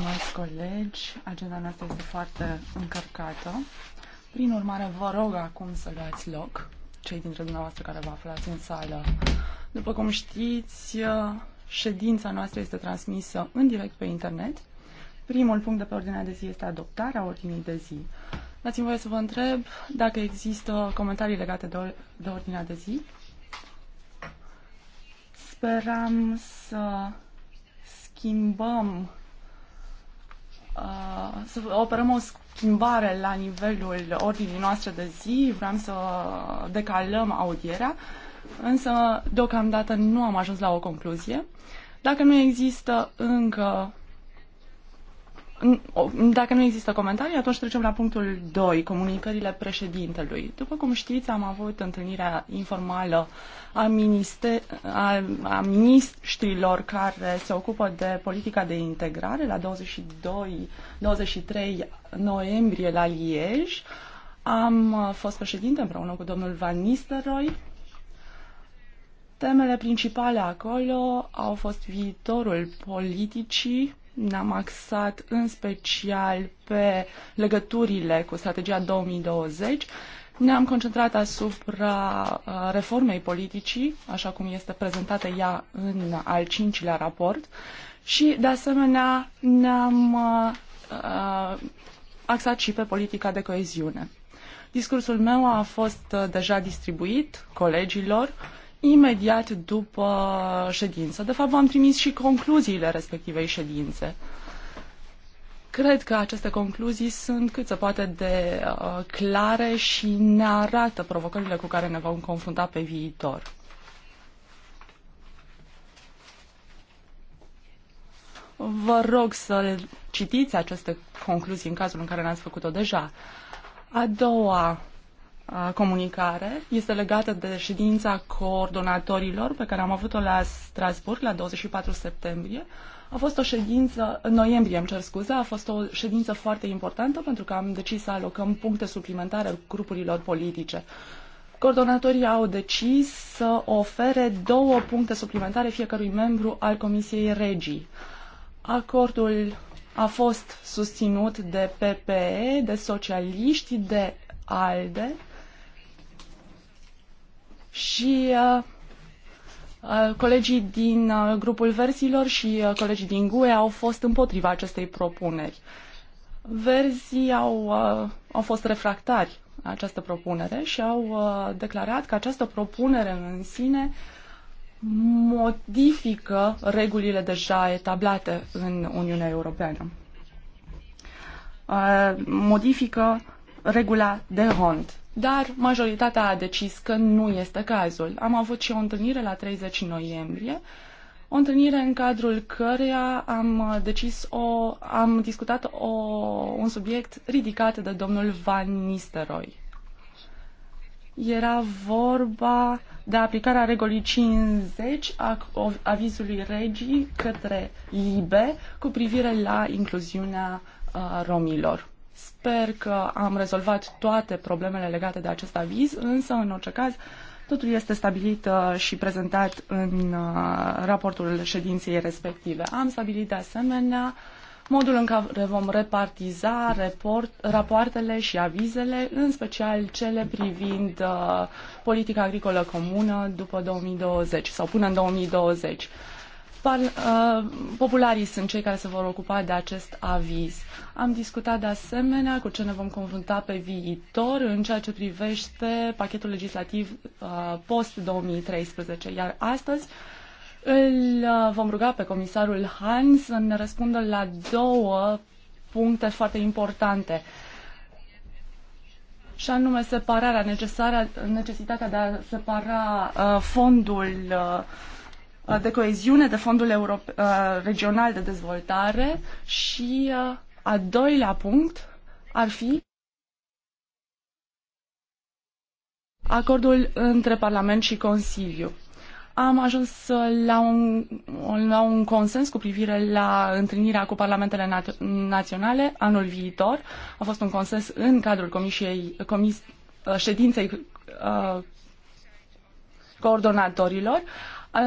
Mulți colegi, agenda noastră este foarte încărcată. Prin urmare, vă rog acum să luați loc, cei dintre dumneavoastră care vă aflați în sală. După cum știți, ședința noastră este transmisă în direct pe internet. Primul punct de pe ordinea de zi este adoptarea ordinii de zi. Dați-mi voie să vă întreb dacă există comentarii legate de, or- de ordinea de zi. Speram să schimbăm Uh, să operăm o schimbare la nivelul ordinii noastre de zi, vreau să decalăm audierea, însă deocamdată nu am ajuns la o concluzie. Dacă nu există încă dacă nu există comentarii, atunci trecem la punctul 2, comunicările președintelui. După cum știți, am avut întâlnirea informală a, a, a ministrilor care se ocupă de politica de integrare la 22, 23 noiembrie la Liege. Am uh, fost președinte împreună cu domnul Van Nistelrooy. Temele principale acolo au fost viitorul politicii ne-am axat în special pe legăturile cu strategia 2020. Ne-am concentrat asupra uh, reformei politicii, așa cum este prezentată ea în al cincilea raport și, de asemenea, ne-am uh, uh, axat și pe politica de coeziune. Discursul meu a fost deja distribuit colegilor imediat după ședință. De fapt, v-am trimis și concluziile respectivei ședințe. Cred că aceste concluzii sunt cât se poate de uh, clare și ne arată provocările cu care ne vom confrunta pe viitor. Vă rog să citiți aceste concluzii în cazul în care n-ați făcut-o deja. A doua comunicare este legată de ședința coordonatorilor pe care am avut-o la Strasburg la 24 septembrie. A fost o ședință, în noiembrie îmi cer scuze, a fost o ședință foarte importantă pentru că am decis să alocăm puncte suplimentare grupurilor politice. Coordonatorii au decis să ofere două puncte suplimentare fiecărui membru al Comisiei Regii. Acordul a fost susținut de PPE, de socialiști, de ALDE și uh, uh, colegii din uh, grupul Versilor și colegii din GUE au fost împotriva acestei propuneri. Verzii au, au fost refractari la această propunere și au declarat că această propunere în sine modifică regulile deja etablate în Uniunea Europeană. Modifică regula de Hond dar majoritatea a decis că nu este cazul. Am avut și o întâlnire la 30 noiembrie, o întâlnire în cadrul căreia am decis o, am discutat o, un subiect ridicat de domnul Van Nisteroi. Era vorba de aplicarea regulii 50 a avizului regii către LIBE cu privire la incluziunea uh, romilor. Sper că am rezolvat toate problemele legate de acest aviz, însă, în orice caz, totul este stabilit uh, și prezentat în uh, raportul ședinței respective. Am stabilit, de asemenea, modul în care vom repartiza report, rapoartele și avizele, în special cele privind uh, politica agricolă comună după 2020 sau până în 2020. popularii sunt cei care se vor ocupa de acest aviz. Am discutat de asemenea cu ce ne vom confrunta pe viitor în ceea ce privește pachetul legislativ uh, post-2013, iar astăzi îl uh, vom ruga pe comisarul Hans să ne răspundă la două puncte foarte importante și anume separarea necesară, necesitatea de a separa uh, fondul uh, de coeziune de fondul Europe, uh, regional de dezvoltare și uh, a doilea punct ar fi acordul între Parlament și Consiliu. Am ajuns la un, la un consens cu privire la întâlnirea cu parlamentele nat- naționale anul viitor. A fost un consens în cadrul comisiei, comis, uh, ședinței uh, coordonatorilor.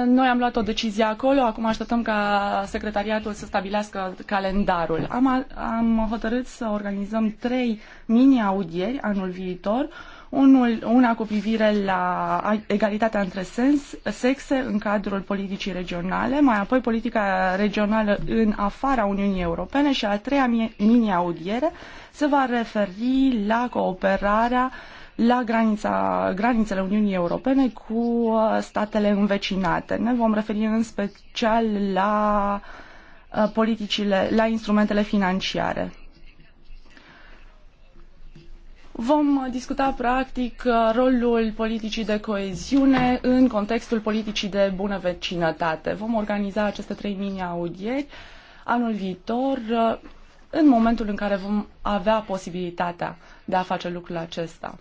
Noi am luat o decizie acolo, acum așteptăm ca secretariatul să stabilească calendarul. Am, am hotărât să organizăm trei mini-audieri anul viitor, unul, una cu privire la egalitatea între sens, sexe în cadrul politicii regionale, mai apoi politica regională în afara Uniunii Europene și a treia mini-audiere se va referi la cooperarea uh, la granița, granițele Uniunii Europene cu uh, statele învecinate. Ne vom referi în special la uh, politicile, la instrumentele financiare. Vom uh, discuta practic rolul politicii de coeziune în contextul politicii de bună vecinătate. Vom organiza aceste trei mini-audieri anul viitor în momentul în care vom avea posibilitatea de a face lucrul acesta.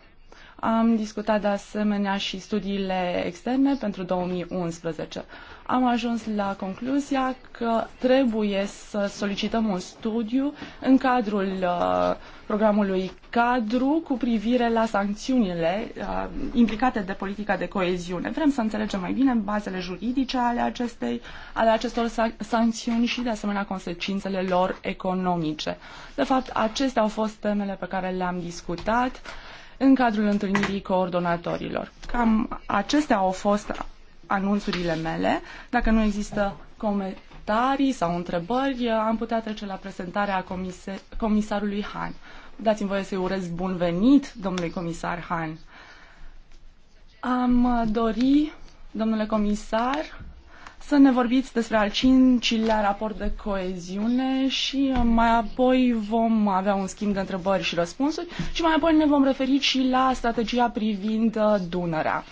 Am discutat de asemenea și studiile externe pentru 2011. Am ajuns la concluzia că trebuie să solicităm un studiu în cadrul uh, programului cadru cu privire la sancțiunile uh, implicate de politica de coeziune. Vrem să înțelegem mai bine bazele juridice ale, acestei, ale acestor sancțiuni și, de asemenea, consecințele lor economice. De fapt, acestea au fost temele pe care le-am discutat în cadrul întâlnirii coordonatorilor. Cam acestea au fost anunțurile mele. Dacă nu există comentarii sau întrebări, am putea trece la prezentarea comise- comisarului Han. Dați-mi voie să-i urez bun venit, domnule comisar Han. Am dori, domnule comisar, să ne vorbiți despre al cincilea raport de coeziune și uh, mai apoi vom avea un schimb de întrebări și răspunsuri și mai apoi ne vom referi și la strategia privind uh, Dunărea.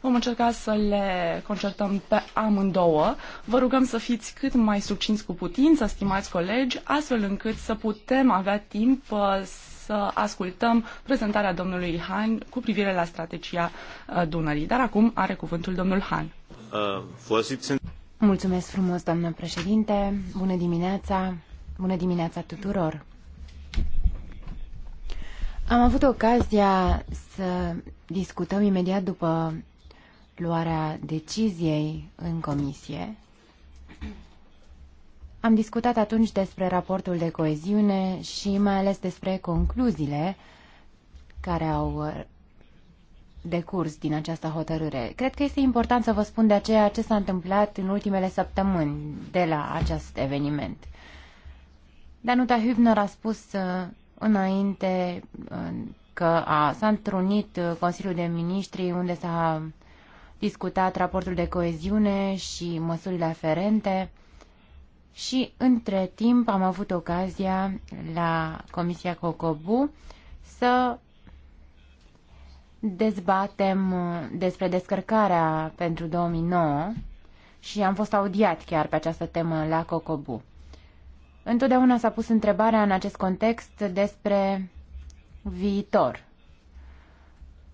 Vom încerca să le concertăm pe amândouă. Vă rugăm să fiți cât mai succinți cu putință, stimați colegi, astfel încât să putem avea timp uh, să ascultăm prezentarea domnului Han cu privire la strategia Dunării. Dar acum are cuvântul domnul Han. Uh, Mulțumesc frumos, doamnă președinte. Bună dimineața. Bună dimineața tuturor. Am avut ocazia să discutăm imediat după luarea deciziei în comisie. Am discutat atunci despre raportul de coeziune și mai ales despre concluziile care au decurs din această hotărâre. Cred că este important să vă spun de aceea ce s-a întâmplat în ultimele săptămâni de la acest eveniment. Danuta Hübner a spus uh, înainte uh, că a, s-a întrunit uh, Consiliul de Ministri unde s-a discutat raportul de coeziune și măsurile aferente și între timp am avut ocazia la Comisia Cocobu să dezbatem uh, despre descărcarea pentru 2009 și am fost audiat chiar pe această temă la Cocobu. Întotdeauna s-a pus întrebarea în acest context despre viitor.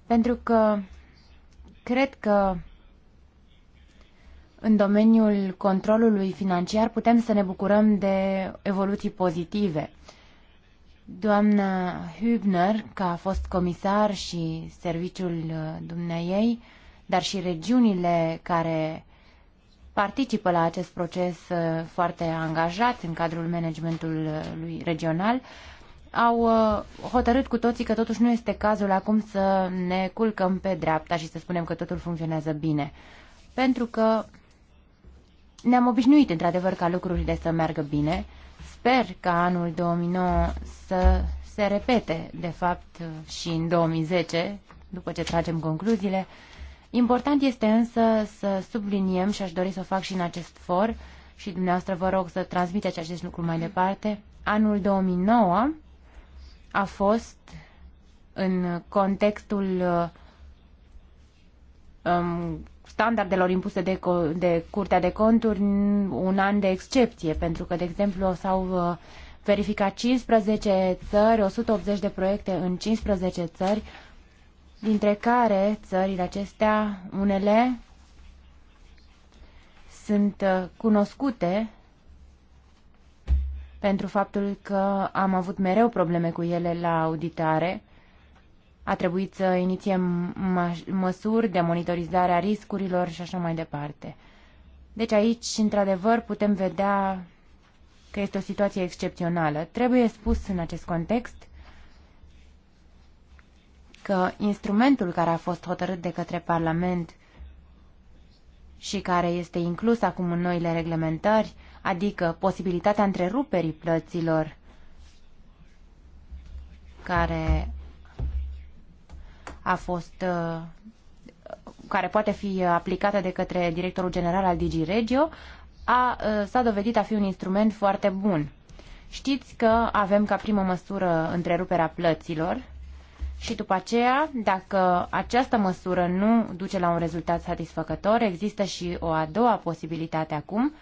Pentru că cred că în domeniul controlului financiar putem să ne bucurăm de evoluții pozitive. Doamna Hübner, ca a fost comisar și serviciul uh, dumneiei, dar și regiunile care participă la acest proces uh, foarte angajat în cadrul managementului uh, regional, au hotărât cu toții că totuși nu este cazul acum să ne culcăm pe dreapta și să spunem că totul funcționează bine. Pentru că ne-am obișnuit, într-adevăr, ca lucrurile să meargă bine sper ca anul 2009 să se repete, de fapt, și în 2010, după ce tragem concluziile. Important este însă să subliniem, și aș dori să o fac și în acest for, și dumneavoastră vă rog să transmiteți acest lucru mai departe, anul 2009 a fost în contextul um, standardelor impuse de, de Curtea de Conturi un an de excepție, pentru că, de exemplu, s-au uh, verificat 15 țări, 180 de proiecte în 15 țări, dintre care țările acestea, unele sunt uh, cunoscute pentru faptul că am avut mereu probleme cu ele la auditare a trebuit să inițiem măsuri de monitorizare a riscurilor și așa mai departe. Deci aici, într-adevăr, putem vedea că este o situație excepțională. Trebuie spus în acest context că instrumentul care a fost hotărât de către Parlament și care este inclus acum în noile reglementări, adică posibilitatea întreruperii plăților care a fost uh, care poate fi aplicată de către directorul general al DigiRegio, a, uh, s-a dovedit a fi un instrument foarte bun. Știți că avem ca primă măsură întreruperea plăților și după aceea, dacă această măsură nu duce la un rezultat satisfăcător, există și o a doua posibilitate acum,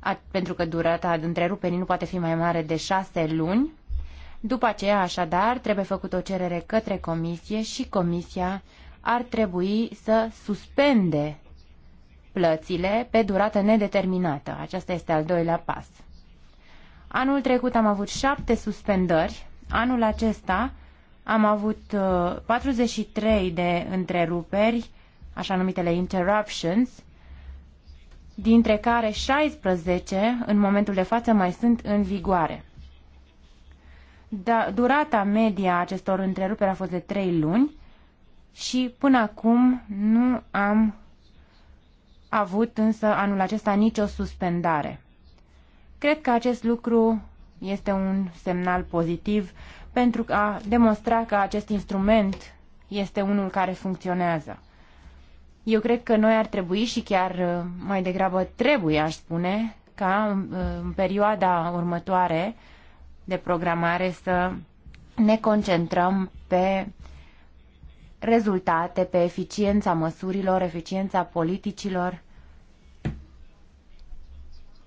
a, pentru că durata întreruperii nu poate fi mai mare de șase luni, după aceea, așadar, trebuie făcut o cerere către comisie și comisia ar trebui să suspende plățile pe durată nedeterminată. Aceasta este al doilea pas. Anul trecut am avut șapte suspendări, anul acesta am avut 43 uh, de întreruperi, așa numitele interruptions, dintre care 16 în momentul de față mai sunt în vigoare da, durata media a acestor întreruperi a fost de 3 luni și până acum nu am avut însă anul acesta nicio suspendare. Cred că acest lucru este un semnal pozitiv pentru a demonstra că acest instrument este unul care funcționează. Eu cred că noi ar trebui și chiar uh, mai degrabă trebuie, aș spune, ca în, uh, în perioada următoare de programare să ne concentrăm pe rezultate, pe eficiența măsurilor, eficiența politicilor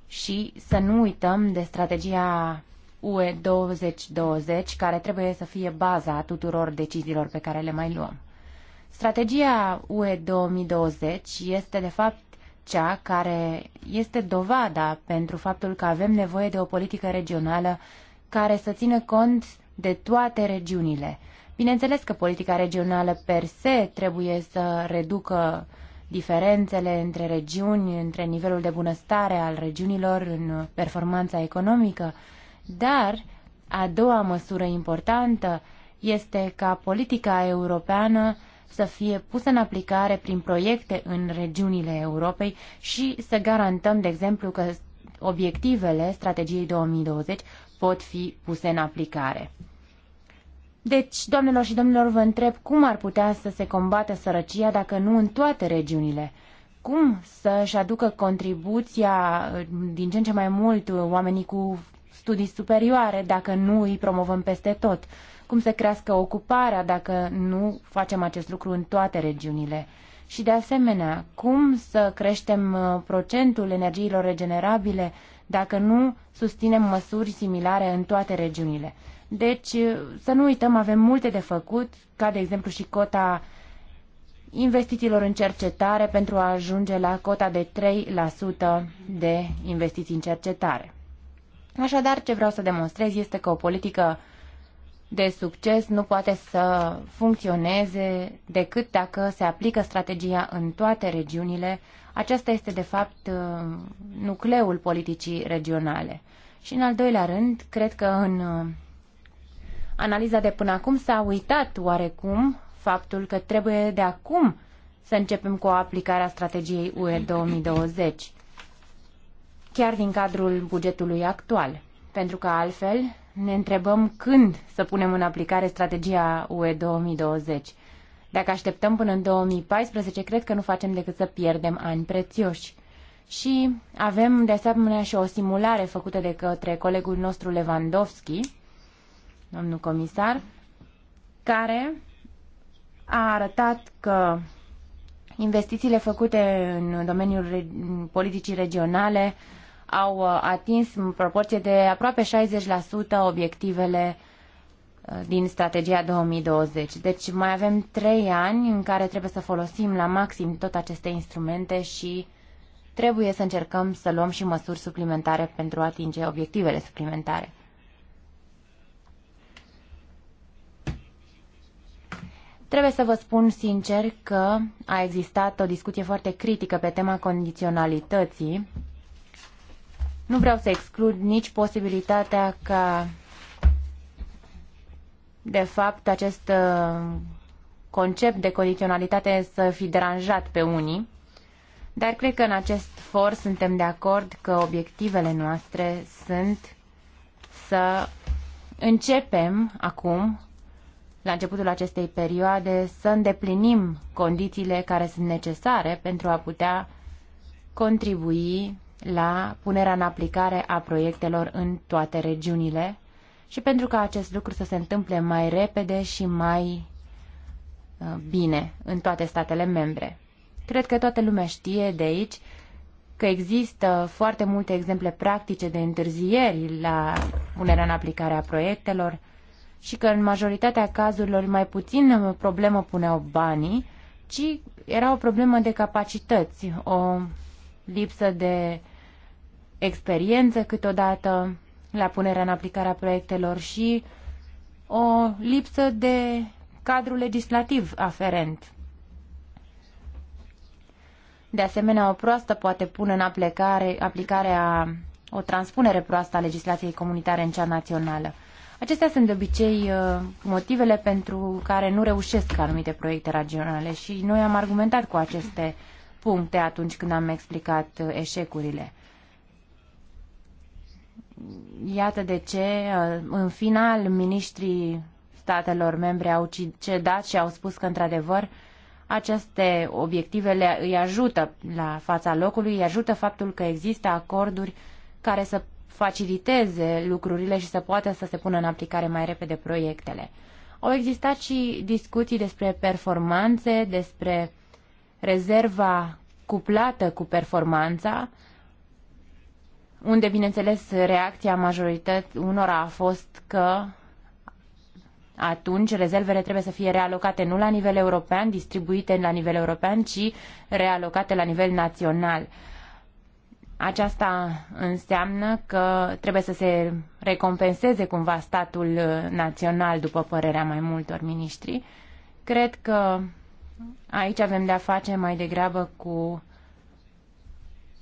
și să nu uităm de strategia UE 2020, care trebuie să fie baza tuturor deciziilor pe care le mai luăm. Strategia UE 2020 este, de fapt, cea care este dovada pentru faptul că avem nevoie de o politică regională care să țină cont de toate regiunile. Bineînțeles că politica regională per se trebuie să reducă diferențele între regiuni, între nivelul de bunăstare al regiunilor în performanța economică, dar a doua măsură importantă este ca politica europeană să fie pusă în aplicare prin proiecte în regiunile Europei și să garantăm, de exemplu, că obiectivele strategiei 2020 pot fi puse în aplicare. Deci, doamnelor și domnilor, vă întreb cum ar putea să se combată sărăcia dacă nu în toate regiunile? Cum să-și aducă contribuția uh, din ce în ce mai mult uh, oamenii cu studii superioare dacă nu îi promovăm peste tot? Cum să crească ocuparea dacă nu facem acest lucru în toate regiunile? Și de asemenea, cum să creștem uh, procentul energiilor regenerabile dacă nu susținem măsuri similare în toate regiunile. Deci, să nu uităm, avem multe de făcut, ca de exemplu și cota investițiilor în cercetare pentru a ajunge la cota de 3% de investiții în cercetare. Așadar, ce vreau să demonstrez este că o politică de succes nu poate să funcționeze decât dacă se aplică strategia în toate regiunile, aceasta este, de fapt, uh, nucleul politicii regionale. Și, în al doilea rând, cred că în uh, analiza de până acum s-a uitat oarecum faptul că trebuie de acum să începem cu aplicarea strategiei UE 2020, chiar din cadrul bugetului actual, pentru că altfel ne întrebăm când să punem în aplicare strategia UE 2020. Dacă așteptăm până în 2014, cred că nu facem decât să pierdem ani prețioși. Și avem de asemenea și o simulare făcută de către colegul nostru Lewandowski, domnul comisar, care a arătat că investițiile făcute în domeniul politicii regionale au uh, atins în proporție de aproape 60% obiectivele din strategia 2020. Deci mai avem trei ani în care trebuie să folosim la maxim tot aceste instrumente și trebuie să încercăm să luăm și măsuri suplimentare pentru a atinge obiectivele suplimentare. Trebuie să vă spun sincer că a existat o discuție foarte critică pe tema condiționalității. Nu vreau să exclud nici posibilitatea ca de fapt, acest uh, concept de condiționalitate să fi deranjat pe unii, dar cred că în acest for suntem de acord că obiectivele noastre sunt să începem acum, la începutul acestei perioade, să îndeplinim condițiile care sunt necesare pentru a putea contribui la punerea în aplicare a proiectelor în toate regiunile și pentru ca acest lucru să se întâmple mai repede și mai uh, bine în toate statele membre. Cred că toată lumea știe de aici că există foarte multe exemple practice de întârzieri la punerea în aplicare a proiectelor și că în majoritatea cazurilor mai puțin problemă puneau banii, ci era o problemă de capacități, o lipsă de experiență câteodată la punerea în aplicare a proiectelor și o lipsă de cadru legislativ aferent. De asemenea, o proastă poate pune în aplicare, aplicarea, o transpunere proastă a legislației comunitare în cea națională. Acestea sunt de obicei uh, motivele pentru care nu reușesc anumite proiecte regionale și noi am argumentat cu aceste puncte atunci când am explicat uh, eșecurile. Iată de ce, uh, în final, miniștrii statelor membre au cedat și au spus că, într-adevăr, aceste obiective le, îi ajută la fața locului, îi ajută faptul că există acorduri care să faciliteze lucrurile și să poată să se pună în aplicare mai repede proiectele. Au existat și discuții despre performanțe, despre rezerva cuplată cu performanța, unde, bineînțeles, reacția majorității unora a fost că atunci rezervele trebuie să fie realocate nu la nivel european, distribuite la nivel european, ci realocate la nivel național. Aceasta înseamnă că trebuie să se recompenseze cumva statul național, după părerea mai multor miniștri. Cred că aici avem de-a face mai degrabă cu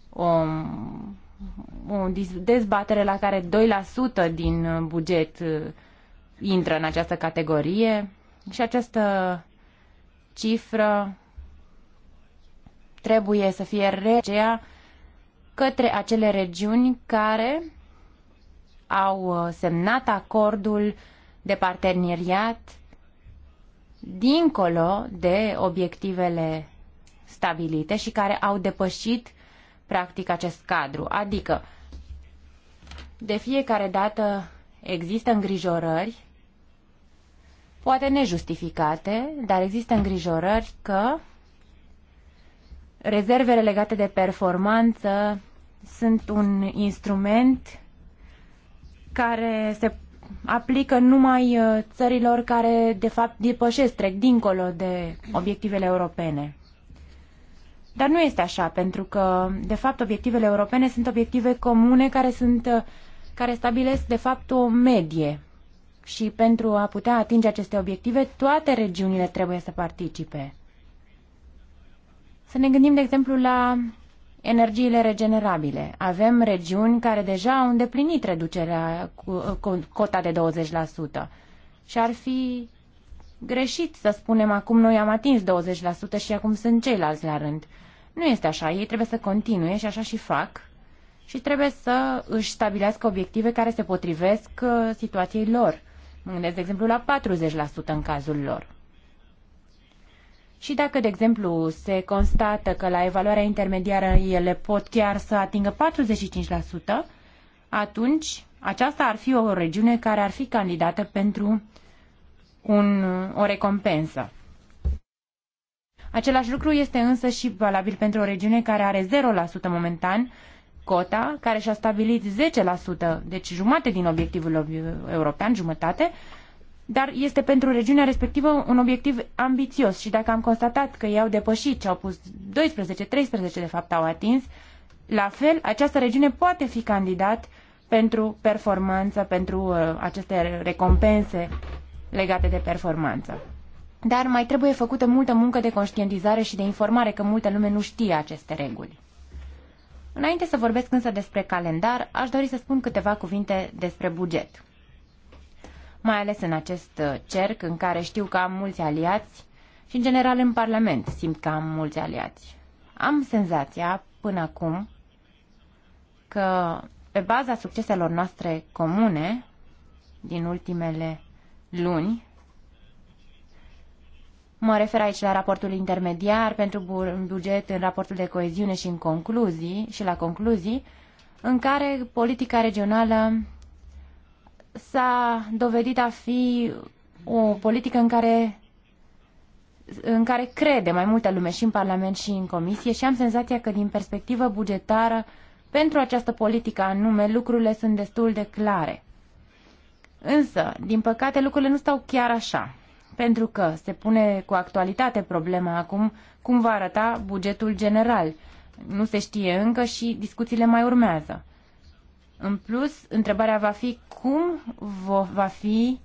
o o dezbatere la care 2% din buget uh, intră în această categorie și această cifră trebuie să fie regea către acele regiuni care au uh, semnat acordul de parteneriat dincolo de obiectivele stabilite și care au depășit practic acest cadru. Adică, de fiecare dată există îngrijorări, poate nejustificate, dar există îngrijorări că rezervele legate de performanță sunt un instrument care se aplică numai uh, țărilor care, de fapt, depășesc, trec dincolo de obiectivele europene. Dar nu este așa, pentru că, de fapt, obiectivele europene sunt obiective comune care, sunt, care stabilesc, de fapt, o medie. Și pentru a putea atinge aceste obiective, toate regiunile trebuie să participe. Să ne gândim, de exemplu, la energiile regenerabile. Avem regiuni care deja au îndeplinit reducerea cu, cu cota de 20%. Și ar fi greșit să spunem acum noi am atins 20% și acum sunt ceilalți la rând. Nu este așa, ei trebuie să continue și așa și fac și trebuie să își stabilească obiective care se potrivesc uh, situației lor. Mă gândesc, de exemplu, la 40% în cazul lor. Și dacă, de exemplu, se constată că la evaluarea intermediară ele pot chiar să atingă 45%, atunci aceasta ar fi o regiune care ar fi candidată pentru un, o recompensă. Același lucru este însă și valabil pentru o regiune care are 0% momentan cota, care și-a stabilit 10%, deci jumate din obiectivul european, jumătate, dar este pentru regiunea respectivă un obiectiv ambițios și dacă am constatat că ei au depășit ce au pus 12, 13 de fapt au atins, la fel, această regiune poate fi candidat pentru performanță, pentru uh, aceste recompense legate de performanță dar mai trebuie făcută multă muncă de conștientizare și de informare, că multă lume nu știe aceste reguli. Înainte să vorbesc însă despre calendar, aș dori să spun câteva cuvinte despre buget. Mai ales în acest uh, cerc în care știu că am mulți aliați și, în general, în Parlament simt că am mulți aliați. Am senzația, până acum, că pe baza succeselor noastre comune din ultimele luni, Mă refer aici la raportul intermediar pentru buget în raportul de coeziune și în concluzii și la concluzii, în care politica regională s-a dovedit a fi o politică în care în care crede mai multă lume și în Parlament și în Comisie și am senzația că din perspectivă bugetară pentru această politică anume lucrurile sunt destul de clare. Însă, din păcate, lucrurile nu stau chiar așa pentru că se pune cu actualitate problema acum cum va arăta bugetul general. Nu se știe încă și discuțiile mai urmează. În plus, întrebarea va fi cum va fi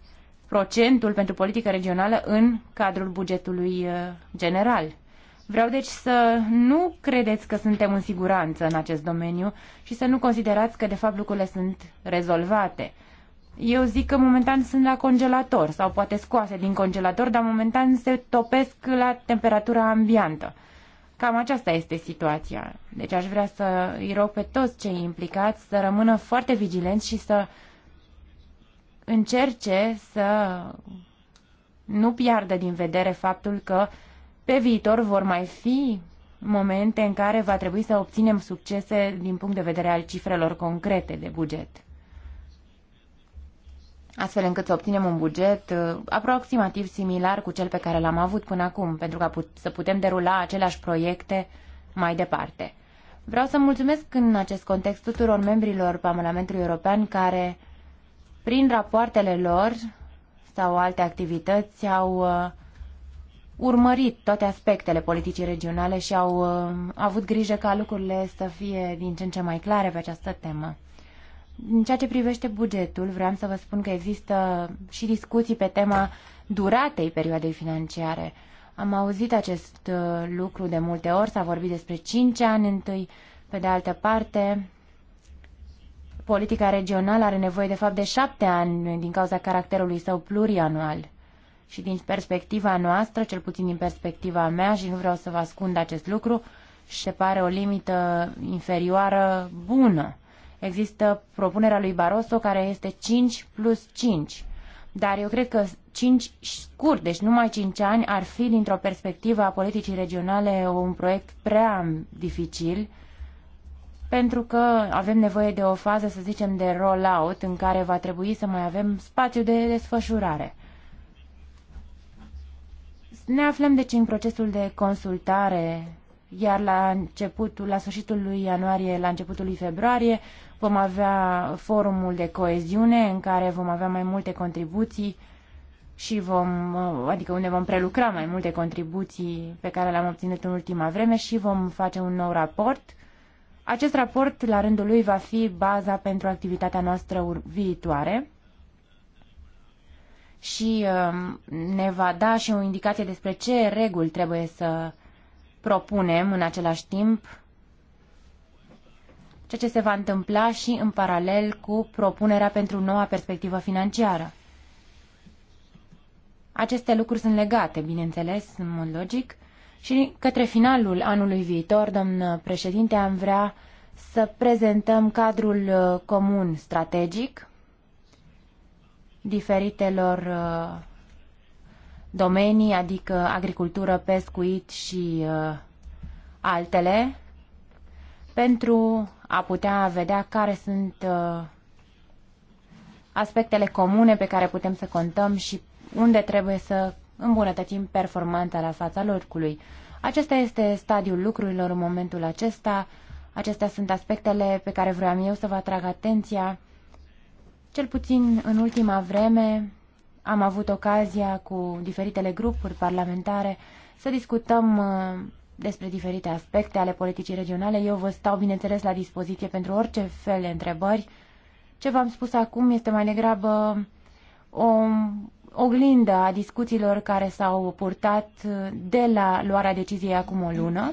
procentul pentru politică regională în cadrul bugetului uh, general. Vreau deci să nu credeți că suntem în siguranță în acest domeniu și să nu considerați că de fapt lucrurile sunt rezolvate. Eu zic că momentan sunt la congelator sau poate scoase din congelator, dar momentan se topesc la temperatura ambiantă. Cam aceasta este situația. Deci aș vrea să îi rog pe toți cei implicați să rămână foarte vigilenți și să încerce să nu piardă din vedere faptul că pe viitor vor mai fi momente în care va trebui să obținem succese din punct de vedere al cifrelor concrete de buget astfel încât să obținem un buget uh, aproximativ similar cu cel pe care l-am avut până acum, pentru ca put să putem derula aceleași proiecte mai departe. Vreau să mulțumesc în acest context tuturor membrilor Parlamentului European care, prin rapoartele lor sau alte activități, au uh, urmărit toate aspectele politicii regionale și au uh, avut grijă ca lucrurile să fie din ce în ce mai clare pe această temă. În ceea ce privește bugetul, vreau să vă spun că există și discuții pe tema duratei perioadei financiare. Am auzit acest uh, lucru de multe ori, s-a vorbit despre 5 ani întâi, pe de altă parte, politica regională are nevoie de fapt de 7 ani din cauza caracterului său plurianual. Și din perspectiva noastră, cel puțin din perspectiva mea, și nu vreau să vă ascund acest lucru, se pare o limită inferioară bună Există propunerea lui Barroso care este 5 plus 5. Dar eu cred că 5 scurt, deci numai 5 ani, ar fi dintr-o perspectivă a politicii regionale un proiect prea dificil pentru că avem nevoie de o fază, să zicem, de rollout în care va trebui să mai avem spațiu de desfășurare. Ne aflăm deci în procesul de consultare, iar la începutul, la sfârșitul lui ianuarie, la începutul lui februarie, Vom avea forumul de coeziune în care vom avea mai multe contribuții și vom, uh, adică unde vom prelucra mai multe contribuții pe care le-am obținut în ultima vreme și vom face un nou raport. Acest raport, la rândul lui, va fi baza pentru activitatea noastră viitoare și um, ne va da și o indicație despre ce reguli trebuie să propunem în același timp ceea ce se va întâmpla și în paralel cu propunerea pentru noua perspectivă financiară. Aceste lucruri sunt legate, bineînțeles, în mod logic, și către finalul anului viitor, domn președinte, am vrea să prezentăm cadrul uh, comun strategic diferitelor uh, domenii, adică agricultură, pescuit și uh, altele, pentru a putea vedea care sunt uh, aspectele comune pe care putem să contăm și unde trebuie să îmbunătățim performanța la fața locului. Acesta este stadiul lucrurilor în momentul acesta. Acestea sunt aspectele pe care vreau eu să vă atrag atenția. Cel puțin în ultima vreme am avut ocazia cu diferitele grupuri parlamentare să discutăm uh, despre diferite aspecte ale politicii regionale. Eu vă stau, bineînțeles, la dispoziție pentru orice fel de întrebări. Ce v-am spus acum este mai degrabă o oglindă a discuțiilor care s-au purtat de la luarea deciziei acum o lună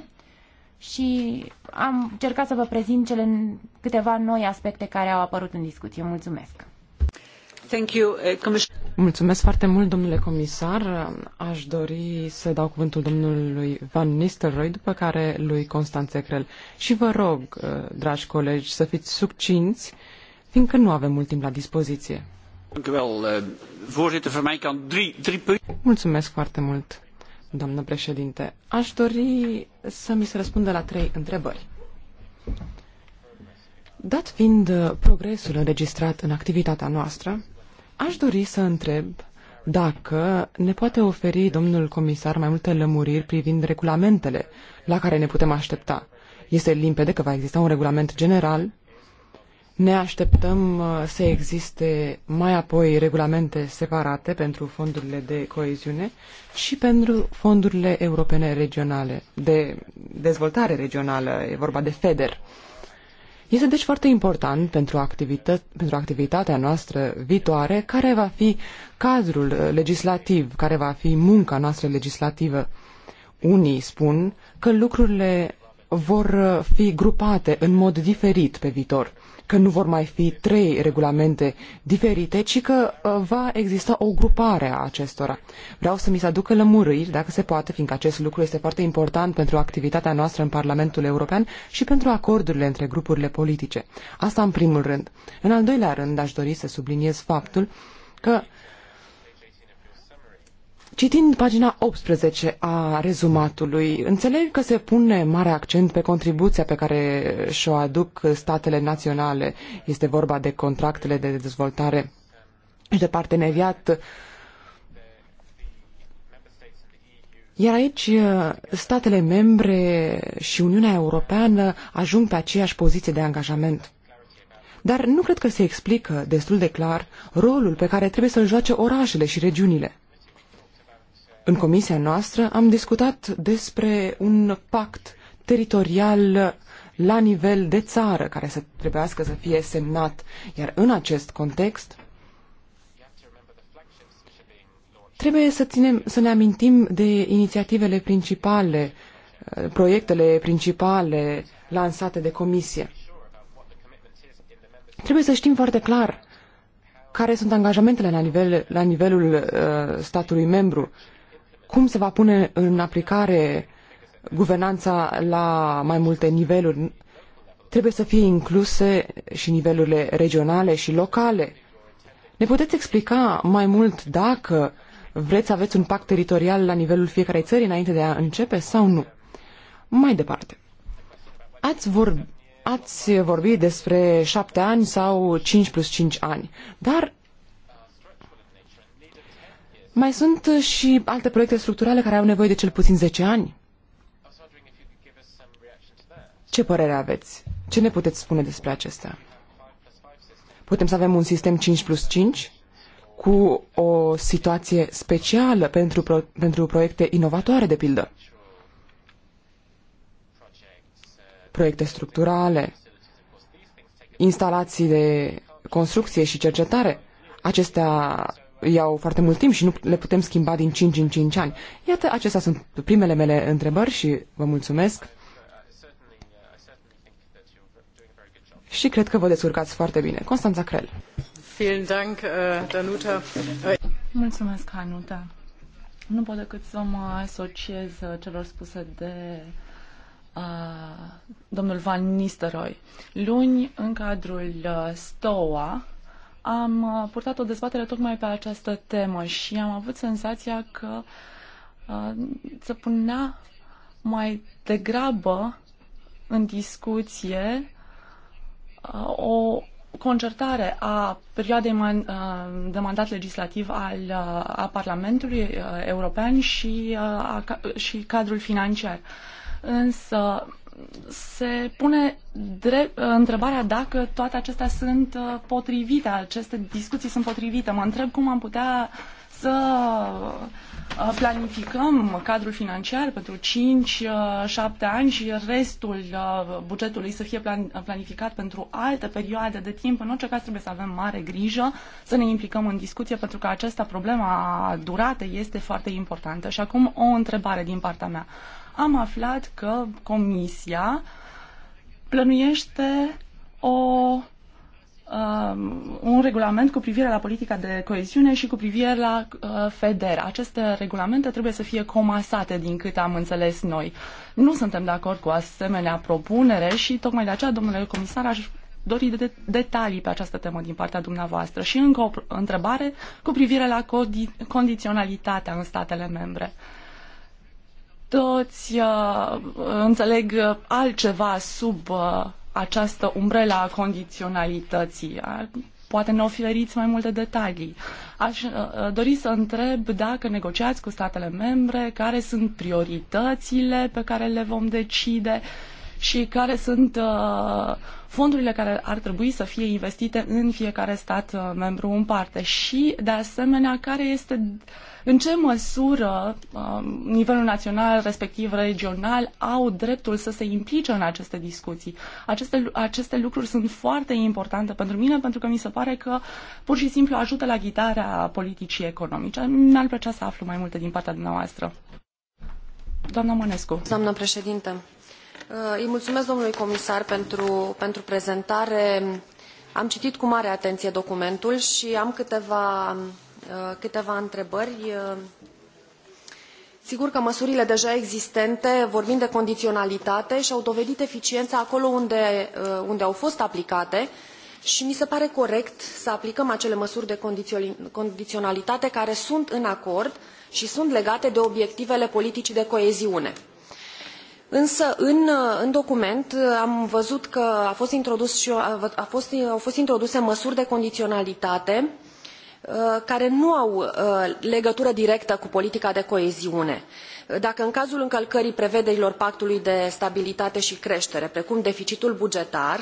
și am încercat să vă prezint cele câteva noi aspecte care au apărut în discuție. Mulțumesc! Thank you, uh, Mulțumesc foarte mult, domnule comisar. Aș dori să dau cuvântul domnului Van Nistelrooy, după care lui Constanțe Crel. Și vă rog, dragi colegi, să fiți succinți, fiindcă nu avem mult timp la dispoziție. Eh, Mulțumesc foarte mult, doamnă președinte. Aș dori să mi se răspundă la trei întrebări. Dat fiind eh, progresul înregistrat în activitatea noastră, Aș dori să întreb dacă ne poate oferi domnul comisar mai multe lămuriri privind regulamentele la care ne putem aștepta. Este limpede că va exista un regulament general. Ne așteptăm uh, să existe mai apoi regulamente separate pentru fondurile de coeziune și pentru fondurile europene regionale, de dezvoltare regională, e vorba de FEDER. Este deci foarte important pentru, activită- pentru activitatea noastră viitoare care va fi cadrul uh, legislativ, care va fi munca noastră legislativă. Unii spun că lucrurile vor uh, fi grupate în mod diferit pe viitor că nu vor mai fi trei regulamente diferite, ci că uh, va exista o grupare a acestora. Vreau să mi se aducă lămuriri, dacă se poate, fiindcă acest lucru este foarte important pentru activitatea noastră în Parlamentul European și pentru acordurile între grupurile politice. Asta în primul rând. În al doilea rând, aș dori să subliniez faptul că Citind pagina 18 a rezumatului, înțeleg că se pune mare accent pe contribuția pe care și-o aduc statele naționale. Este vorba de contractele de dezvoltare și de parteneriat. Iar aici statele membre și Uniunea Europeană ajung pe aceeași poziție de angajament dar nu cred că se explică destul de clar rolul pe care trebuie să-l joace orașele și regiunile. În comisia noastră am discutat despre un pact teritorial la nivel de țară care să trebuiască să fie semnat, iar în acest context trebuie să, ținem, să ne amintim de inițiativele principale, proiectele principale lansate de comisie. Trebuie să știm foarte clar care sunt angajamentele la, nivel, la nivelul uh, statului membru cum se va pune în aplicare guvernanța la mai multe niveluri. Trebuie să fie incluse și nivelurile regionale și locale. Ne puteți explica mai mult dacă vreți să aveți un pact teritorial la nivelul fiecarei țări înainte de a începe sau nu? Mai departe. Ați, vorbi ați vorbit despre șapte ani sau cinci plus cinci ani, dar mai sunt și alte proiecte structurale care au nevoie de cel puțin 10 ani. Ce părere aveți? Ce ne puteți spune despre acestea? Putem să avem un sistem 5 plus 5 cu o situație specială pentru, pro- pentru proiecte inovatoare, de pildă. Proiecte structurale, instalații de construcție și cercetare. Acestea iau foarte mult timp și nu le putem schimba din 5 în 5 ani. Iată, acestea sunt primele mele întrebări și vă mulțumesc. Și cred că vă descurcați foarte bine. Constanța Crel. Uh, mulțumesc, Hanuta. Nu pot decât să mă asociez uh, celor spuse de uh, domnul Van Nisteroi. Luni, în cadrul uh, STOA, am uh, purtat o dezbatere tocmai pe această temă și am avut senzația că uh, se punea mai degrabă în discuție uh, o concertare a perioadei man, uh, de mandat legislativ al, uh, a Parlamentului uh, European și, uh, a, și cadrul financiar. Însă se pune drept, uh, întrebarea dacă toate acestea sunt uh, potrivite, aceste discuții sunt potrivite. Mă întreb cum am putea să uh, planificăm cadrul financiar pentru 5-7 ani și restul bugetului să fie planificat pentru alte perioade de timp. În orice caz trebuie să avem mare grijă să ne implicăm în discuție pentru că această problemă a duratei este foarte importantă. Și acum o întrebare din partea mea am aflat că Comisia plănuiește o, um, un regulament cu privire la politica de coeziune și cu privire la uh, FEDER. Aceste regulamente trebuie să fie comasate, din câte am înțeles noi. Nu suntem de acord cu asemenea propunere și tocmai de aceea, domnule comisar, aș dori de detalii pe această temă din partea dumneavoastră și încă o întrebare cu privire la condiționalitatea în statele membre. Uh, toți uh, înțeleg uh, altceva sub uh, această umbrela a condiționalității. Poate ne oferiți mai multe detalii. Aș uh, uh, dori să întreb dacă negociați cu statele membre care sunt prioritățile pe care le vom decide uh, și care sunt uh, fondurile care ar trebui să fie investite în fiecare stat uh, membru în parte și, de asemenea, care este în ce măsură uh, nivelul național, respectiv regional, au dreptul să se implice în aceste discuții. Aceste, aceste lucruri sunt foarte importante pentru mine, pentru că mi se pare că pur și simplu ajută la ghidarea politicii economice. Mi-ar plăcea să aflu mai multe din partea dumneavoastră. Doamna Mănescu. Doamna președintă, Uh, îi mulțumesc domnului comisar pentru, pentru prezentare. Am citit cu mare atenție documentul și am câteva, uh, câteva întrebări. Uh, sigur că măsurile deja existente, vorbind de condiționalitate, și-au dovedit eficiența acolo unde, unde au fost aplicate și mi se pare corect să aplicăm acele măsuri de condiționalitate care sunt în acord și sunt legate de obiectivele politicii de coeziune. Însă în, uh, în, document uh, am văzut că a fost, introdus și, a fost, uh, au fost introduse măsuri de condiționalitate care nu au legătură directă cu politica de coeziune. Dacă în cazul încălcării prevederilor pactului de stabilitate și creștere, precum deficitul bugetar,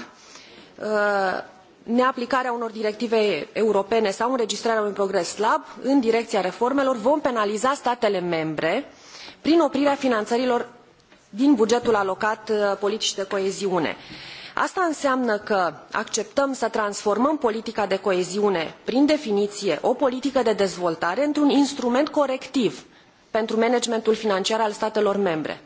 neaplicarea unor directive europene sau înregistrarea unui progres slab în direcția reformelor, vom penaliza statele membre prin oprirea finanțărilor din bugetul alocat uh, politicii de coeziune. Asta înseamnă că acceptăm să transformăm politica de coeziune, prin definiție, o politică de dezvoltare într-un instrument corectiv pentru managementul financiar al statelor membre.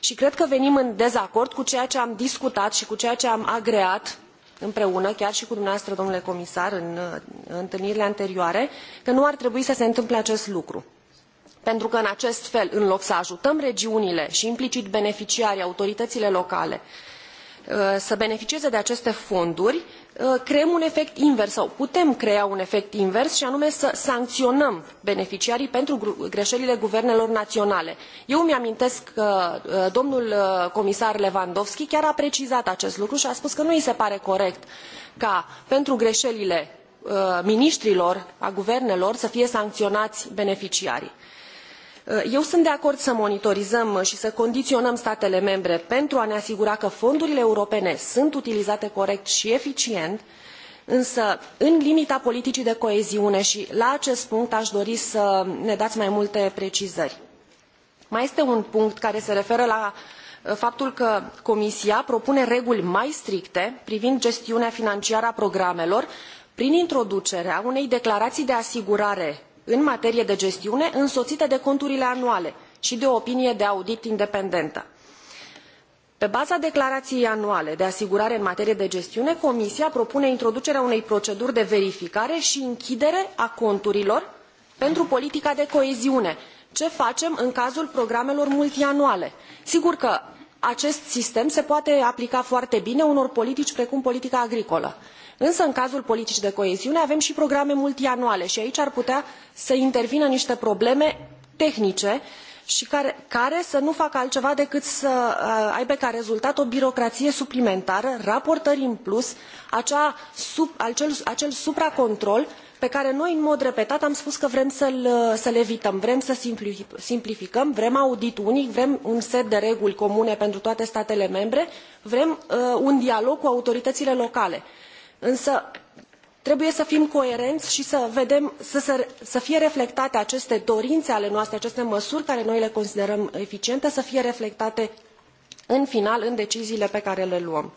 Și cred că venim în dezacord cu ceea ce am discutat și cu ceea ce am agreat împreună, chiar și cu dumneavoastră, domnule comisar, în uh, întâlnirile anterioare, că nu ar trebui să se întâmple acest lucru pentru că în acest fel în loc să ajutăm regiunile i implicit beneficiarii autorităile locale uh, să beneficieze de aceste fonduri uh, creăm un efect invers sau putem crea un efect invers i anume să sancionăm beneficiarii pentru greelile guvernelor naionale. eu îmi amintesc că uh, domnul comisar lewandowski chiar a precizat acest lucru i a spus că nu i se pare corect ca pentru greelile minitrilor a guvernelor să fie sancionai beneficiarii. Uh, eu sunt de acord să monitorizăm i să condiionăm statele membre pentru a ne asigura că fondurile europene sunt utilizate corect i eficient însă în limita politicii de coeziune i la acest punct a dori să ne dai mai multe precizări. mai este un punct care se referă la uh, faptul că comisia propune reguli mai stricte privind gestiunea financiară a programelor prin introducerea unei declaraii de asigurare în materie de gestiune, însoțite de conturile anuale și de o opinie de audit independentă. Pe baza declarației anuale de asigurare în materie de gestiune, Comisia propune introducerea unei proceduri de verificare și închidere a conturilor pentru politica de coeziune. Ce facem în cazul programelor multianuale? Sigur că acest sistem se poate aplica foarte bine unor politici precum politica agricolă însă în cazul politicii de coeziune avem și programe multianuale și aici ar putea să intervină niște probleme tehnice și care, care să nu facă altceva decât să uh, aibă ca rezultat o birocrație suplimentară raportări în plus acea, sub, acel, acel supracontrol pe care noi în mod repetat am spus că vrem să l, uh, să evităm vrem să simplificăm vrem audit unic vrem un set de reguli comune pentru toate statele membre vrem uh, un dialog cu autoritățile locale însă trebuie să fim coerenți și să vedem să, să fie reflectate aceste dorințe ale noastre, aceste măsuri care noi le considerăm eficiente, să fie reflectate în final în deciziile pe care le luăm.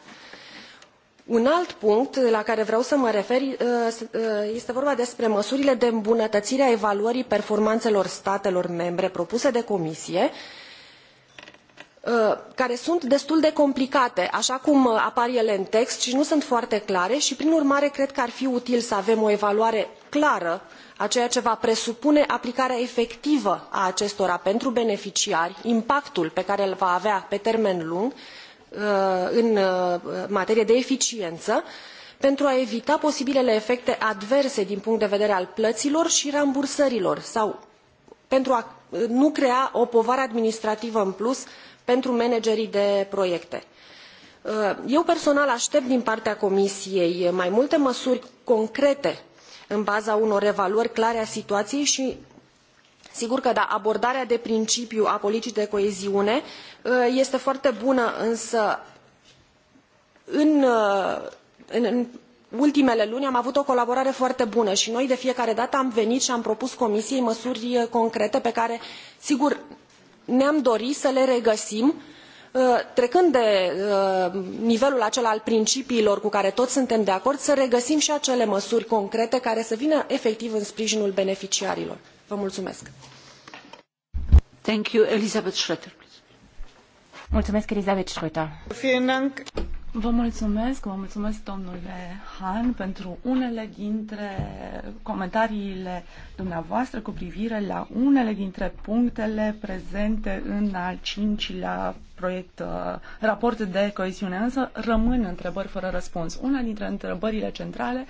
Un alt punct la care vreau să mă refer uh, uh, este vorba despre măsurile de îmbunătățire a evaluării performanțelor statelor membre propuse de Comisie, Uh, care sunt destul de complicate așa cum uh, apar ele în text și nu sunt foarte clare și prin urmare cred că ar fi util să avem o evaluare clară a ceea ce va presupune aplicarea efectivă a acestora pentru beneficiari impactul pe care îl va avea pe termen lung uh, în materie de eficiență pentru a evita posibilele efecte adverse din punct de vedere al plăților și rambursărilor sau pentru a nu crea o povară administrativă în plus pentru managerii de proiecte. Uh, eu personal aștept din partea Comisiei mai multe măsuri concrete în baza unor evaluări clare a situației și Sigur că da, abordarea de principiu a politicii de coeziune uh, este foarte bună, însă în, uh, în, în, ultimele luni am avut o colaborare foarte bună și noi de fiecare dată am venit și am propus Comisiei măsuri concrete pe care, sigur, ne-am dori să le regăsim uh, trecând de uh, nivelul acela al principiilor cu care toți suntem de acord, să regăsim și acele măsuri concrete care să vină efectiv în sprijinul beneficiarilor. Vă mulțumesc! Thank you, Elizabeth Schröter. Mulțumesc, Elizabeth Schröter. Vă mulțumesc, vă mulțumesc domnule Han pentru unele dintre comentariile dumneavoastră cu privire la unele dintre punctele prezente în al cincilea proiect, uh, raport de coeziune, însă rămân întrebări fără răspuns. Una dintre întrebările centrale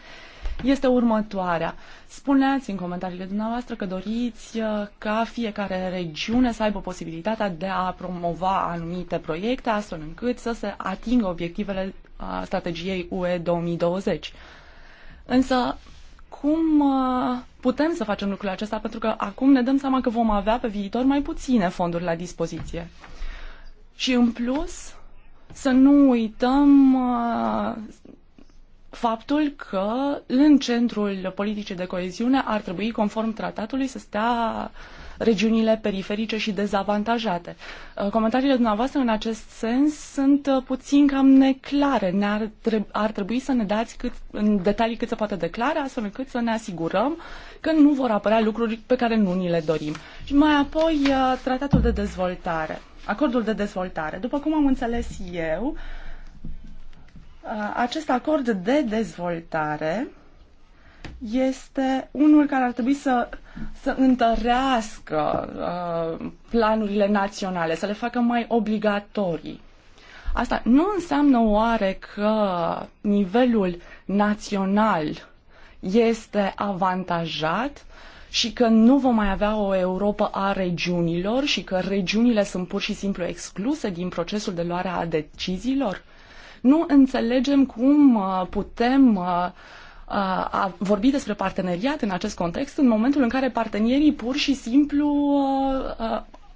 este următoarea. Spuneați în comentariile dumneavoastră că doriți uh, ca fiecare regiune să aibă posibilitatea de a promova anumite proiecte astfel încât să se atingă obiectivele uh, strategiei UE 2020. Însă, cum uh, putem să facem lucrul acesta? Pentru că acum ne dăm seama că vom avea pe viitor mai puține fonduri la dispoziție. Și în plus, să nu uităm faptul că în centrul politicii de coeziune ar trebui, conform tratatului, să stea regiunile periferice și dezavantajate. Uh, comentariile dumneavoastră în acest sens sunt uh, puțin cam neclare. Ne-ar treb- ar trebui să ne dați cât, în detalii cât se poate declara, astfel încât să ne asigurăm că nu vor apărea lucruri pe care nu ni le dorim. Și mai apoi, uh, tratatul de dezvoltare, acordul de dezvoltare. După cum am înțeles eu, uh, acest acord de dezvoltare este unul care ar trebui să, să întărească uh, planurile naționale, să le facă mai obligatorii. Asta nu înseamnă oare că nivelul național este avantajat și că nu vom mai avea o Europa a regiunilor și că regiunile sunt pur și simplu excluse din procesul de luare a deciziilor? Uh, nu înțelegem cum uh, putem uh, uh, a vorbi despre parteneriat în acest context în momentul în care partenerii pur și simplu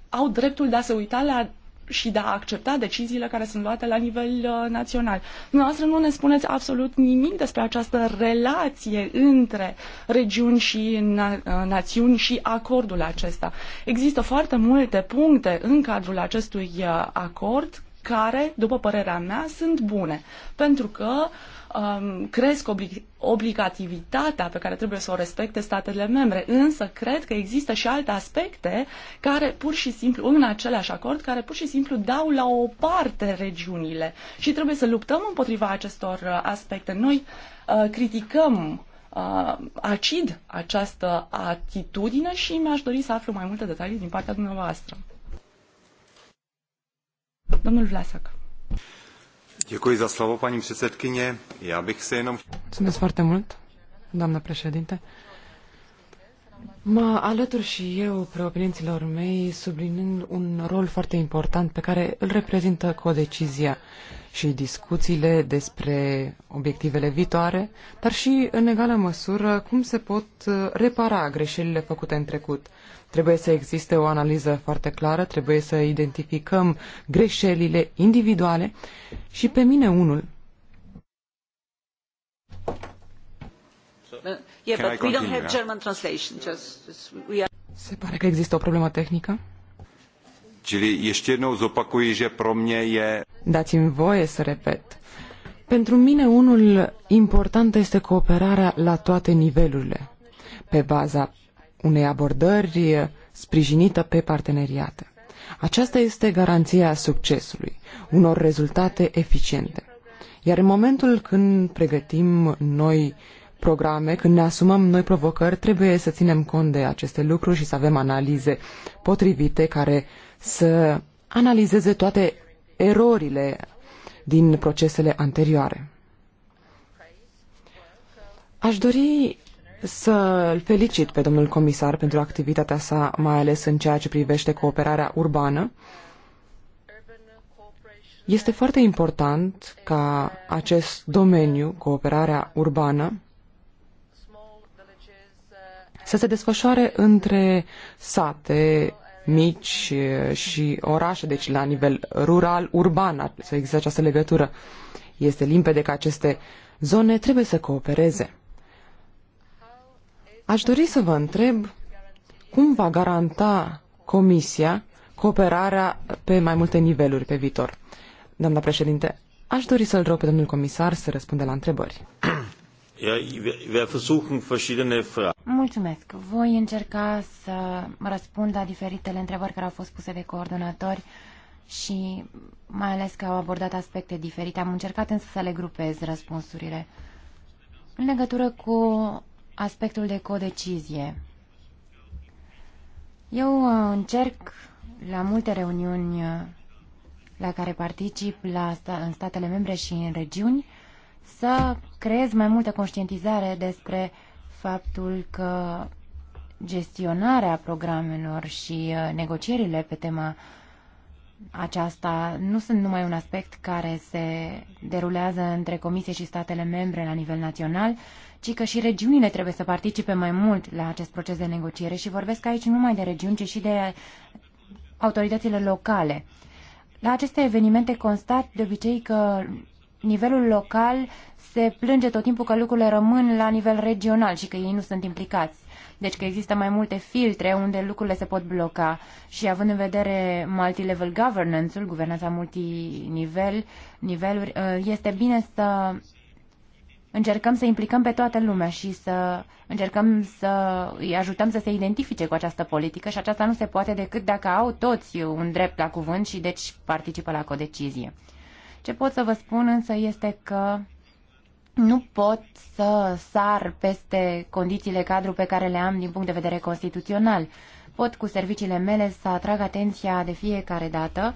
au dreptul de a se uita la și de a accepta deciziile care sunt luate la nivel uh, național. Noastră nu ne spuneți absolut nimic despre această relație între regiuni și na- națiuni și acordul acesta. Există foarte multe puncte în cadrul acestui acord care, după părerea mea, sunt bune, pentru că um, cresc obli- obligativitatea pe care trebuie să o respecte statele membre, însă cred că există și alte aspecte care pur și simplu, în același acord, care pur și simplu dau la o parte regiunile și trebuie să luptăm împotriva acestor uh, aspecte. Noi uh, criticăm uh, acid această atitudine și mi-aș dori să aflu mai multe detalii din partea dumneavoastră. Domnul Vlasac. Děkuji za slovo, paní předsedkyně. Já bych se jenom... Mulțumesc foarte mult, doamnă președinte. Mă alătur și eu preopinenților mei, sublinând un rol foarte important pe care îl reprezintă codecizia și discuțiile despre obiectivele viitoare, dar și, în egală măsură, cum se pot repara greșelile făcute în trecut. Trebuie să existe o analiză foarte clară, trebuie să identificăm greșelile individuale și pe mine unul. Se pare că există o problemă tehnică. Čili ještě jednou zopakuji, že pro mě je... Dați-mi voie să repet. Pentru mine unul important este cooperarea la toate nivelurile, pe baza unei abordări sprijinită pe parteneriate. Aceasta este garanția succesului, unor rezultate eficiente. Iar în momentul când pregătim noi programe, când ne asumăm noi provocări, trebuie să ținem cont de aceste lucruri și să avem analize potrivite care să analizeze toate erorile din procesele anterioare. Aș dori să-l felicit pe domnul comisar pentru activitatea sa, mai ales în ceea ce privește cooperarea urbană. Este foarte important ca acest domeniu, cooperarea urbană, să se desfășoare între sate mici și orașe, deci la nivel rural, urban, să există această legătură. Este limpede că aceste zone trebuie să coopereze. Aș dori să vă întreb cum va garanta Comisia cooperarea pe mai multe niveluri pe viitor. Doamna președinte, aș dori să-l rog pe domnul comisar să răspundă la întrebări. Mulțumesc. Voi încerca să răspund la diferitele întrebări care au fost puse de coordonatori și mai ales că au abordat aspecte diferite. Am încercat însă să le grupez răspunsurile. În legătură cu aspectul de codecizie. Eu uh, încerc la multe reuniuni uh, la care particip la, în statele membre și în regiuni să creez mai multă conștientizare despre faptul că gestionarea programelor și uh, negocierile pe tema aceasta nu sunt numai un aspect care se derulează între Comisie și statele membre la nivel național, ci că și regiunile trebuie să participe mai mult la acest proces de negociere și vorbesc aici nu numai de regiuni, ci și de autoritățile locale. La aceste evenimente constat de obicei că nivelul local se plânge tot timpul că lucrurile rămân la nivel regional și că ei nu sunt implicați. Deci că există mai multe filtre unde lucrurile se pot bloca și având în vedere multilevel governance-ul, guvernanța multinivel, niveluri, este bine să încercăm să implicăm pe toată lumea și să încercăm să îi ajutăm să se identifice cu această politică și aceasta nu se poate decât dacă au toți un drept la cuvânt și deci participă la codecizie. Ce pot să vă spun însă este că nu pot să sar peste condițiile cadru pe care le am din punct de vedere constituțional. Pot cu serviciile mele să atrag atenția de fiecare dată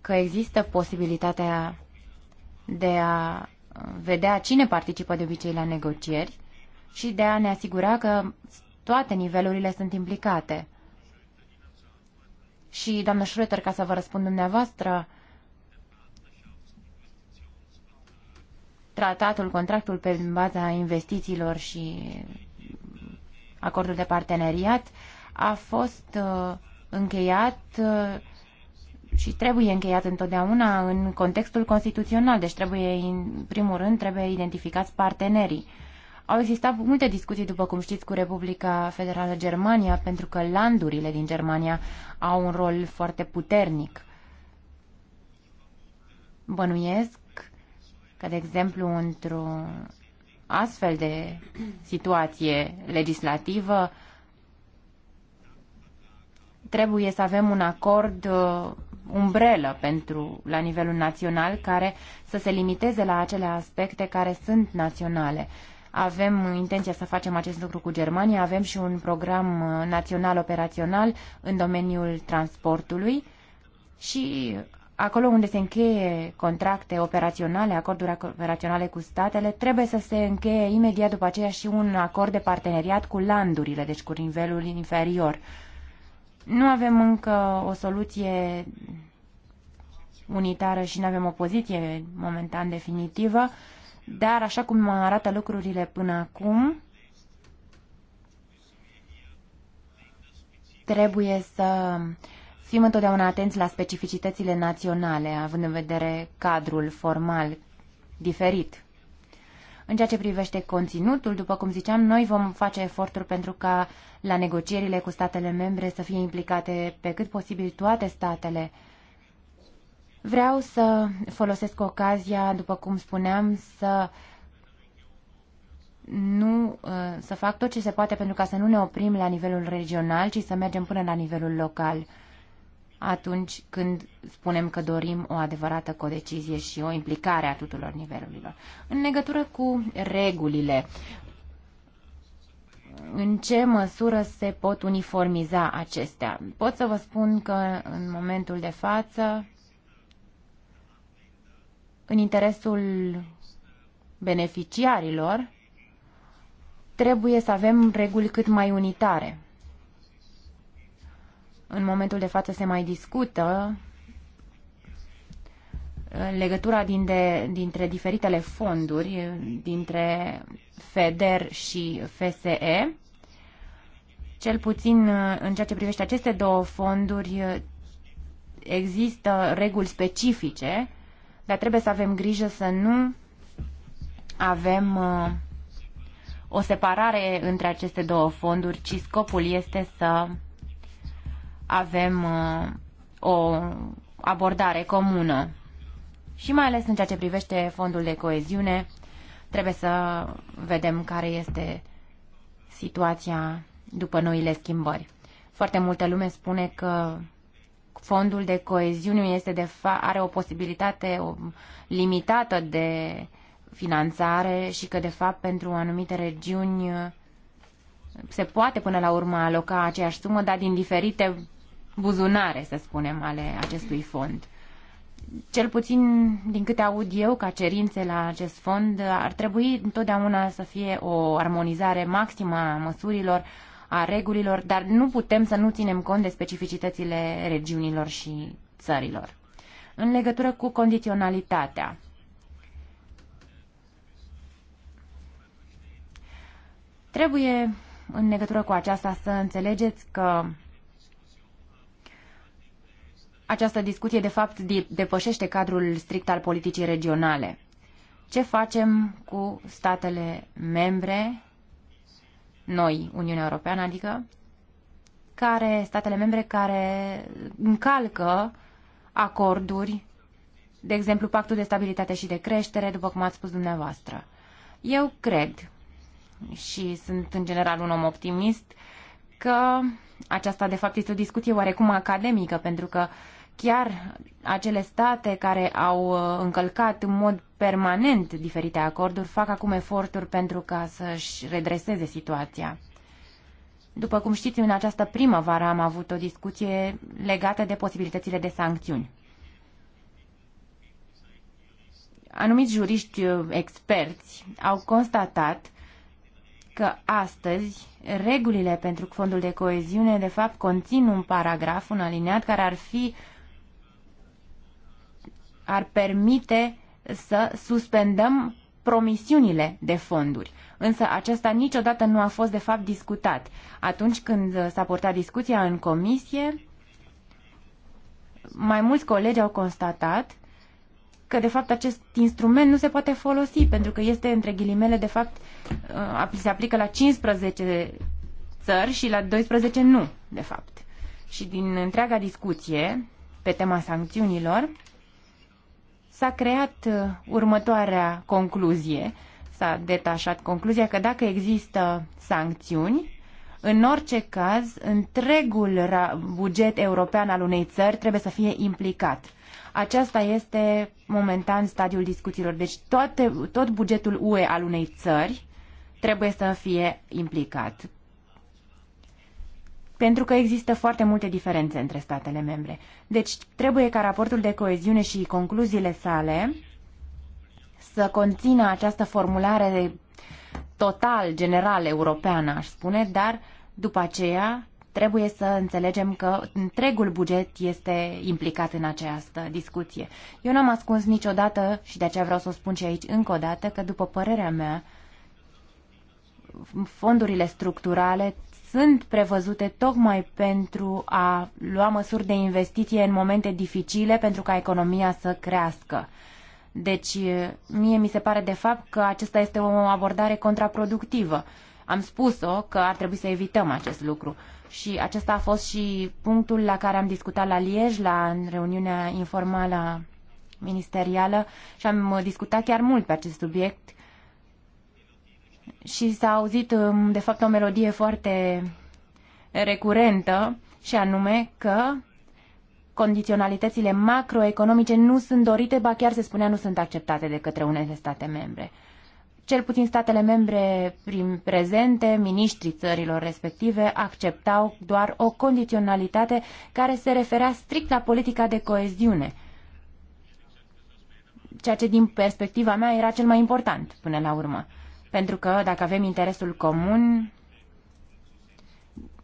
că există posibilitatea de a vedea cine participă de obicei la negocieri și de a ne asigura că toate nivelurile sunt implicate. Și, doamnă Schroeter, ca să vă răspund dumneavoastră, tratatul, contractul pe baza investițiilor și acordul de parteneriat a fost uh, încheiat uh, și trebuie încheiat întotdeauna în contextul constituțional, deci trebuie, în primul rând, trebuie identificați partenerii. Au existat multe discuții, după cum știți, cu Republica Federală Germania, pentru că landurile din Germania au un rol foarte puternic. Bănuiesc că, de exemplu, într-o astfel de situație legislativă, trebuie să avem un acord uh, umbrelă pentru, la nivelul național care să se limiteze la acele aspecte care sunt naționale. Avem intenția să facem acest lucru cu Germania, avem și un program uh, național operațional în domeniul transportului și acolo unde se încheie contracte operaționale, acorduri operaționale cu statele, trebuie să se încheie imediat după aceea și un acord de parteneriat cu landurile, deci cu nivelul inferior. Nu avem încă o soluție unitară și nu avem o poziție momentan definitivă, dar așa cum arată lucrurile până acum, trebuie să fim întotdeauna atenți la specificitățile naționale, având în vedere cadrul formal diferit în ceea ce privește conținutul, după cum ziceam, noi vom face eforturi pentru ca la negocierile cu statele membre să fie implicate pe cât posibil toate statele. Vreau să folosesc ocazia, după cum spuneam, să nu să fac tot ce se poate pentru ca să nu ne oprim la nivelul regional, ci să mergem până la nivelul local atunci când spunem că dorim o adevărată codecizie și o implicare a tuturor nivelurilor. În legătură cu regulile, în ce măsură se pot uniformiza acestea? Pot să vă spun că în momentul de față, în interesul beneficiarilor, trebuie să avem reguli cât mai unitare. În momentul de față se mai discută uh, legătura dintre, dintre diferitele fonduri, dintre FEDER și FSE. Cel puțin uh, în ceea ce privește aceste două fonduri uh, există reguli specifice, dar trebuie să avem grijă să nu avem o separare între aceste două fonduri, ci scopul este să avem uh, o abordare comună. Și mai ales în ceea ce privește fondul de coeziune, trebuie să vedem care este situația după noile schimbări. Foarte multă lume spune că fondul de coeziune este de are o posibilitate o, limitată de finanțare și că de fapt pentru anumite regiuni se poate până la urmă aloca aceeași sumă, dar din diferite buzunare, să spunem, ale acestui fond. Cel puțin, din câte aud eu, ca cerințe la acest fond, ar trebui întotdeauna să fie o armonizare maximă a măsurilor, a regulilor, dar nu putem să nu ținem cont de specificitățile regiunilor și țărilor. În legătură cu condiționalitatea, trebuie în legătură cu aceasta să înțelegeți că această discuție, de fapt, depășește cadrul strict al politicii regionale. Ce facem cu statele membre, noi, Uniunea Europeană, adică, care, statele membre care încalcă acorduri, de exemplu, Pactul de Stabilitate și de Creștere, după cum ați spus dumneavoastră? Eu cred și sunt în general un om optimist, că aceasta de fapt este o discuție oarecum academică, pentru că chiar acele state care au uh, încălcat în mod permanent diferite acorduri fac acum eforturi pentru ca să-și redreseze situația. După cum știți, în această primăvară am avut o discuție legată de posibilitățile de sancțiuni. Anumiți juriști uh, experți au constatat că astăzi regulile pentru fondul de coeziune de fapt conțin un paragraf, un alineat care ar fi ar permite să suspendăm promisiunile de fonduri. Însă acesta niciodată nu a fost de fapt discutat. Atunci când s-a portat discuția în comisie, mai mulți colegi au constatat că de fapt acest instrument nu se poate folosi pentru că este între ghilimele de fapt uh, se aplică la 15 țări și la 12 nu, de fapt. Și din întreaga discuție pe tema sancțiunilor s-a creat uh, următoarea concluzie, s-a detașat concluzia că dacă există sancțiuni, în orice caz, întregul buget european al unei țări trebuie să fie implicat aceasta este momentan stadiul discuțiilor. Deci toate, tot bugetul UE al unei țări trebuie să fie implicat. Pentru că există foarte multe diferențe între statele membre. Deci trebuie ca raportul de coeziune și concluziile sale să conțină această formulare total, general, europeană, aș spune, dar după aceea trebuie să înțelegem că întregul buget este implicat în această discuție. Eu n-am ascuns niciodată, și de aceea vreau să o spun și aici încă o dată, că după părerea mea, fondurile structurale sunt prevăzute tocmai pentru a lua măsuri de investiție în momente dificile pentru ca economia să crească. Deci, mie mi se pare de fapt că acesta este o abordare contraproductivă. Uh, am spus-o că ar trebui să evităm acest lucru. Și acesta a fost și punctul la care am discutat la Liej, la reuniunea informală ministerială și am uh, discutat chiar mult pe acest subiect și s-a auzit um, de fapt o melodie foarte recurentă și anume că condiționalitățile macroeconomice nu sunt dorite, ba chiar se spunea nu sunt acceptate de către unele state membre. Cel puțin statele membre prin prezente, miniștrii țărilor respective, acceptau doar o condiționalitate care se referea strict la politica de coeziune, ceea ce din perspectiva mea era cel mai important până la urmă. Pentru că dacă avem interesul comun,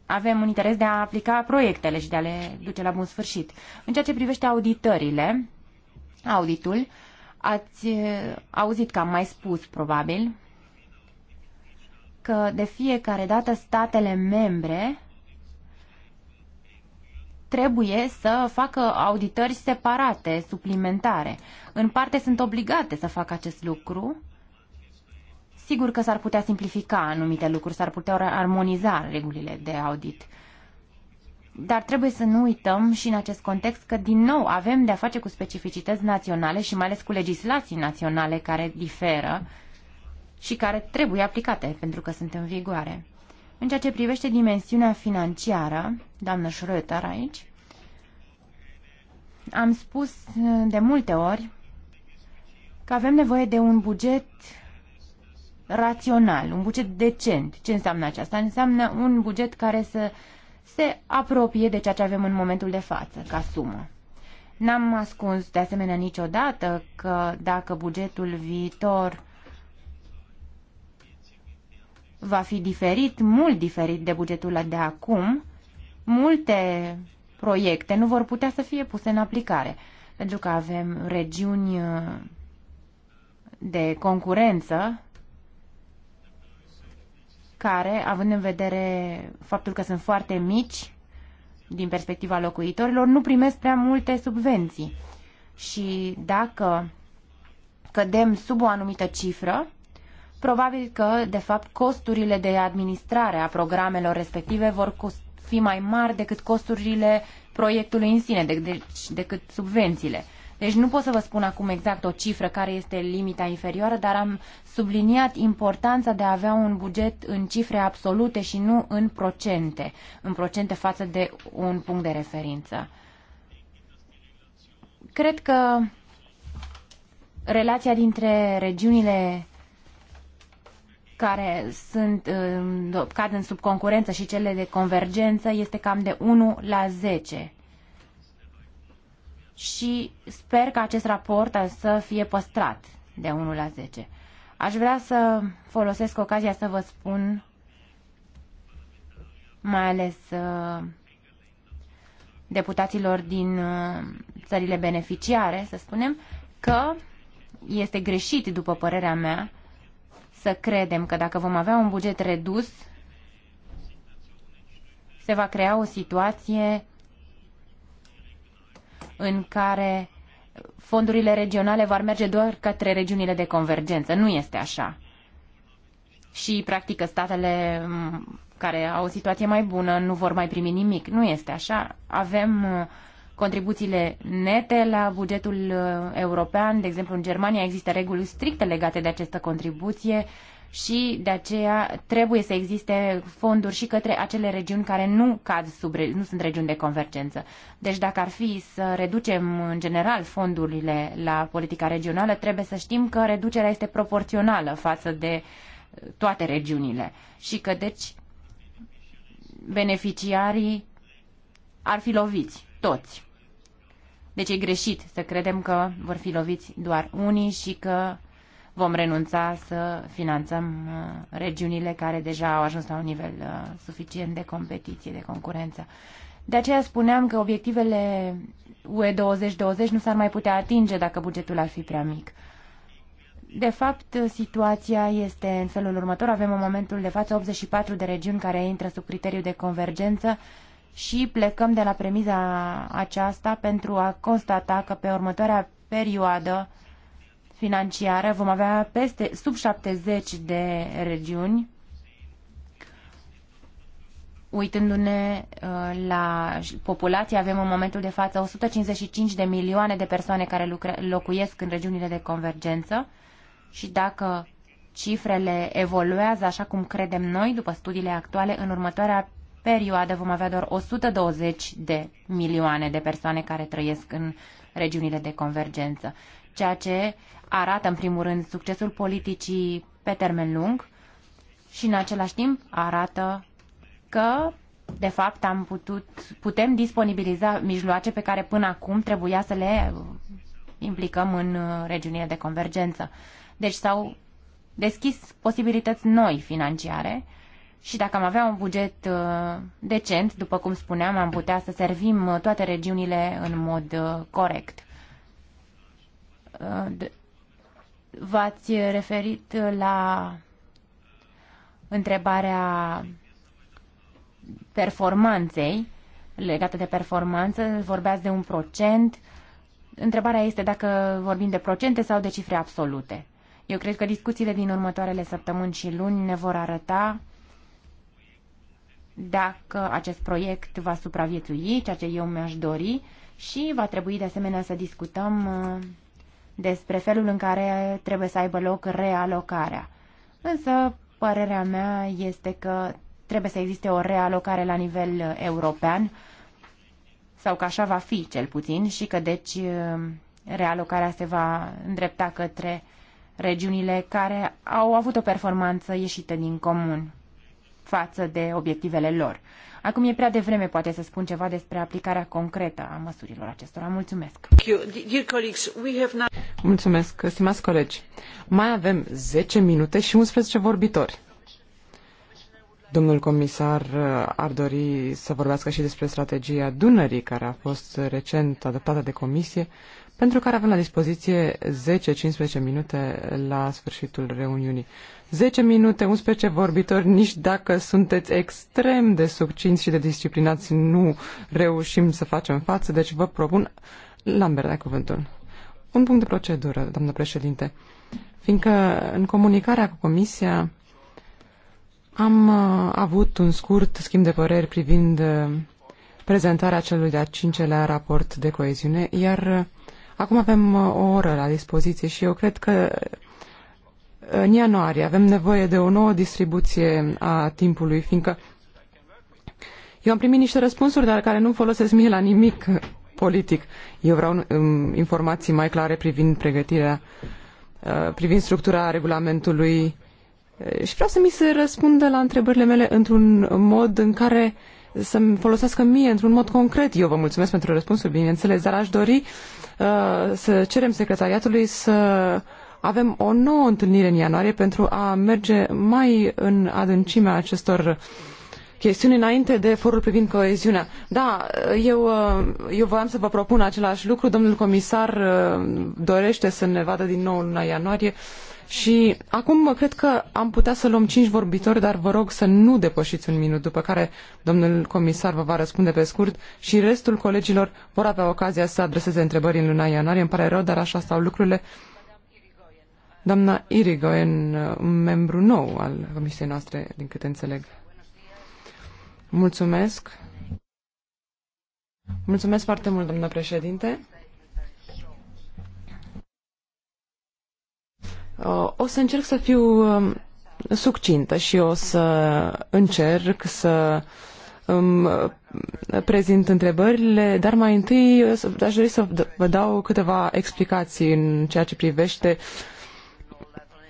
avem un interes de a aplica proiectele și de a le duce la bun sfârșit. În ceea ce privește auditările, auditul, Ați eh, auzit că am mai spus, probabil, că de fiecare dată statele membre trebuie să facă auditări separate, suplimentare. În parte sunt obligate să facă acest lucru. Sigur că s-ar putea simplifica anumite lucruri, s-ar putea armoniza regulile de audit. Dar trebuie să nu uităm și în acest context că, din nou, avem de-a face cu specificități naționale și mai ales cu legislații naționale care diferă și care trebuie aplicate pentru că sunt în vigoare. În ceea ce privește dimensiunea financiară, doamnă Schröter aici, am spus de multe ori că avem nevoie de un buget rațional, un buget decent. Ce înseamnă aceasta? Înseamnă un buget care să se apropie de ceea ce avem în momentul de față, ca sumă. N-am ascuns de asemenea niciodată că dacă bugetul viitor va fi diferit, mult diferit de bugetul de acum, multe proiecte nu vor putea să fie puse în aplicare, pentru că avem regiuni de concurență care, având în vedere faptul că sunt foarte mici din perspectiva locuitorilor, nu primesc prea multe subvenții. Și dacă cădem sub o anumită cifră, probabil că, de fapt, costurile de administrare a programelor respective vor fi mai mari decât costurile proiectului în sine, deci decât subvențiile. Deci nu pot să vă spun acum exact o cifră care este limita inferioară, dar am subliniat importanța de a avea un buget în cifre absolute și nu în procente, în procente față de un punct de referință. Cred că relația dintre regiunile care sunt, uh, cad în sub concurență și cele de convergență este cam de 1 la 10 și sper că acest raport să fie păstrat de 1 la 10. Aș vrea să folosesc ocazia să vă spun, mai ales uh, deputaților din uh, țările beneficiare, să spunem, că este greșit, după părerea mea, să credem că dacă vom avea un buget redus, se va crea o situație în care fondurile regionale vor merge doar către regiunile de convergență. Nu este așa. Și, practic, statele care au o situație mai bună nu vor mai primi nimic. Nu este așa. Avem uh, contribuțiile nete la bugetul uh, european. De exemplu, în Germania există reguli stricte legate de această contribuție și de aceea trebuie să existe fonduri și către acele regiuni care nu cad sub, nu sunt regiuni de convergență. Deci dacă ar fi să reducem în general fondurile la politica regională, trebuie să știm că reducerea este proporțională față de uh, toate regiunile și că deci beneficiarii ar fi loviți toți. Deci e greșit să credem că vor fi loviți doar unii și că vom renunța să finanțăm uh, regiunile care deja au ajuns la un nivel uh, suficient de competiție, de concurență. De aceea spuneam că obiectivele UE 2020 nu s-ar mai putea atinge dacă bugetul ar fi prea mic. De fapt, situația este în felul următor. Avem în momentul de față 84 de regiuni care intră sub criteriu de convergență și plecăm de la premiza aceasta pentru a constata că pe următoarea perioadă financiară vom avea peste sub 70 de regiuni uitându-ne uh, la populație, avem în momentul de față 155 de milioane de persoane care lucre, locuiesc în regiunile de convergență și dacă cifrele evoluează așa cum credem noi după studiile actuale, în următoarea perioadă vom avea doar 120 de milioane de persoane care trăiesc în regiunile de convergență ceea ce arată în primul rând succesul politicii pe termen lung și în același timp arată că de fapt am putut, putem disponibiliza mijloace pe care până acum trebuia să le implicăm în uh, regiunile de convergență. Deci s-au deschis posibilități noi financiare și dacă am avea un buget uh, decent, după cum spuneam, am putea să servim uh, toate regiunile în mod corect. Uh, V-ați referit la întrebarea performanței, legată de performanță, vorbeați de un procent. Întrebarea este dacă vorbim de procente sau de cifre absolute. Eu cred că discuțiile din următoarele săptămâni și luni ne vor arăta dacă acest proiect va supraviețui, ceea ce eu mi-aș dori, și va trebui de asemenea să discutăm uh, despre felul în care trebuie să aibă loc realocarea. Însă, părerea mea este că trebuie să existe o realocare la nivel eh, european, sau că așa va fi cel puțin, și că deci eh, realocarea se va îndrepta către regiunile care au avut o performanță ieșită din comun față de obiectivele lor. Acum e prea devreme, poate, să spun ceva despre aplicarea concretă a măsurilor acestora. Mulțumesc! Mulțumesc, stimați colegi! Mai avem 10 minute și 11 vorbitori. Domnul comisar uh, ar dori să vorbească și despre strategia Dunării, care a fost recent adoptată de comisie, pentru care avem la dispoziție 10-15 minute la sfârșitul reuniunii. 10 minute, 11 vorbitori, nici dacă sunteți extrem de subcinți și de disciplinați, nu reușim să facem față, deci vă propun, Lambert, ai cuvântul. Un punct de procedură, doamnă președinte, fiindcă în comunicarea cu Comisia am uh, avut un scurt schimb de păreri privind uh, prezentarea celui de-a cincelea raport de coeziune, iar uh, Acum avem uh, o oră la dispoziție și eu cred că uh, în ianuarie avem nevoie de o nouă distribuție a timpului, fiindcă eu am primit niște răspunsuri, dar care nu folosesc mie la nimic politic. Eu vreau um, informații mai clare privind pregătirea, uh, privind structura regulamentului și vreau să mi se răspundă la întrebările mele într-un mod în care uh, să-mi folosească mie într-un mod concret. Eu vă mulțumesc pentru răspunsul, bineînțeles, dar aș dori uh, să cerem secretariatului să avem o nouă întâlnire în ianuarie pentru a merge mai în adâncimea acestor chestiuni înainte de forul privind coeziunea. Da, eu, uh, eu voiam să vă propun același lucru. Domnul comisar uh, dorește să ne vadă din nou în ianuarie. Uh, și acum cred că am putea să luăm cinci vorbitori, dar vă rog să nu depășiți un minut, după care domnul comisar vă va răspunde pe scurt și restul colegilor vor avea ocazia să adreseze întrebări în luna ianuarie. Îmi pare rău, dar așa stau lucrurile. Doamna Irigoyen, un membru nou al comisiei noastre, din câte înțeleg. Mulțumesc. Mulțumesc foarte mult, domnule președinte. O să încerc să fiu um, succintă și o să încerc să îmi um, prezint întrebările, dar mai întâi aș dori să vă dau câteva explicații în ceea ce privește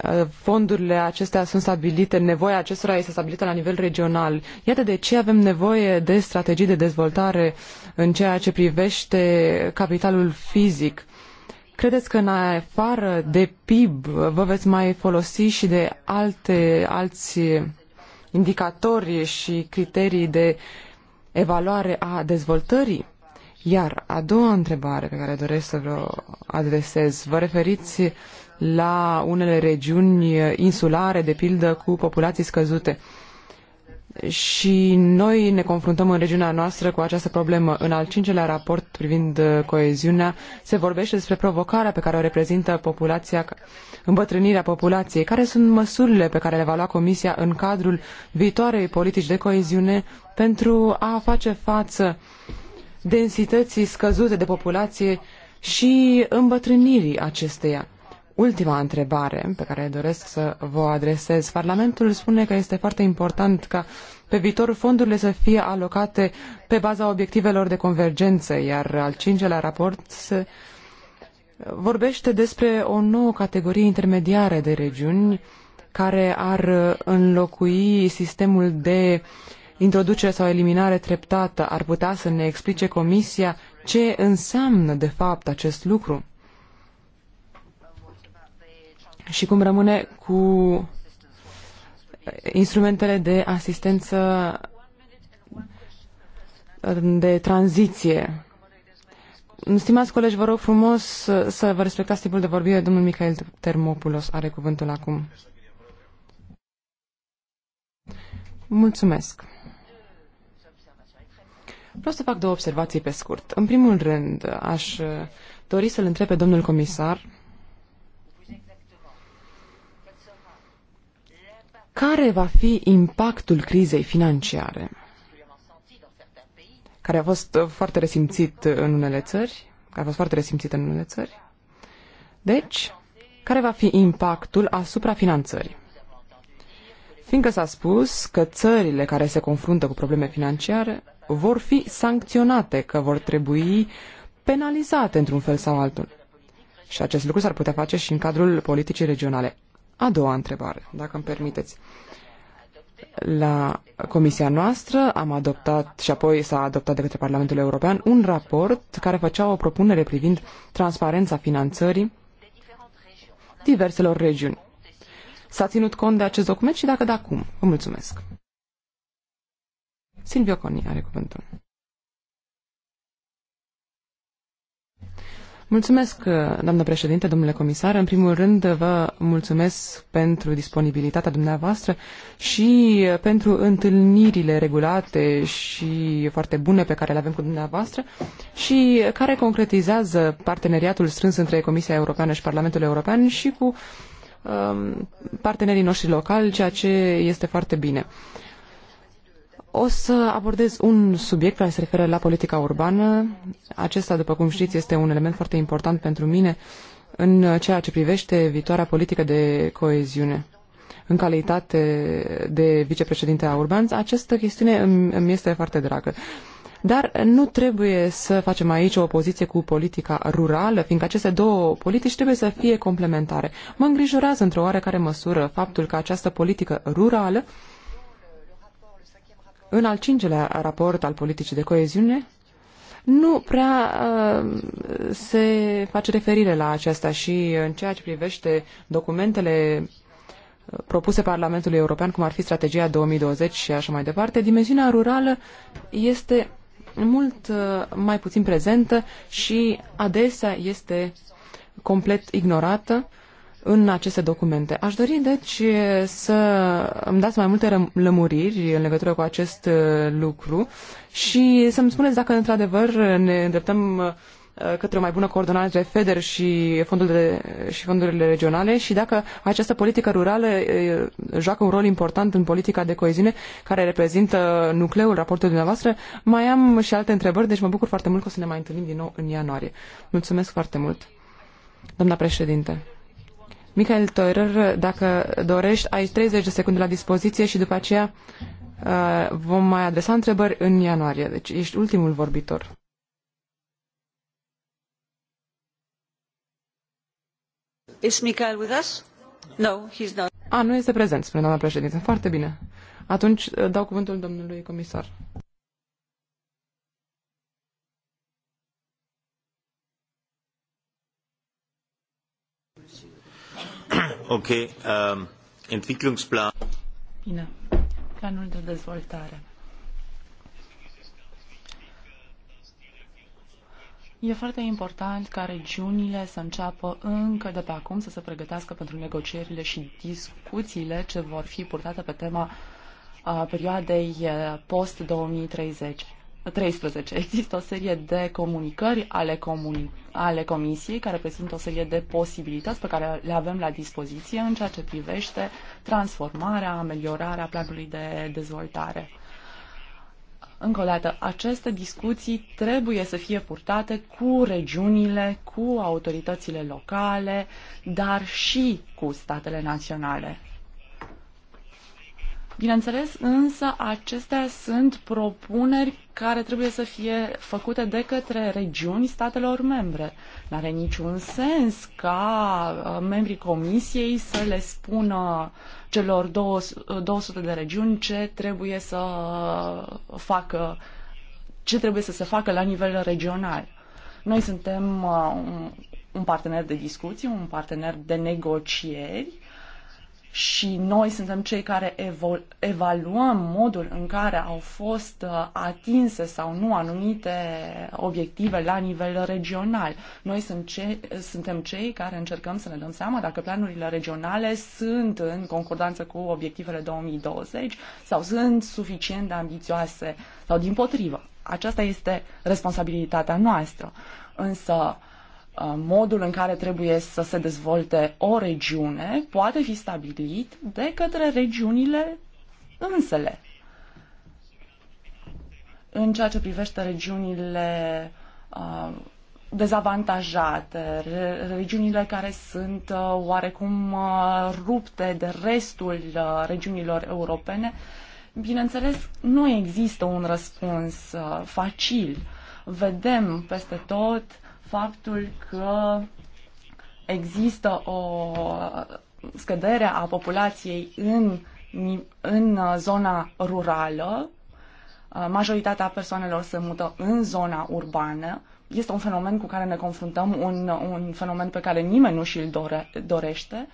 uh, fondurile acestea sunt stabilite, nevoia acestora este stabilită la nivel regional. Iată de ce avem nevoie de strategii de dezvoltare în ceea ce privește capitalul fizic Credeți că în afară de PIB vă veți mai folosi și de alte, alți indicatori și criterii de evaluare a dezvoltării? Iar a doua întrebare pe care doresc să vă adresez, vă referiți la unele regiuni insulare, de pildă, cu populații scăzute și noi ne confruntăm în regiunea noastră cu această problemă. În al cincelea raport privind uh, coeziunea se vorbește despre provocarea pe care o reprezintă populația, îmbătrânirea populației. Care sunt măsurile pe care le va lua Comisia în cadrul viitoarei politici de coeziune pentru a face față densității scăzute de populație și îmbătrânirii acesteia? ultima întrebare pe care doresc să vă adresez. Parlamentul spune că este foarte important ca pe viitor fondurile să fie alocate pe baza obiectivelor de convergență, iar al cincelea raport se vorbește despre o nouă categorie intermediară de regiuni care ar înlocui sistemul de introducere sau eliminare treptată. Ar putea să ne explice Comisia ce înseamnă de fapt acest lucru? și cum rămâne cu instrumentele de asistență de tranziție. Stimați colegi, vă rog frumos să vă respectați timpul de vorbire. Domnul Michael Termopulos are cuvântul acum. Mulțumesc. Vreau să fac două observații pe scurt. În primul rând, aș dori să-l întreb pe domnul comisar care va fi impactul crizei financiare, care a fost foarte resimțit în unele țări, care a fost foarte resimțit în unele țări. Deci, care va fi impactul asupra finanțării? Fiindcă s-a spus că țările care se confruntă cu probleme financiare vor fi sancționate, că vor trebui penalizate într-un fel sau altul. Și acest lucru s-ar putea face și în cadrul politicii regionale. A doua întrebare, dacă îmi permiteți. La comisia noastră am adoptat și apoi s-a adoptat de către Parlamentul European un raport care făcea o propunere privind transparența finanțării diverselor regiuni. S-a ținut cont de acest document și dacă da, cum? Vă mulțumesc. Silvio Coni are cuvântul. Mulțumesc, uh, doamnă președinte, domnule comisar. În primul rând, vă mulțumesc pentru disponibilitatea dumneavoastră și uh, pentru întâlnirile regulate și foarte bune pe care le avem cu dumneavoastră și uh, care concretizează parteneriatul strâns între Comisia Europeană și Parlamentul European și cu um, partenerii noștri locali, ceea ce este foarte bine. Uh, o să abordez un subiect care se referă la politica urbană. Acesta, după cum știți, este un element foarte important pentru mine în ceea ce privește viitoarea politică de coeziune. În calitate de vicepreședinte a Urbans, această chestiune îmi, îmi este foarte dragă. Dar nu trebuie să facem aici o opoziție cu politica rurală, fiindcă aceste două politici trebuie să fie complementare. Mă îngrijorează într-o oarecare măsură faptul că această politică rurală în al cincelea raport al politicii de coeziune, nu prea uh, se face referire la aceasta și în ceea ce privește documentele uh, propuse Parlamentului European, cum ar fi strategia 2020 și așa mai departe, dimensiunea rurală este mult uh, mai puțin prezentă și adesea este complet ignorată în aceste documente. Aș dori, deci, să îmi dați mai multe lămuriri în legătură cu acest uh, lucru și să-mi spuneți dacă, într-adevăr, ne îndreptăm uh, către o mai bună coordonare între FEDER și, fondurile, și fondurile regionale și dacă această politică rurală uh, joacă un rol important în politica de coeziune care reprezintă nucleul raportului dumneavoastră. Mai am și alte întrebări, deci mă bucur foarte mult că o să ne mai întâlnim din nou în ianuarie. Mulțumesc foarte mult, doamna președinte. Michael Teurer, dacă dorești, ai 30 de secunde la dispoziție și după aceea uh, vom mai adresa întrebări în ianuarie. Deci ești ultimul vorbitor. Is Michael with us? No, he's not. A, nu este prezent, spune doamna președinte. Foarte bine. Atunci uh, dau cuvântul domnului comisar. Este um, Planul de dezvoltare. E foarte important ca regiunile să înceapă încă de pe acum să se pregătească pentru negocierile și discuțiile ce vor fi purtate pe tema a, uh, perioadei uh, post-2030. 13. Există o serie de comunicări ale, comuni- ale Comisiei care prezintă o serie de posibilități pe care le avem la dispoziție în ceea ce privește transformarea, ameliorarea planului de dezvoltare. Încă o dată, aceste discuții trebuie să fie purtate cu regiunile, cu autoritățile locale, dar și cu statele naționale. Bineînțeles, însă, acestea sunt propuneri care trebuie să fie făcute de către regiuni statelor membre. N-are niciun sens ca uh, membrii comisiei să le spună celor 200 uh, de regiuni ce trebuie să facă ce trebuie să se facă la nivel regional. Noi suntem uh, un partener de discuții, un partener de negocieri și noi suntem cei care evaluăm modul în care au fost uh, atinse sau nu anumite obiective la nivel regional. Noi sunt ce, suntem cei care încercăm să ne dăm seama dacă planurile regionale sunt în concordanță cu obiectivele 2020 sau sunt suficient de ambițioase sau din potrivă. Aceasta este responsabilitatea noastră. Însă Uh, modul în care trebuie să se dezvolte o regiune poate fi stabilit de către regiunile însele. În ceea ce privește regiunile uh, dezavantajate, regiunile care sunt uh, oarecum rupte de restul regiunilor europene, bineînțeles, nu există un răspuns facil. Vedem peste tot uh, faptul că există o scădere a populației în, în zona rurală, uh, majoritatea persoanelor se mută în zona urbană, este un fenomen cu care ne confruntăm, un, un fenomen pe care nimeni nu și-l dore, dorește,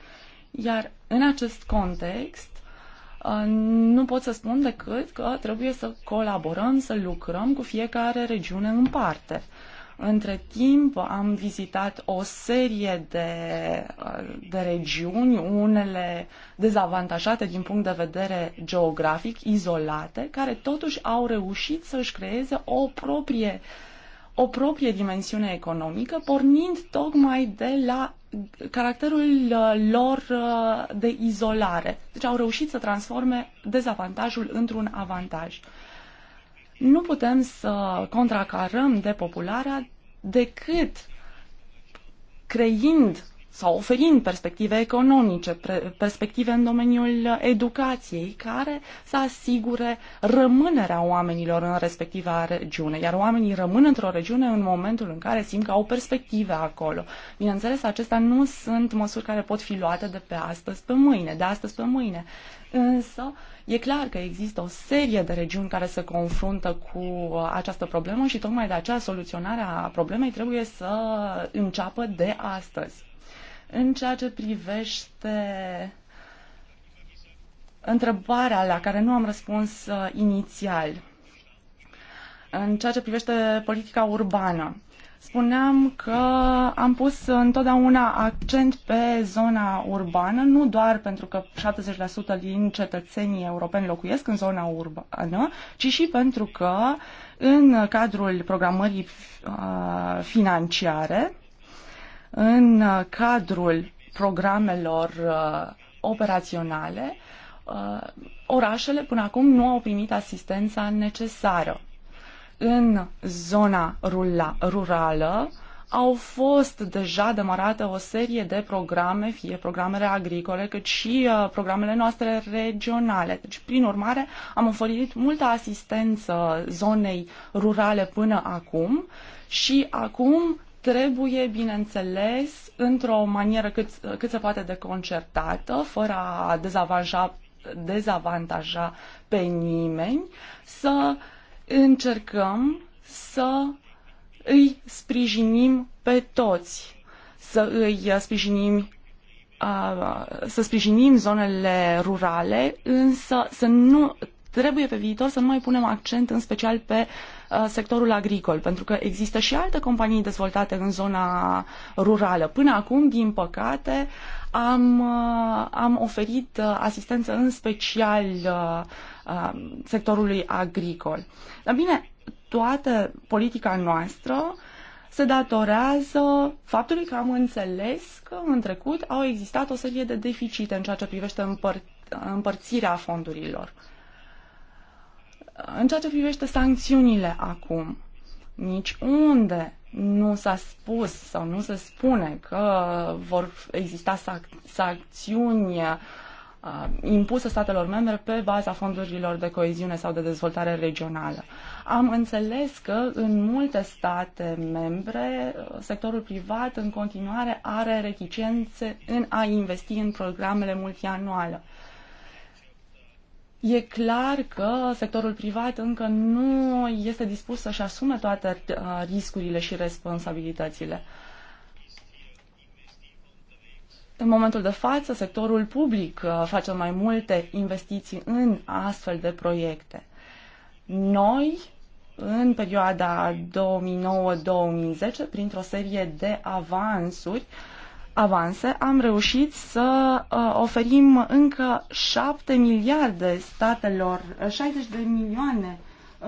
iar în acest context uh, nu pot să spun decât că trebuie să colaborăm, să lucrăm cu fiecare regiune în parte. Între timp am vizitat o serie de, de regiuni, unele dezavantajate din punct de vedere geografic, izolate, care totuși au reușit să-și creeze o proprie, o proprie dimensiune economică, pornind tocmai de la caracterul uh, lor uh, de izolare. Deci au reușit să transforme dezavantajul într-un avantaj. Nu putem să contracarăm depopularea decât creind sau oferind perspective economice, perspective în domeniul educației, care să asigure rămânerea oamenilor în respectiva regiune. Iar oamenii rămân într-o regiune în momentul în care simt că au perspective acolo. Bineînțeles, acestea nu sunt măsuri care pot fi luate de pe astăzi pe mâine, de astăzi pe mâine. Însă, uh, E clar că există o serie de regiuni care se confruntă cu această problemă și tocmai de aceea soluționarea problemei trebuie să înceapă de astăzi. În ceea ce privește întrebarea la care nu am răspuns uh, inițial, în ceea ce privește politica urbană, spuneam că am pus întotdeauna accent pe zona urbană, nu doar pentru că 70% din cetățenii europeni locuiesc în zona urbană, ci și pentru că în cadrul programării uh, financiare, în cadrul programelor uh, operaționale, uh, orașele până acum nu au primit asistența necesară în zona rurală au fost deja demarate o serie de programe, fie programele agricole, cât și uh, programele noastre regionale. Deci, prin urmare, am oferit multă asistență zonei rurale până acum și acum trebuie, bineînțeles, într-o manieră cât, uh, cât se poate de concertată, fără a dezavantaja, dezavantaja pe nimeni, să uh, încercăm să îi sprijinim pe toți, să îi sprijinim să sprijinim zonele rurale, însă să nu trebuie pe viitor să nu mai punem accent în special pe Uh, sectorul agricol, pentru că există și alte companii dezvoltate în zona rurală. Până acum, din păcate, am, uh, am oferit uh, asistență în special sectorului agricol. Dar bine, toată politica noastră se datorează faptului că am înțeles că în trecut au existat o serie de deficite în ceea ce privește împăr- împărțirea fondurilor. În ceea ce privește sancțiunile acum, nici unde nu s-a spus sau nu se spune că vor exista sac- sancțiuni uh, impuse statelor membre pe baza fondurilor de coeziune sau de dezvoltare regională. Am înțeles că în multe state membre uh, sectorul privat în continuare are reticențe în a investi în programele multianuale. E clar că sectorul privat încă nu este dispus să-și asume toate uh, riscurile și responsabilitățile. În momentul de față, sectorul public uh, face mai multe investiții în astfel de proiecte. Noi, în perioada 2009-2010, printr-o serie de avansuri, uh, avanse, am reușit să uh, oferim încă 7 miliarde statelor, 60 uh, de milioane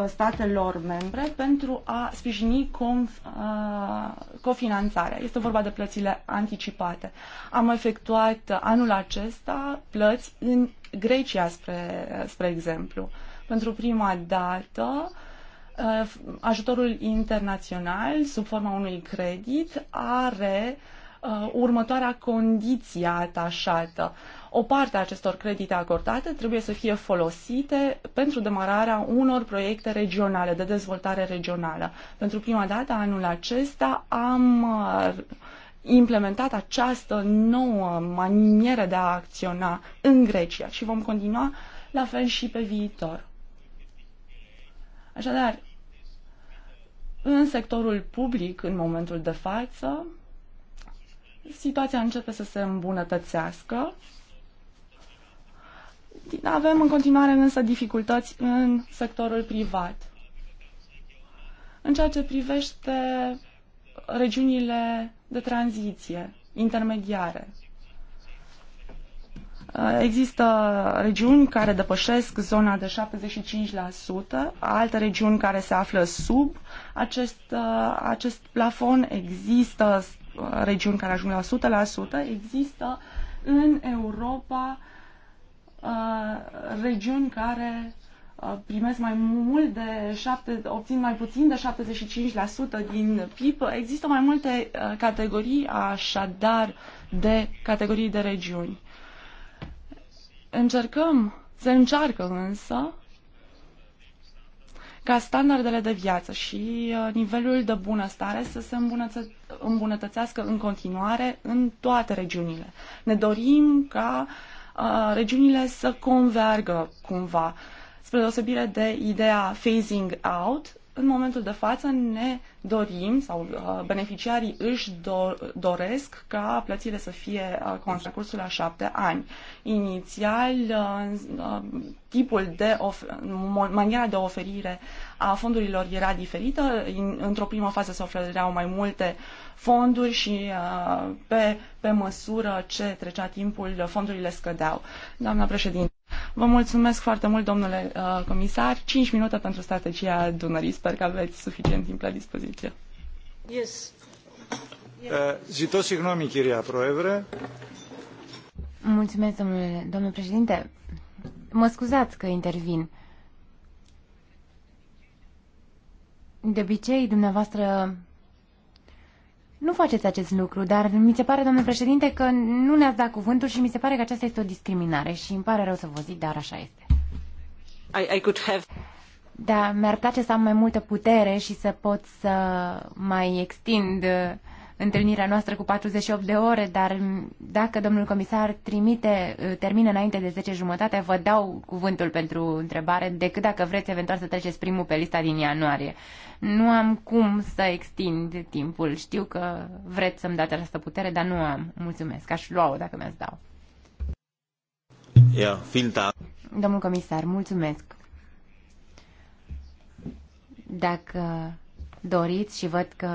uh, statelor membre pentru a sprijini conf, uh, cofinanțarea. Este vorba de plățile anticipate. Am efectuat anul acesta plăți în Grecia, spre, spre exemplu. Pentru prima dată, uh, ajutorul internațional, sub forma unui credit, are uh, uh, următoarea condiție atașată. O parte a acestor credite acordate trebuie să fie folosite pentru demararea unor proiecte regionale, de dezvoltare regională. Pentru prima dată, anul acesta, am uh, implementat această nouă manieră de a acționa în Grecia și vom continua la fel și pe viitor. Așadar, în sectorul public, în momentul de față, situația începe să se îmbunătățească. Avem în continuare însă dificultăți în sectorul privat. În ceea ce privește regiunile de tranziție, intermediare, Există regiuni care depășesc zona de 75%, alte regiuni care se află sub acest, acest plafon, există regiuni care ajung la 100%, există în Europa uh, regiuni care uh, primesc mai mult de 7, obțin mai puțin de 75% din PIB. Există mai multe uh, categorii, așadar, de categorii de regiuni. Încercăm, se încearcă însă, ca standardele de viață și uh, nivelul de bunăstare să se îmbunătățească în continuare în toate regiunile. Ne dorim ca uh, regiunile să convergă cumva, spre deosebire de ideea phasing out, în momentul de față ne dorim sau uh, beneficiarii își doresc ca plățile să fie uh, constante cursul la șapte ani. Inițial, uh, tipul de maniera de oferire a fondurilor era diferită. Într-o primă fază se ofereau mai multe fonduri și pe, pe măsură ce trecea timpul, fondurile scădeau. Doamna președinte. Vă mulțumesc foarte mult, domnule uh, comisar. 5 minute pentru strategia Dunării. Sper că aveți suficient timp la dispoziție. Yes. Uh, Zitos ignomi, Chiria Proevre. Mulțumesc, domnule, domnule președinte. Mă scuzați că intervin. De obicei, dumneavoastră nu faceți acest lucru, dar mi se pare, domnule președinte, că nu ne-ați dat cuvântul și mi se pare că aceasta este o discriminare și îmi pare rău să vă zic, dar așa este. I, I could have... Da, mi-ar place să am mai multă putere și să pot să mai extind uh, întâlnirea noastră cu 48 de ore, dar dacă domnul comisar trimite uh, termină înainte de 10 jumătate, vă dau cuvântul pentru întrebare, decât dacă vreți eventual să treceți primul pe lista din ianuarie. Nu am cum să extind timpul. Știu că vreți să-mi dați această putere, dar nu am. Mulțumesc. Aș lua-o dacă mi-ați dau. Yeah, Domnul comisar, mulțumesc. Dacă doriți și văd că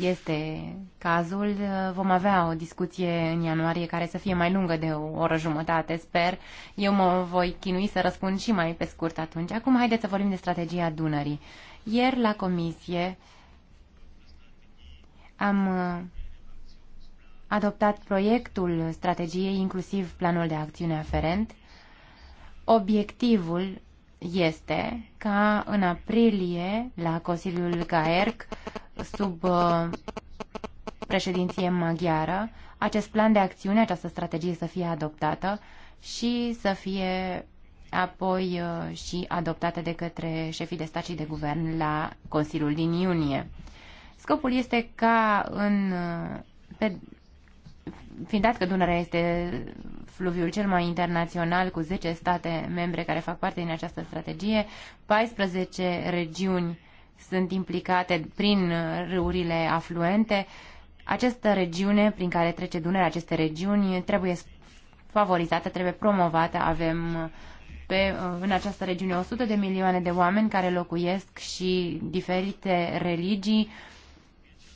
este cazul, vom avea o discuție în ianuarie care să fie mai lungă de o oră jumătate, sper. Eu mă voi chinui să răspund și mai pe scurt atunci. Acum haideți să vorbim de strategia Dunării. Ieri la comisie am uh, adoptat proiectul strategiei, inclusiv planul de acțiune aferent. Obiectivul este ca în aprilie la Consiliul GAERC sub uh, președinție maghiară acest plan de acțiune, această strategie să fie adoptată și să fie apoi uh, și adoptată de către șefii de stat și de guvern la Consiliul din iunie. Scopul este ca în, uh, pe fiind dat că Dunărea este fluviul cel mai internațional cu 10 state membre care fac parte din această strategie, 14 regiuni sunt implicate prin râurile afluente. Această regiune prin care trece Dunărea, aceste regiuni, trebuie favorizată, trebuie promovată. Avem pe, în această regiune 100 de milioane de oameni care locuiesc și diferite religii,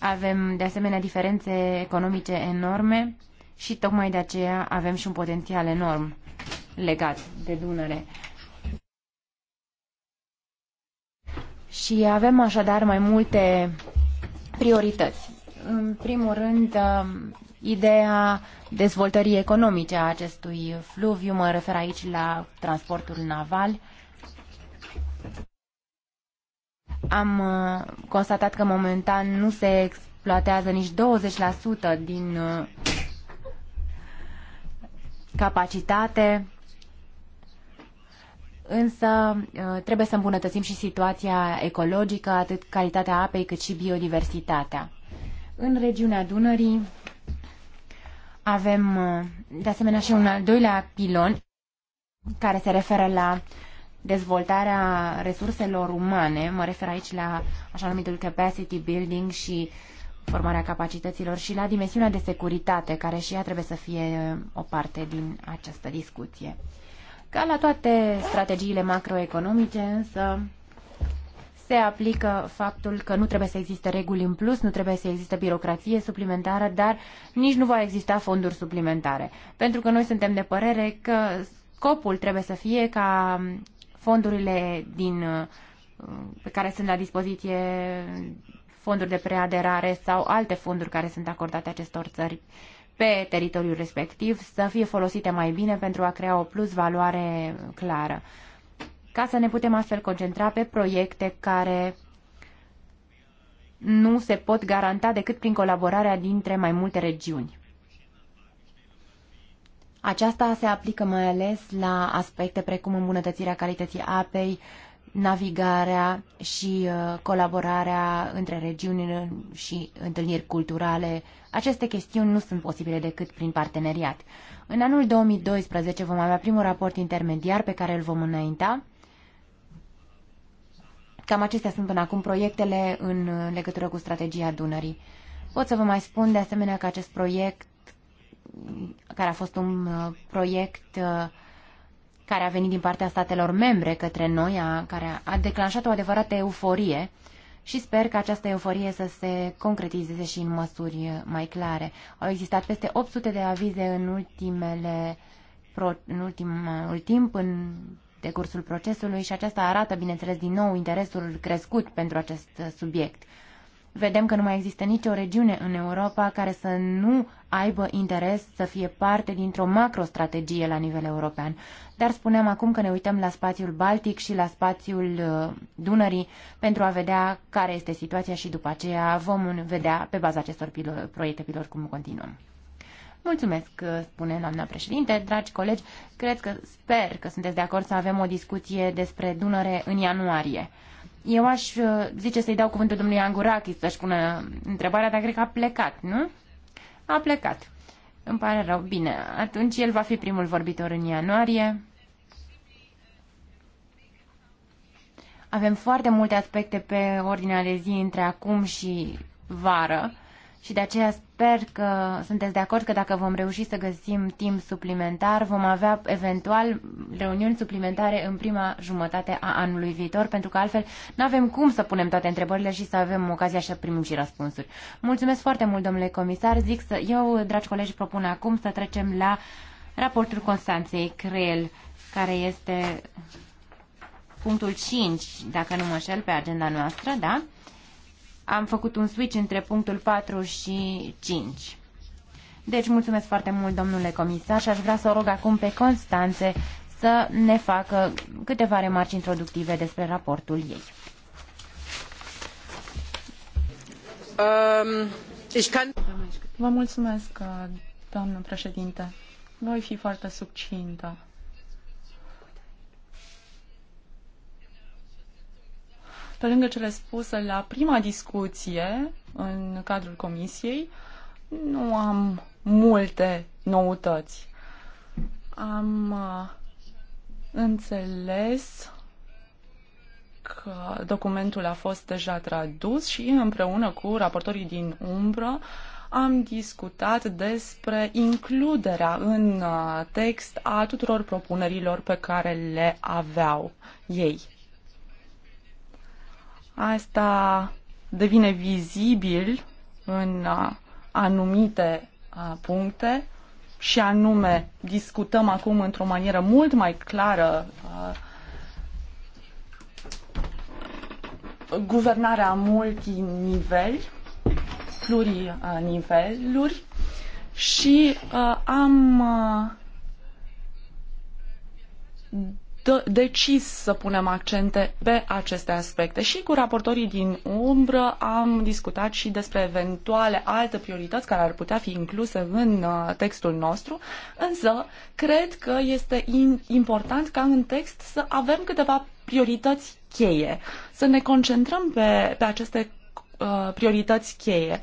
avem, de asemenea, diferențe economice enorme și tocmai de aceea avem și un potențial enorm legat de Dunăre. Și avem așadar mai multe priorități. În primul rând, um, ideea dezvoltării economice a acestui fluviu, mă refer aici la transportul naval, am uh, constatat că momentan nu se exploatează nici 20% din uh, capacitate, însă uh, trebuie să îmbunătățim și situația ecologică, atât calitatea apei cât și biodiversitatea. În regiunea Dunării avem de asemenea și un al doilea pilon care se referă la dezvoltarea resurselor umane, mă refer aici la așa numitul capacity building și formarea capacităților și la dimensiunea de securitate, care și ea trebuie să fie uh, o parte din această discuție. Ca la toate strategiile macroeconomice, însă, se aplică faptul că nu trebuie să existe reguli în plus, nu trebuie să existe birocrație suplimentară, dar nici nu va exista fonduri suplimentare. Pentru că noi suntem de părere că scopul trebuie să fie ca fondurile din, uh, pe care sunt la dispoziție fonduri de preaderare sau alte fonduri care sunt acordate acestor țări pe teritoriul respectiv să fie folosite mai bine pentru a crea o plus valoare clară, ca să ne putem astfel concentra pe proiecte care nu se pot garanta decât prin colaborarea dintre mai multe regiuni. Aceasta se aplică mai ales la aspecte precum îmbunătățirea calității apei, navigarea și uh, colaborarea între regiuni și întâlniri culturale. Aceste chestiuni nu sunt posibile decât prin parteneriat. În anul 2012 vom avea primul raport intermediar pe care îl vom înainta. Cam acestea sunt până acum proiectele în uh, legătură cu strategia Dunării. Pot să vă mai spun de asemenea că acest proiect care a fost un uh, proiect uh, care a venit din partea statelor membre către noi, a, care a declanșat o adevărată euforie și sper că această euforie să se concretizeze și în măsuri uh, mai clare. Au existat peste 800 de avize în ultimele în ultimul timp, în decursul procesului și aceasta arată, bineînțeles, din nou interesul crescut pentru acest subiect. Vedem că nu mai există nicio regiune în Europa care să nu aibă interes să fie parte dintr-o macrostrategie la nivel european. Dar spuneam acum că ne uităm la spațiul Baltic și la spațiul uh, Dunării pentru a vedea care este situația și după aceea vom vedea pe baza acestor pilor, proiecte pilor cum continuăm. Mulțumesc, uh, spune doamna președinte, dragi colegi, cred că sper că sunteți de acord să avem o discuție despre Dunăre în ianuarie. Eu aș uh, zice să-i dau cuvântul domnului Angurachis să-și pună întrebarea, dar cred că a plecat, nu? A plecat. Îmi pare rău. Bine, atunci el va fi primul vorbitor în ianuarie. Avem foarte multe aspecte pe ordinea de zi între acum și vară și de aceea sper că sunteți de acord că dacă vom reuși să găsim timp suplimentar, vom avea eventual reuniuni suplimentare în prima jumătate a anului viitor, pentru că altfel nu avem cum să punem toate întrebările și să avem ocazia să primim și răspunsuri. Mulțumesc foarte mult, domnule comisar. Zic să, eu, dragi colegi, propun acum să trecem la raportul Constanței Creel, care este punctul 5, dacă nu mă șel, pe agenda noastră, da? am făcut un switch între punctul 4 și 5. Deci mulțumesc foarte mult, domnule comisar, și aș vrea să o rog acum pe Constanțe să ne facă câteva remarci introductive despre raportul ei. Um, Vă mulțumesc, doamnă președinte. Voi fi foarte succintă. Pe lângă cele spuse la prima discuție în cadrul comisiei, nu am multe noutăți. Am uh, înțeles că documentul a fost deja tradus și împreună cu raportorii din umbră am discutat despre includerea în uh, text a tuturor propunerilor pe care le aveau ei. Asta devine vizibil în anumite puncte și anume discutăm acum într-o manieră mult mai clară guvernarea multiniveli, pluriniveluri și am decis să punem accente pe aceste aspecte și cu raportorii din umbră am discutat și despre eventuale alte priorități care ar putea fi incluse în uh, textul nostru, însă cred că este important ca în text să avem câteva priorități cheie, să ne concentrăm pe, pe aceste uh, priorități cheie.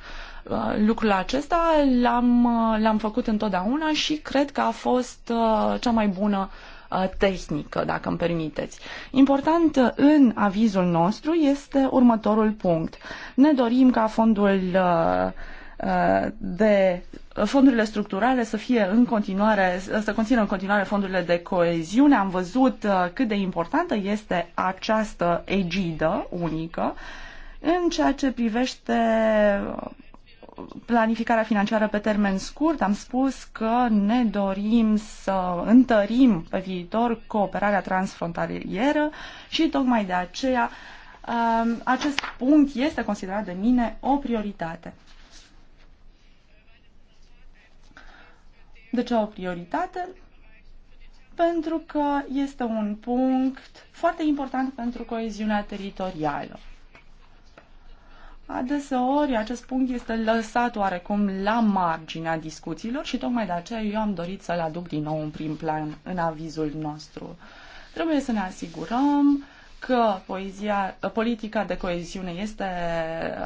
Uh, lucrul acesta l-am, uh, l-am făcut întotdeauna și cred că a fost cea mai bună uh, Uh, tehnică, dacă îmi permiteți. Important în avizul nostru este următorul punct. Ne dorim ca fondul uh, uh, de fondurile structurale să fie în continuare, să conțină în continuare fondurile de coeziune. Am văzut cât de importantă este această egidă unică în ceea ce privește planificarea financiară pe termen scurt, am spus că ne dorim să întărim pe viitor cooperarea transfrontalieră și tocmai de aceea um, acest punct este considerat de mine o prioritate. De deci, ce o prioritate? Pentru că este un punct foarte important pentru coeziunea teritorială. Adeseori acest punct este lăsat oarecum la marginea discuțiilor și tocmai de aceea eu am dorit să-l aduc din nou în prim plan în avizul nostru. Trebuie să ne asigurăm că poezia, politica de coeziune este,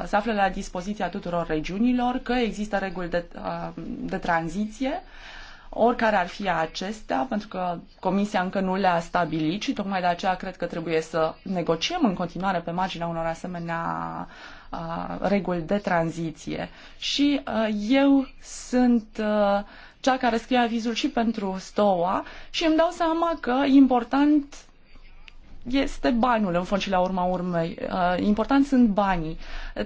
se află la dispoziția tuturor regiunilor, că există reguli de, uh, de tranziție, oricare ar fi acestea, pentru că Comisia încă nu le-a stabilit și tocmai de aceea cred că trebuie să negociem în continuare pe marginea unor asemenea uh, reguli de tranziție. Și eu sunt cea care scrie avizul și pentru STOA și îmi dau seama că important este banul, în fond și la urma urmei. Uh, Important sunt banii.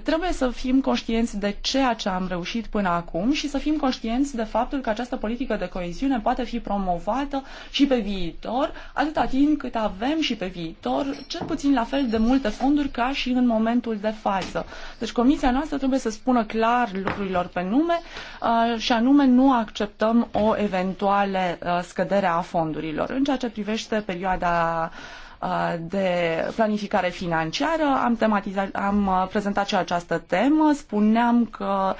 Trebuie să fim conștienți de ceea ce am reușit până acum și să fim conștienți de faptul că această politică de coeziune poate fi promovată și pe viitor, atâta timp cât avem și pe viitor cel puțin la fel de multe fonduri ca și în momentul de față. Deci comisia noastră trebuie să spună clar lucrurilor pe nume uh, și anume nu acceptăm o eventuală uh, scădere a fondurilor. În ceea ce privește perioada Uh, de planificare financiară. Am, tematizat, am uh, prezentat și această temă. Spuneam că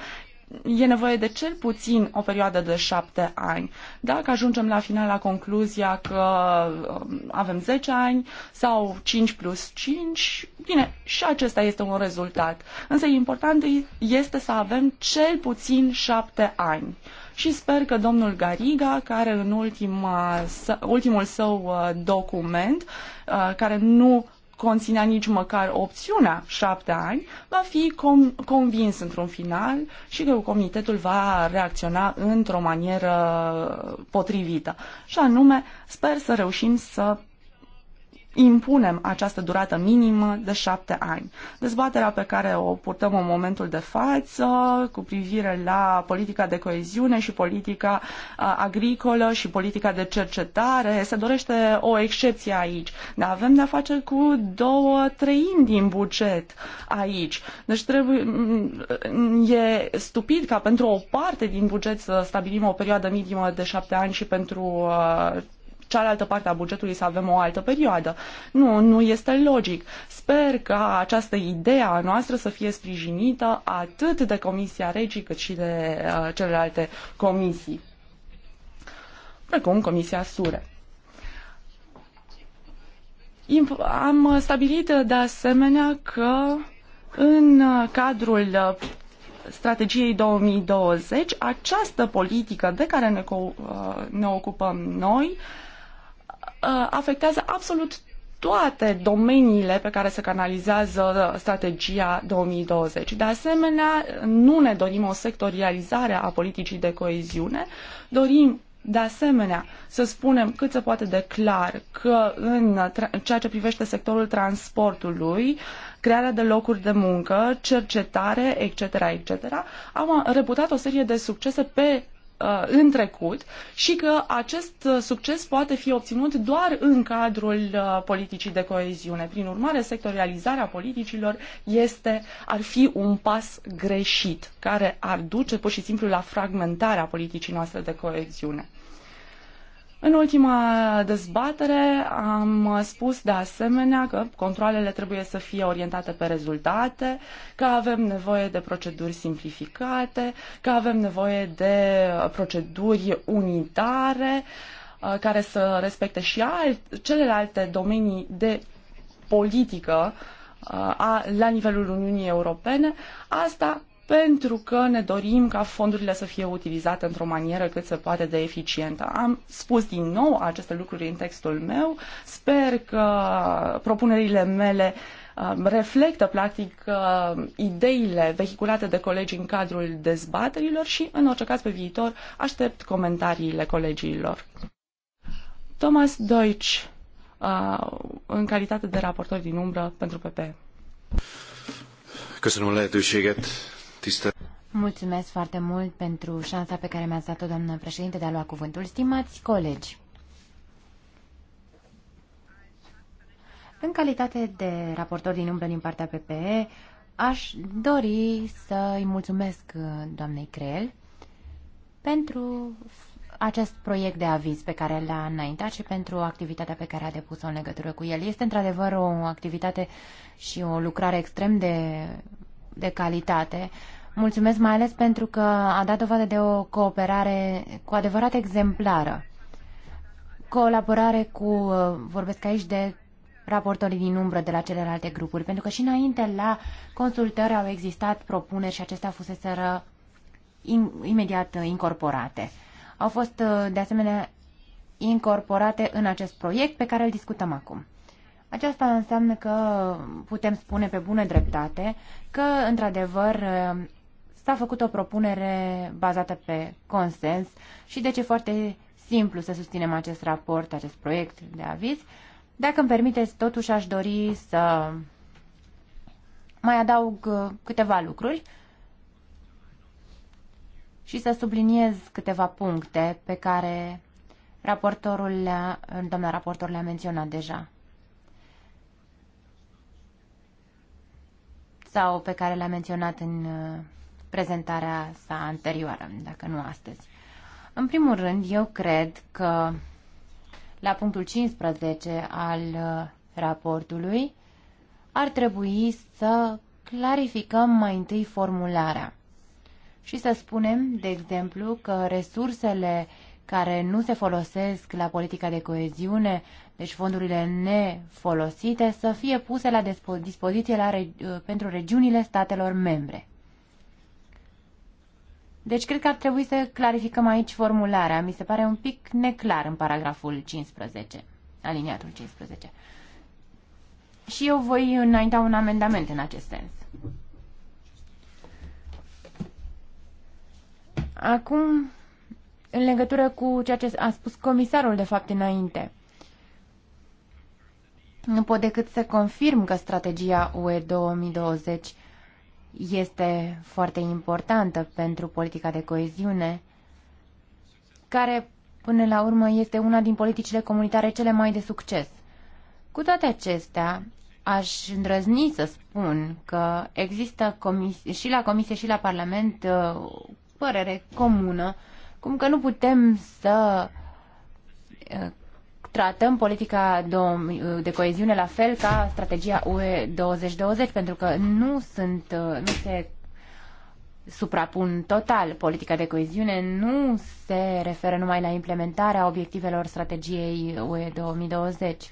e nevoie de cel puțin o perioadă de șapte ani. Dacă ajungem la final la concluzia că um, avem 10 ani sau 5 plus 5, bine, și acesta este un rezultat. Însă important este să avem cel puțin șapte ani și sper că domnul Gariga, care în ultima, ultimul său uh, document, uh, care nu conținea nici măcar opțiunea șapte ani, va fi com- convins într-un final și că comitetul va reacționa într-o manieră potrivită. Și anume, sper să reușim să impunem această durată minimă de șapte ani. Dezbaterea pe care o purtăm în momentul de față cu privire la politica de coeziune și politica uh, agricolă și politica de cercetare se dorește o excepție aici. Dar avem de-a face cu două treimi din buget aici. Deci trebuie, e stupid ca pentru o parte din buget să stabilim o perioadă minimă de șapte ani și pentru uh, cealaltă parte a bugetului să avem o altă perioadă. Nu, nu este logic. Sper ca această idee a noastră să fie sprijinită atât de Comisia Regii cât și de uh, celelalte comisii, precum Comisia Sure. Am stabilit de asemenea că în cadrul strategiei 2020, această politică de care ne, uh, ne ocupăm noi Uh, afectează absolut toate domeniile pe care se canalizează strategia 2020. De asemenea, nu ne dorim o sectorializare a politicii de coeziune, dorim de asemenea, să spunem cât se poate de clar că în ceea ce privește sectorul transportului, crearea de locuri de muncă, cercetare, etc., etc., am reputat o serie de succese pe Uh, în trecut și că acest uh, succes poate fi obținut doar în cadrul uh, politicii de coeziune. Prin urmare, sectorializarea politicilor este, ar fi un pas greșit, care ar duce pur și simplu la fragmentarea politicii noastre de coeziune. În ultima dezbatere am spus de asemenea că controlele trebuie să fie orientate pe rezultate, că avem nevoie de proceduri simplificate, că avem nevoie de proceduri unitare uh, care să respecte și alt, celelalte domenii de politică uh, a, la nivelul Uniunii Europene, asta pentru că ne dorim ca fondurile să fie utilizate într-o manieră cât se poate de eficientă. Am spus din nou aceste lucruri în textul meu. Sper că propunerile mele uh, reflectă, practic, uh, ideile vehiculate de colegi în cadrul dezbaterilor și, în orice caz, pe viitor, aștept comentariile colegilor. Thomas Deutsch, uh, în calitate de raportor din umbră pentru PP. Köszönöm a lehetőséget. Mulțumesc foarte mult pentru șansa pe care mi-ați dat-o, doamnă președinte, de a lua cuvântul. Stimați colegi, în calitate de raportor din umbră din partea PPE, aș dori să-i mulțumesc uh, doamnei Creel pentru acest proiect de aviz pe care l-a înaintat și pentru activitatea pe care a depus-o în legătură cu el. Este într-adevăr o activitate și o lucrare extrem de de calitate. Mulțumesc mai ales pentru că a dat dovadă de o cooperare cu adevărat exemplară. Colaborare cu, uh, vorbesc aici de raportorii din umbră de la celelalte grupuri, pentru că și înainte la consultări au existat propuneri și acestea fuseseră in, imediat uh, incorporate. Au fost uh, de asemenea incorporate în acest proiect pe care îl discutăm acum. Aceasta înseamnă că putem spune pe bună dreptate că, într-adevăr, s-a făcut o propunere bazată pe consens și deci e foarte simplu să susținem acest raport, acest proiect de aviz. Dacă îmi permiteți, totuși aș dori să mai adaug câteva lucruri și să subliniez câteva puncte pe care raportorul le-a, raportor le-a menționat deja. sau pe care le-a menționat în uh, prezentarea sa anterioară, dacă nu astăzi. În primul rând, eu cred că la punctul 15 al uh, raportului ar trebui să clarificăm mai întâi formularea și să spunem, de exemplu, că resursele care nu se folosesc la politica de coeziune deci fondurile nefolosite, să fie puse la dispoziție la, uh, pentru regiunile statelor membre. Deci cred că ar trebui să clarificăm aici formularea. Mi se pare un pic neclar în paragraful 15, aliniatul 15. Și eu voi înainta un amendament în acest sens. Acum, în legătură cu ceea ce a spus comisarul, de fapt, înainte. Nu pot decât să confirm că strategia UE 2020 este foarte importantă pentru politica de coeziune, care până la urmă este una din politicile comunitare cele mai de succes. Cu toate acestea, aș îndrăzni să spun că există comis- și la Comisie și la Parlament uh, părere comună, cum că nu putem să uh, tratăm politica de coeziune la fel ca strategia UE 2020, pentru că nu, sunt, uh, nu se suprapun total. Politica de coeziune nu se referă numai la implementarea obiectivelor strategiei UE 2020.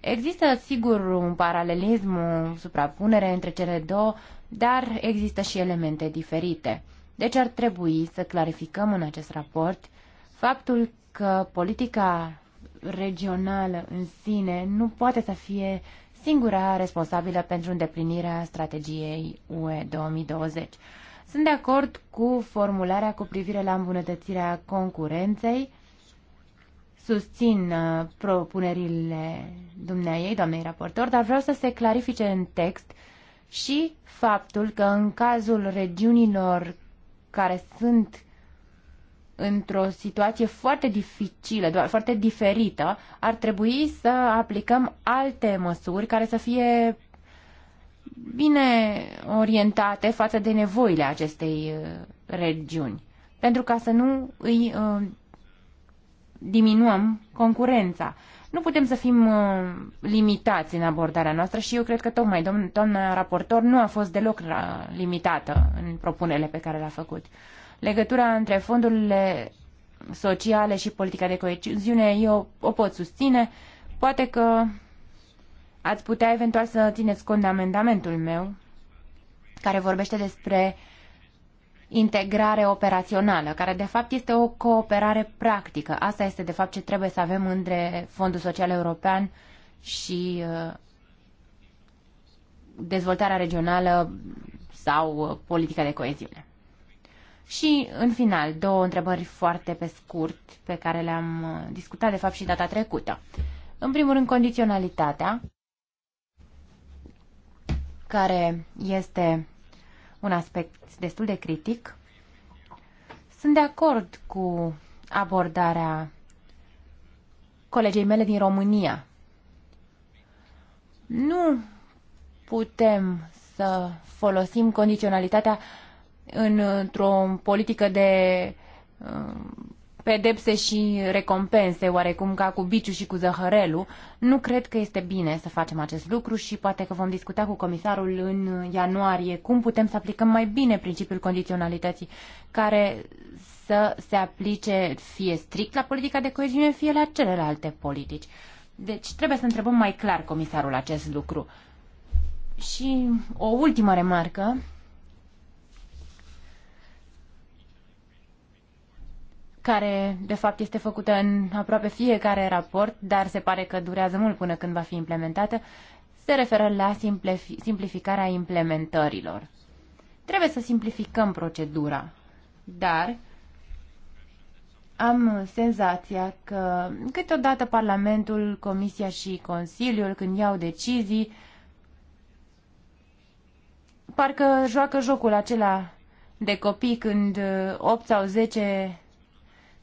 Există, sigur, un paralelism, o suprapunere între cele două, dar există și elemente diferite. Deci ar trebui să clarificăm în acest raport faptul că politica regională în sine nu poate să fie singura responsabilă pentru îndeplinirea strategiei UE 2020. Sunt de acord cu formularea cu privire la îmbunătățirea concurenței. Susțin uh, propunerile dumneaei, doamnei raportor, dar vreau să se clarifice în text și faptul că în cazul regiunilor care sunt într-o situație foarte dificilă, doar foarte diferită, ar trebui să aplicăm alte măsuri care să fie bine orientate față de nevoile acestei uh, regiuni, pentru ca să nu îi uh, diminuăm concurența. Nu putem să fim uh, limitați în abordarea noastră și eu cred că tocmai domn, doamna raportor nu a fost deloc uh, limitată în propunerile pe care le-a făcut. Uh, Legătura între fondurile sociale și politica de coeziune, eu o pot susține. Poate că ați putea eventual să țineți cont de amendamentul meu, care vorbește despre integrare operațională, care de fapt este o cooperare practică. Asta este de fapt ce trebuie să avem între Fondul Social European și uh, dezvoltarea regională sau uh, politica de coeziune. Și, în final, două întrebări foarte pe scurt pe care le-am uh, discutat, de fapt, și data trecută. În primul rând, condiționalitatea, care este un aspect destul de critic. Sunt de acord cu abordarea colegei mele din România. Nu putem să folosim condiționalitatea uh, într-o politică de um, pedepse și recompense, oarecum ca cu biciu și cu Zăhărelu, nu cred că este bine să facem acest lucru și poate că vom discuta cu comisarul în ianuarie cum putem să aplicăm mai bine principiul condiționalității, care să se aplice fie strict la politica de coeziune, fie la celelalte politici. Deci trebuie să întrebăm mai clar comisarul acest lucru. Și o ultimă remarcă care de fapt este făcută în aproape fiecare raport, dar se pare că durează mult până când va fi implementată, se referă la simplificarea implementărilor. Trebuie să simplificăm procedura, dar am senzația că câteodată Parlamentul, Comisia și Consiliul, când iau decizii, parcă joacă jocul acela de copii când 8 sau 10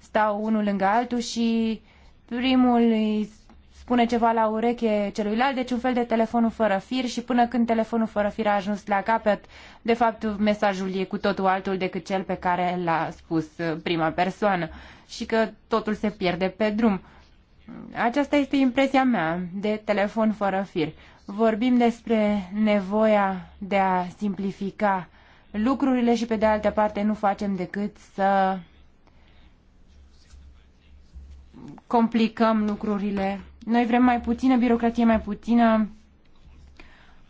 stau unul lângă altul și primul îi spune ceva la ureche celuilalt, deci un fel de telefonul fără fir și până când telefonul fără fir a ajuns la capăt, de fapt mesajul e cu totul altul decât cel pe care l-a spus uh, prima persoană și că totul se pierde pe drum. Aceasta este impresia mea de telefon fără fir. Vorbim despre nevoia de a simplifica lucrurile și pe de altă parte nu facem decât să complicăm lucrurile. Noi vrem mai puțină birocratie, mai puțină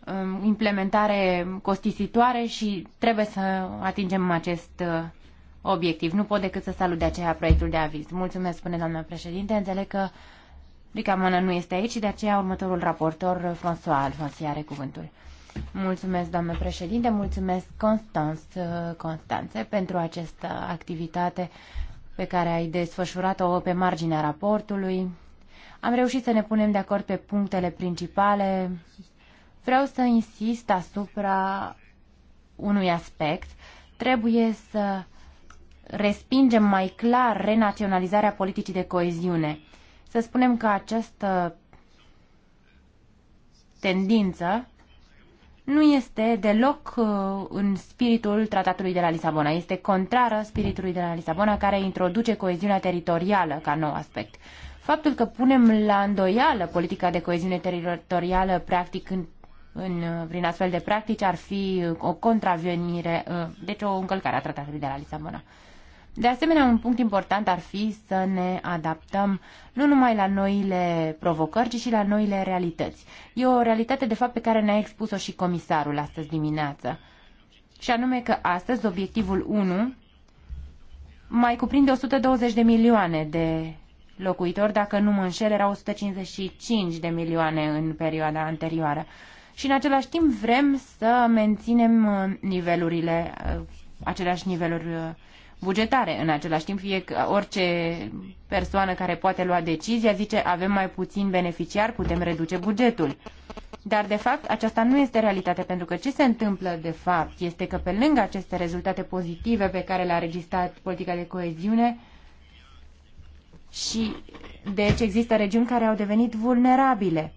um, implementare costisitoare și trebuie să atingem acest uh, obiectiv. Nu pot decât să salut de aceea proiectul de aviz. Mulțumesc, spune doamna președinte. Înțeleg că Rica Mână nu este aici și de aceea următorul raportor, uh, François Alfonsi, are cuvântul. Mulțumesc, doamnă președinte, mulțumesc Constanț, uh, Constanțe pentru această activitate pe care ai desfășurat-o pe marginea raportului. Am reușit să ne punem de acord pe punctele principale. Vreau să insist asupra unui aspect. Trebuie să respingem mai clar renaționalizarea politicii de coeziune. Să spunem că această tendință nu este deloc uh, în spiritul tratatului de la Lisabona. Este contrară spiritului de la Lisabona care introduce coeziunea teritorială ca nou aspect. Faptul că punem la îndoială politica de coeziune teritorială practic în, în, uh, prin astfel de practici ar fi o contravenire, uh, deci o încălcare a tratatului de la Lisabona. De asemenea, un punct important ar fi să ne adaptăm nu numai la noile provocări, ci și la noile realități. E o realitate, de fapt, pe care ne-a expus-o și comisarul astăzi dimineață. Și anume că astăzi obiectivul 1 mai cuprinde 120 de milioane de locuitori, dacă nu mă înșel, erau 155 de milioane în perioada anterioară. Și în același timp vrem să menținem uh, nivelurile, uh, aceleași niveluri uh, bugetare. În același timp, fie că orice persoană care poate lua decizia zice avem mai puțin beneficiar, putem reduce bugetul. Dar, de fapt, aceasta nu este realitate, pentru că ce se întâmplă, de fapt, este că pe lângă aceste rezultate pozitive pe care le-a registrat politica de coeziune, și deci există regiuni care au devenit vulnerabile.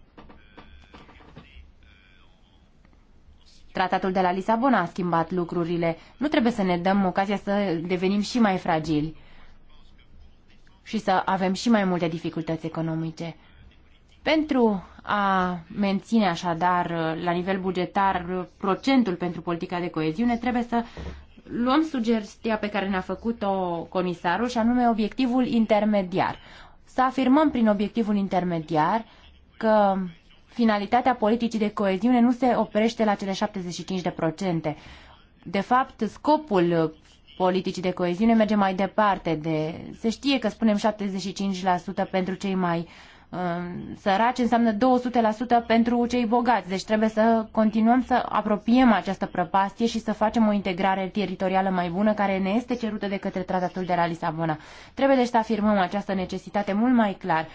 Tratatul de la Lisabona a schimbat lucrurile. Nu trebuie să ne dăm ocazia să devenim și mai fragili și să avem și mai multe dificultăți economice. Pentru a menține așadar la nivel bugetar procentul pentru politica de coeziune, trebuie să luăm sugestia pe care ne-a făcut-o comisarul și anume obiectivul intermediar. Să afirmăm prin obiectivul intermediar că finalitatea politicii de coeziune nu se oprește la cele 75%. De fapt, scopul politicii de coeziune merge mai departe de... Se știe că spunem 75% pentru cei mai um, săraci, înseamnă 200% pentru cei bogați. Deci trebuie să continuăm să apropiem această prăpastie și să facem o integrare teritorială mai bună care ne este cerută de către tratatul de la Lisabona. Trebuie deci să afirmăm această necesitate mult mai clar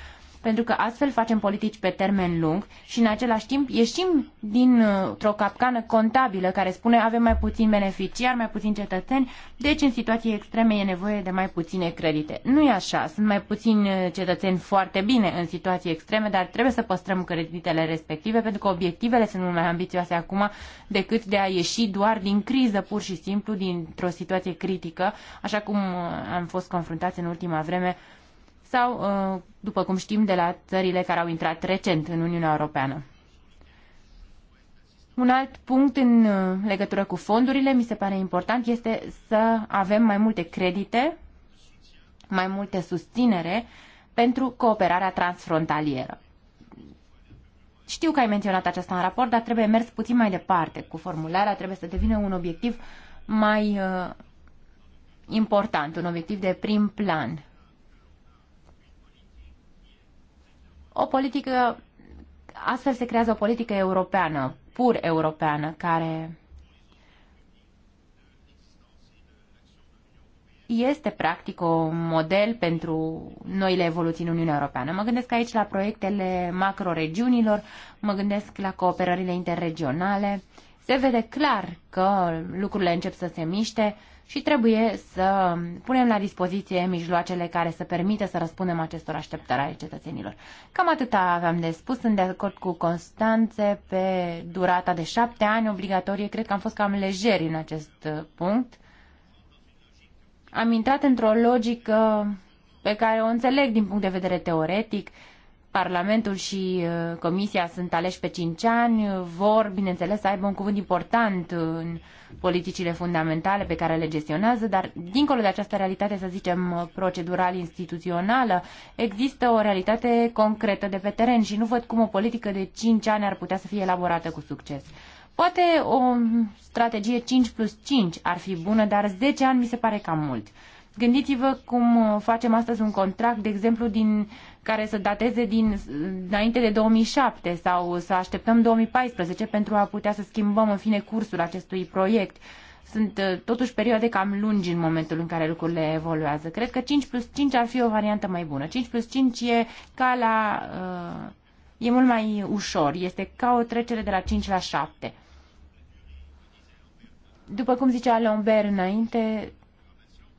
pentru că astfel facem politici pe termen lung și în același timp ieșim dintr-o uh, capcană contabilă care spune avem mai puțin beneficiari, mai puțin cetățeni, deci în situații extreme e nevoie de mai puține credite. Nu e așa, sunt mai puțini uh, cetățeni foarte bine în situații extreme, dar trebuie să păstrăm creditele respective pentru că obiectivele sunt mult mai ambițioase acum decât de a ieși doar din criză pur și simplu, dintr-o situație critică, așa cum uh, am fost confruntați în ultima vreme sau, uh, după cum știm, de la țările care au intrat recent în Uniunea Europeană. Un alt punct în uh, legătură cu fondurile, mi se pare important, este să avem mai multe credite, mai multe susținere pentru cooperarea transfrontalieră. Știu că ai menționat aceasta în raport, dar trebuie mers puțin mai departe cu formularea, trebuie să devină un obiectiv mai uh, important, un obiectiv de prim plan. o politică, astfel se creează o politică europeană, pur europeană, care este practic un model pentru noile evoluții în Uniunea Europeană. Mă gândesc aici la proiectele macroregiunilor, mă gândesc la cooperările interregionale. Se vede clar că lucrurile încep să se miște și trebuie să punem la dispoziție mijloacele care să permită să răspundem acestor așteptări ale cetățenilor. Cam atâta aveam de spus. Sunt de acord cu Constanțe pe durata de șapte ani obligatorie. Cred că am fost cam lejeri în acest uh, punct. Am intrat într-o logică pe care o înțeleg din punct de vedere teoretic, Parlamentul și uh, Comisia sunt aleși pe 5 ani, vor, bineînțeles, să aibă un cuvânt important în politicile fundamentale pe care le gestionează, dar dincolo de această realitate, să zicem, uh, procedural instituțională, există o realitate concretă de pe teren și nu văd cum o politică de 5 ani ar putea să fie elaborată cu succes. Poate o strategie 5 plus 5 ar fi bună, dar 10 ani mi se pare cam mult. Gândiți-vă cum uh, facem astăzi un contract, de exemplu, din, care să dateze din, uh, înainte de 2007 sau să așteptăm 2014 pentru a putea să schimbăm în fine cursul acestui proiect. Sunt uh, totuși perioade cam lungi în momentul în care lucrurile evoluează. Cred că 5 plus 5 ar fi o variantă mai bună. 5 plus 5 e ca la... e mult mai ușor. Este ca o trecere de la 5 la 7 după cum zicea Lombert înainte,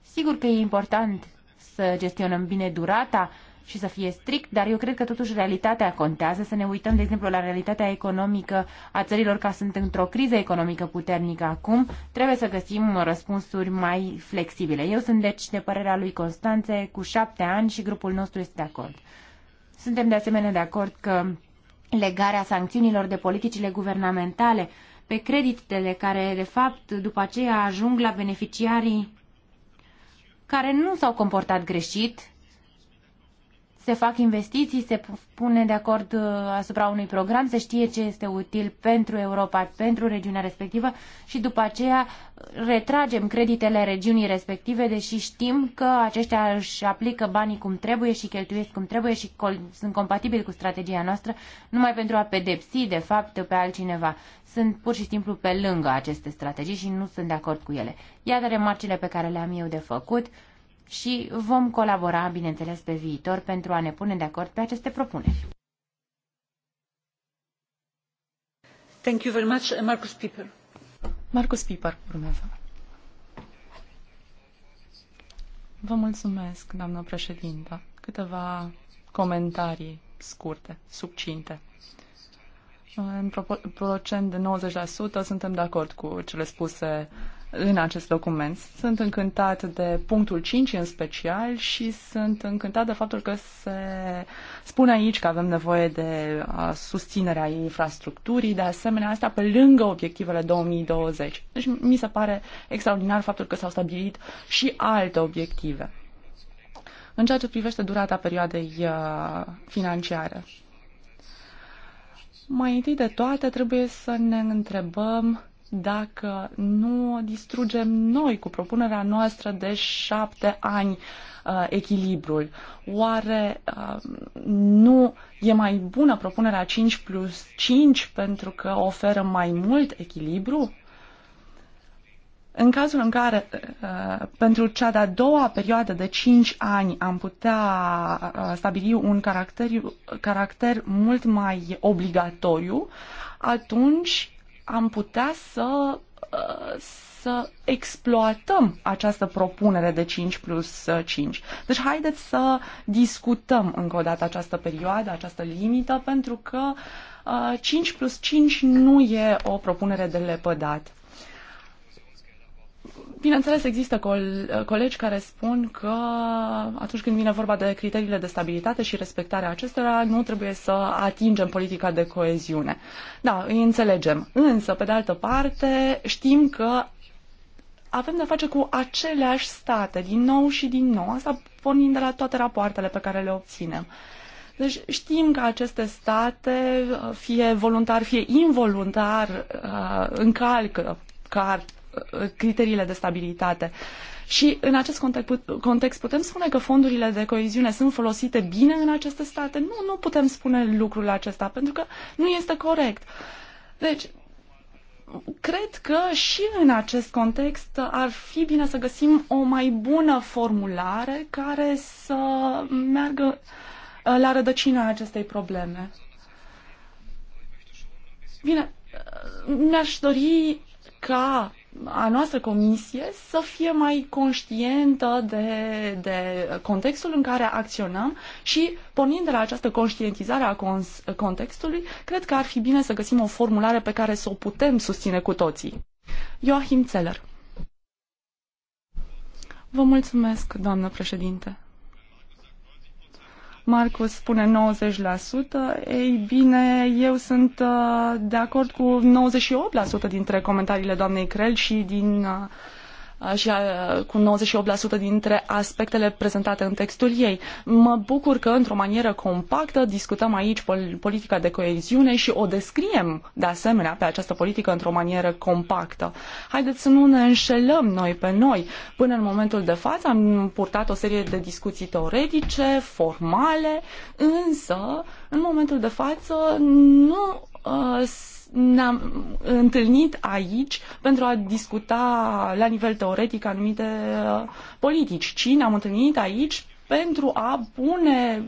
Sigur că e important să gestionăm bine durata și să fie strict, dar eu cred că totuși realitatea contează, să ne uităm, de exemplu, la realitatea economică a țărilor care sunt într-o criză economică puternică acum, trebuie să găsim răspunsuri mai flexibile. Eu sunt, deci, de părerea lui Constanțe, cu șapte ani și grupul nostru este de acord. Suntem, de asemenea, de acord că legarea sancțiunilor de politicile guvernamentale pe creditele care, de fapt, după aceea ajung la beneficiarii care nu s-au comportat greșit se fac investiții, se pune de acord uh, asupra unui program, se știe ce este util pentru Europa, pentru regiunea respectivă și după aceea uh, retragem creditele regiunii respective, deși știm că aceștia își aplică banii cum trebuie și cheltuiesc cum trebuie și sunt compatibili cu strategia noastră, numai pentru a pedepsi, de fapt, pe altcineva. Sunt pur și simplu pe lângă aceste strategii și nu sunt de acord cu ele. Iată remarcile pe care le-am eu de făcut și vom colabora, bineînțeles, pe viitor pentru a ne pune de acord pe aceste propuneri. Thank you very much, uh, Marcus Piper. Marcus Piper urmează. Vă mulțumesc, doamnă președintă. Câteva comentarii scurte, subcinte. În procent de 90% suntem de acord cu cele spuse uh, în acest document. Sunt încântat de punctul 5 în special și sunt încântat de faptul că se spune aici că avem nevoie de uh, susținerea infrastructurii, de asemenea asta pe lângă obiectivele 2020. Deci mi se pare extraordinar faptul că s-au stabilit și alte obiective. În ceea ce privește durata perioadei uh, financiare, mai întâi de toate trebuie să ne întrebăm dacă nu distrugem noi cu propunerea noastră de șapte ani uh, echilibrul. Oare uh, nu e mai bună propunerea 5 plus 5 pentru că oferă mai mult echilibru? În cazul în care uh, pentru cea de-a doua perioadă de 5 ani am putea uh, stabili un caracter, caracter mult mai obligatoriu, atunci am putea să, uh, să exploatăm această propunere de 5 plus 5. Uh, deci haideți să discutăm încă o dată această perioadă, această limită, pentru că 5 uh, plus 5 nu e o propunere de lepădat. Bineînțeles, există colegi care spun că atunci când vine vorba de criteriile de stabilitate și respectarea acestora, nu trebuie să atingem politica de coeziune. Da, îi înțelegem. Însă, pe de altă parte, știm că avem de-a face cu aceleași state, din nou și din nou, asta pornind de la toate rapoartele pe care le obținem. Deci știm că aceste state, fie voluntar, fie involuntar, uh, încalcă car criteriile de stabilitate. Și în acest context putem spune că fondurile de coeziune sunt folosite bine în aceste state? Nu, nu putem spune lucrul acesta, pentru că nu este corect. Deci, cred că și în acest context ar fi bine să găsim o mai bună formulare care să meargă uh, la rădăcina acestei probleme. Bine, uh, mi-aș dori ca a noastră comisie să fie mai conștientă de, de contextul în care acționăm și, pornind de la această conștientizare a cons- contextului, cred că ar fi bine să găsim o formulare pe care să o putem susține cu toții. Joachim Zeller. Vă mulțumesc, doamnă președinte. Marcus spune 90%, ei bine, eu sunt uh, de acord cu 98% dintre comentariile doamnei Crel și din uh, Uh, și uh, cu 98% dintre aspectele prezentate în textul ei. Mă bucur că, într-o manieră compactă, discutăm aici politica de coeziune și o descriem, de asemenea, pe această politică într-o manieră compactă. Haideți să nu ne înșelăm noi pe noi. Până în momentul de față am purtat o serie de discuții teoretice, formale, însă, în momentul de față, nu uh, ne-am întâlnit aici pentru a discuta la nivel teoretic anumite uh, politici, ci ne-am întâlnit aici pentru a pune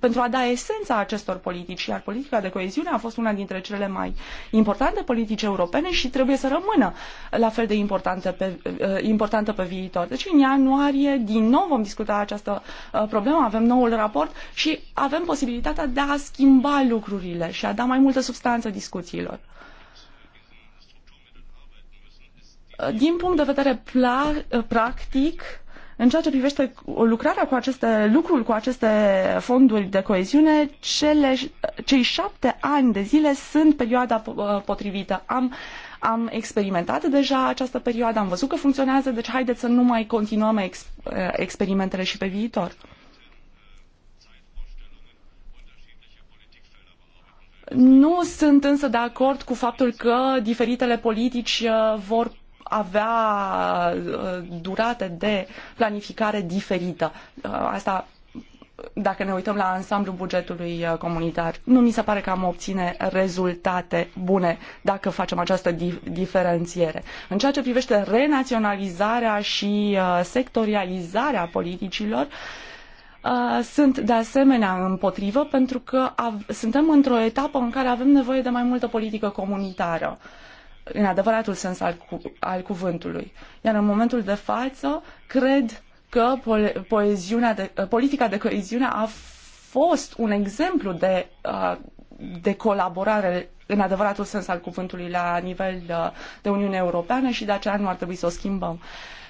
pentru a da esența acestor politici, iar politica de coeziune a fost una dintre cele mai importante politici europene și trebuie să rămână la fel de importantă pe, eh, importantă pe viitor. Deci în ianuarie din nou vom discuta această eh, problemă, avem noul raport și avem posibilitatea de a schimba lucrurile și a da mai multă substanță discuțiilor. Eh, din punct de vedere practic, în ceea ce privește lucrarea cu aceste, lucruri, cu aceste fonduri de coeziune, cele, cei șapte ani de zile sunt perioada uh, potrivită. Am, am experimentat deja această perioadă, am văzut că funcționează, deci haideți să nu mai continuăm ex, uh, experimentele și pe viitor. Nu sunt însă de acord cu faptul că diferitele politici uh, vor avea uh, durate de planificare diferită. Uh, asta dacă ne uităm la ansamblul bugetului uh, comunitar. Nu mi se pare că am obține rezultate bune dacă facem această dif- diferențiere. În ceea ce privește renaționalizarea și sectorializarea politicilor, sunt de asemenea împotrivă pentru că suntem într-o etapă în care avem nevoie de mai multă politică comunitară. Uh, în adevăratul sens al, cu, al cuvântului. Iar în momentul de față, cred că po- de, uh, politica de coeziune a fost un exemplu de, uh, de colaborare în adevăratul sens al cuvântului la nivel uh, de Uniune Europeană și de aceea nu ar trebui să o schimbăm. Uh,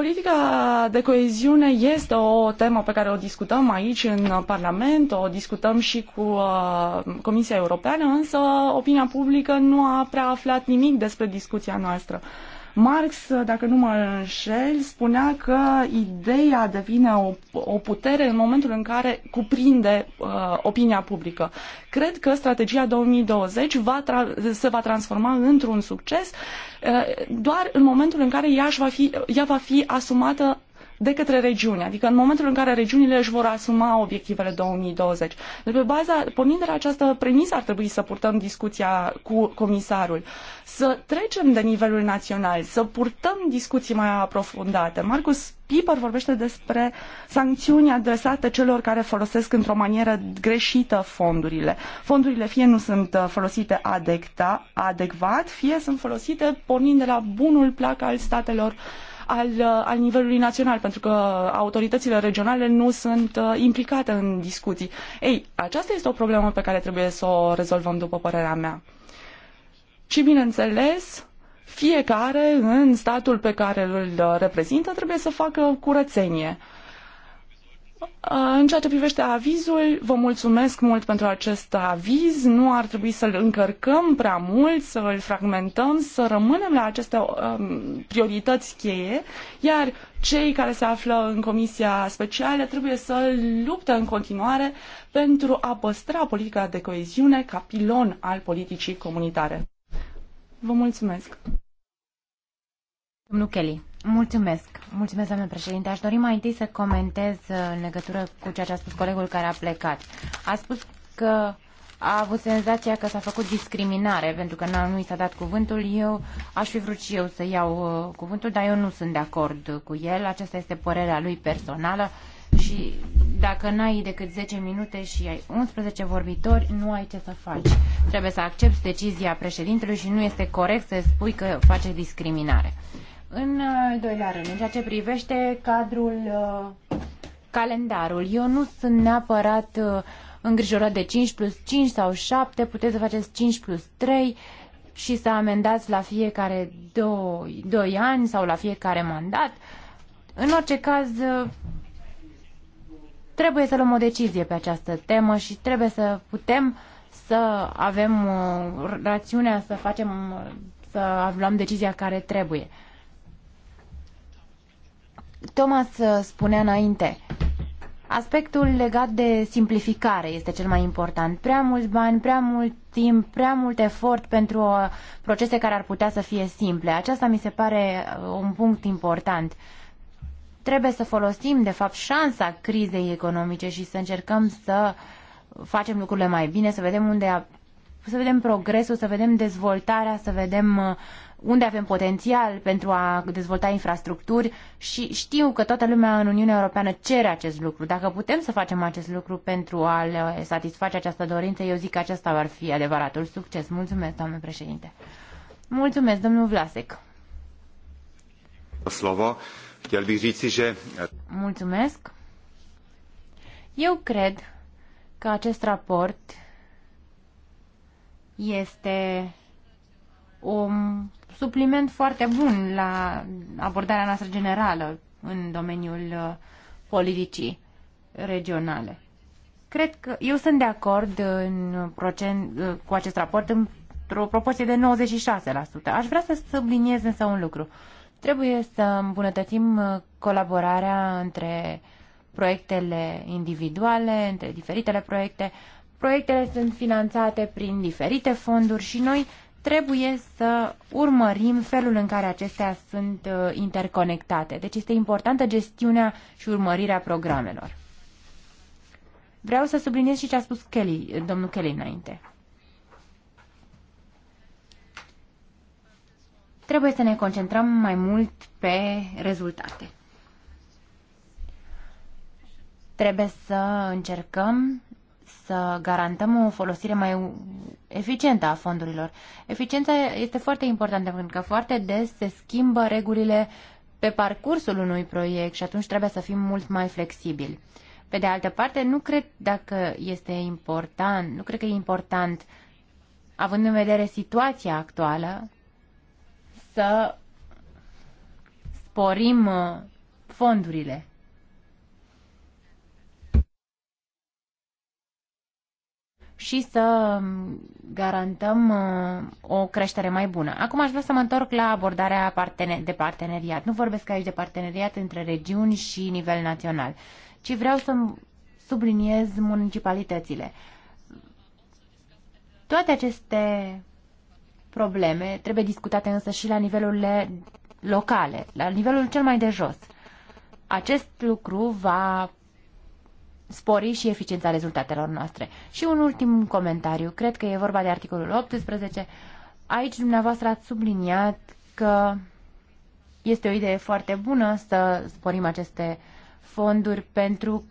Politica de coeziune este o temă pe care o discutăm aici în Parlament, o discutăm și cu uh, Comisia Europeană, însă opinia publică nu a prea aflat nimic despre discuția noastră. Uh, Marx, dacă nu mă înșel, spunea că ideea devine o, o putere în momentul în care cuprinde uh, opinia publică. Cred că strategia 2020 va tra- se va transforma într-un succes uh, doar în momentul în care ea, va fi, ea va fi asumată de către regiune, adică în momentul în care regiunile își vor asuma obiectivele 2020. De pe baza, pornind de la această premisă, ar trebui să purtăm discuția cu comisarul, să trecem de nivelul național, să purtăm discuții mai aprofundate. Marcus Piper vorbește despre sancțiuni adresate celor care folosesc într-o manieră greșită fondurile. Fondurile fie nu sunt uh, folosite adecta, adecvat, fie sunt folosite pornind de la bunul plac al statelor uh, al, uh, al nivelului național, pentru că autoritățile regionale nu sunt uh, implicate în discuții. Ei, aceasta este o problemă pe care trebuie să o rezolvăm, după părerea mea. Și, bineînțeles, fiecare în statul pe care îl uh, reprezintă trebuie să facă curățenie. Uh, în ceea ce privește avizul, vă mulțumesc mult pentru acest aviz. Nu ar trebui să-l încărcăm prea mult, să îl fragmentăm, să rămânem la aceste um, priorități cheie, iar cei care se află în comisia specială trebuie să lupte în continuare pentru a păstra politica de coeziune ca pilon al politicii comunitare. Vă mulțumesc. Domnul Kelly. Mulțumesc. Mulțumesc, doamnă președinte. Aș dori mai întâi să comentez uh, în legătură cu ceea ce a spus colegul care a plecat. A spus că a avut senzația că s-a făcut discriminare pentru că nu i s-a dat cuvântul. Eu aș fi vrut și eu să iau uh, cuvântul, dar eu nu sunt de acord cu el. Aceasta este părerea lui personală și dacă n-ai decât 10 minute și ai 11 vorbitori, nu ai ce să faci. Trebuie să accepti decizia președintelui și nu este corect să spui că face discriminare. În uh, al doilea rând, în ceea ce privește cadrul, uh, calendarul, eu nu sunt neapărat uh, îngrijorat de 5 plus 5 sau 7, puteți să faceți 5 plus 3 și să amendați la fiecare 2, 2 ani sau la fiecare mandat. În orice caz, trebuie să luăm o decizie pe această temă și trebuie să putem să avem rațiunea să facem, să luăm decizia care trebuie. Thomas uh, spunea înainte, aspectul legat de simplificare este cel mai important. Prea mulți bani, prea mult timp, prea mult efort pentru uh, procese care ar putea să fie simple. Aceasta mi se pare uh, un punct important. Trebuie să folosim, de fapt, șansa crizei economice și să încercăm să facem lucrurile mai bine, să vedem unde a, să vedem progresul, să vedem dezvoltarea, să vedem unde avem potențial pentru a dezvolta infrastructuri și știu că toată lumea în Uniunea Europeană cere acest lucru. Dacă putem să facem acest lucru pentru a le satisface această dorință, eu zic că acesta ar fi adevăratul succes. Mulțumesc, doamnă președinte. Mulțumesc, domnul Vlasek. Slovo. Mulțumesc. Eu cred că acest raport este un supliment foarte bun la abordarea noastră generală în domeniul uh, politicii regionale. Cred că eu sunt de acord în procent, uh, cu acest raport într-o proporție de 96%. Aș vrea să subliniez însă un lucru. Trebuie să îmbunătățim uh, colaborarea între proiectele individuale, între diferitele proiecte. Proiectele sunt finanțate prin diferite fonduri și noi uh, trebuie să urmărim felul în care acestea sunt uh, interconectate. Deci este importantă gestiunea și urmărirea programelor. Vreau să subliniez și ce a spus Kelly, domnul Kelly înainte. Trebuie să ne concentrăm mai mult pe rezultate. Trebuie să încercăm să garantăm o folosire mai eficientă a fondurilor. Eficiența este foarte importantă pentru că foarte des se schimbă regulile pe parcursul unui proiect și atunci trebuie să fim mult mai flexibili. Pe de altă parte, nu cred dacă este important, nu cred că e important, având în vedere situația actuală, să sporim uh, fondurile. și să garantăm uh, o creștere mai bună. Acum aș vrea să mă întorc la abordarea de parteneriat. Nu vorbesc aici de parteneriat între regiuni și nivel național, ci vreau să subliniez municipalitățile. Toate aceste probleme trebuie discutate însă și la nivelurile locale, la nivelul cel mai de jos. Acest lucru va spori și eficiența rezultatelor noastre. Și un ultim comentariu. Cred că e vorba de articolul 18. Aici dumneavoastră ați subliniat că este o idee foarte bună să sporim aceste fonduri pentru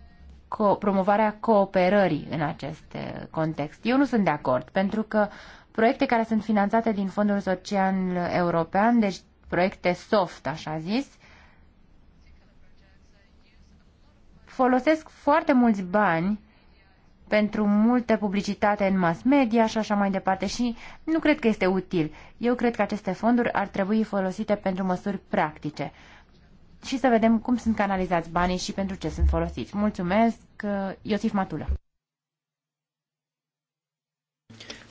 co- promovarea cooperării în acest eh, context. Eu nu sunt de acord, pentru că proiecte care sunt finanțate din Fondul Social European, deci proiecte soft, așa zis, folosesc foarte mulți bani pentru multă publicitate în mass media și așa mai departe și nu cred că este util. Eu cred că aceste fonduri ar trebui folosite pentru măsuri practice și să vedem cum sunt canalizați banii și pentru ce sunt folosiți. Mulțumesc, Iosif Matulă.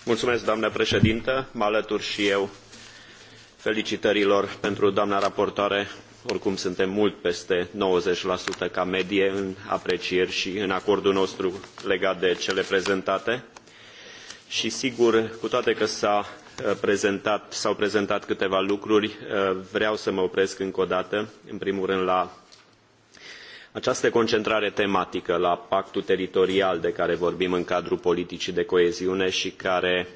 Mulțumesc, doamnă președintă. Mă alătur și eu felicitărilor pentru doamna raportoare oricum suntem mult peste 90% ca medie în aprecieri și în acordul nostru legat de cele prezentate. Și sigur, cu toate că s uh, prezentat, au prezentat câteva lucruri, uh, vreau să mă opresc încă o dată, în primul rând la această concentrare tematică la pactul teritorial de care vorbim în cadrul politicii de coeziune și care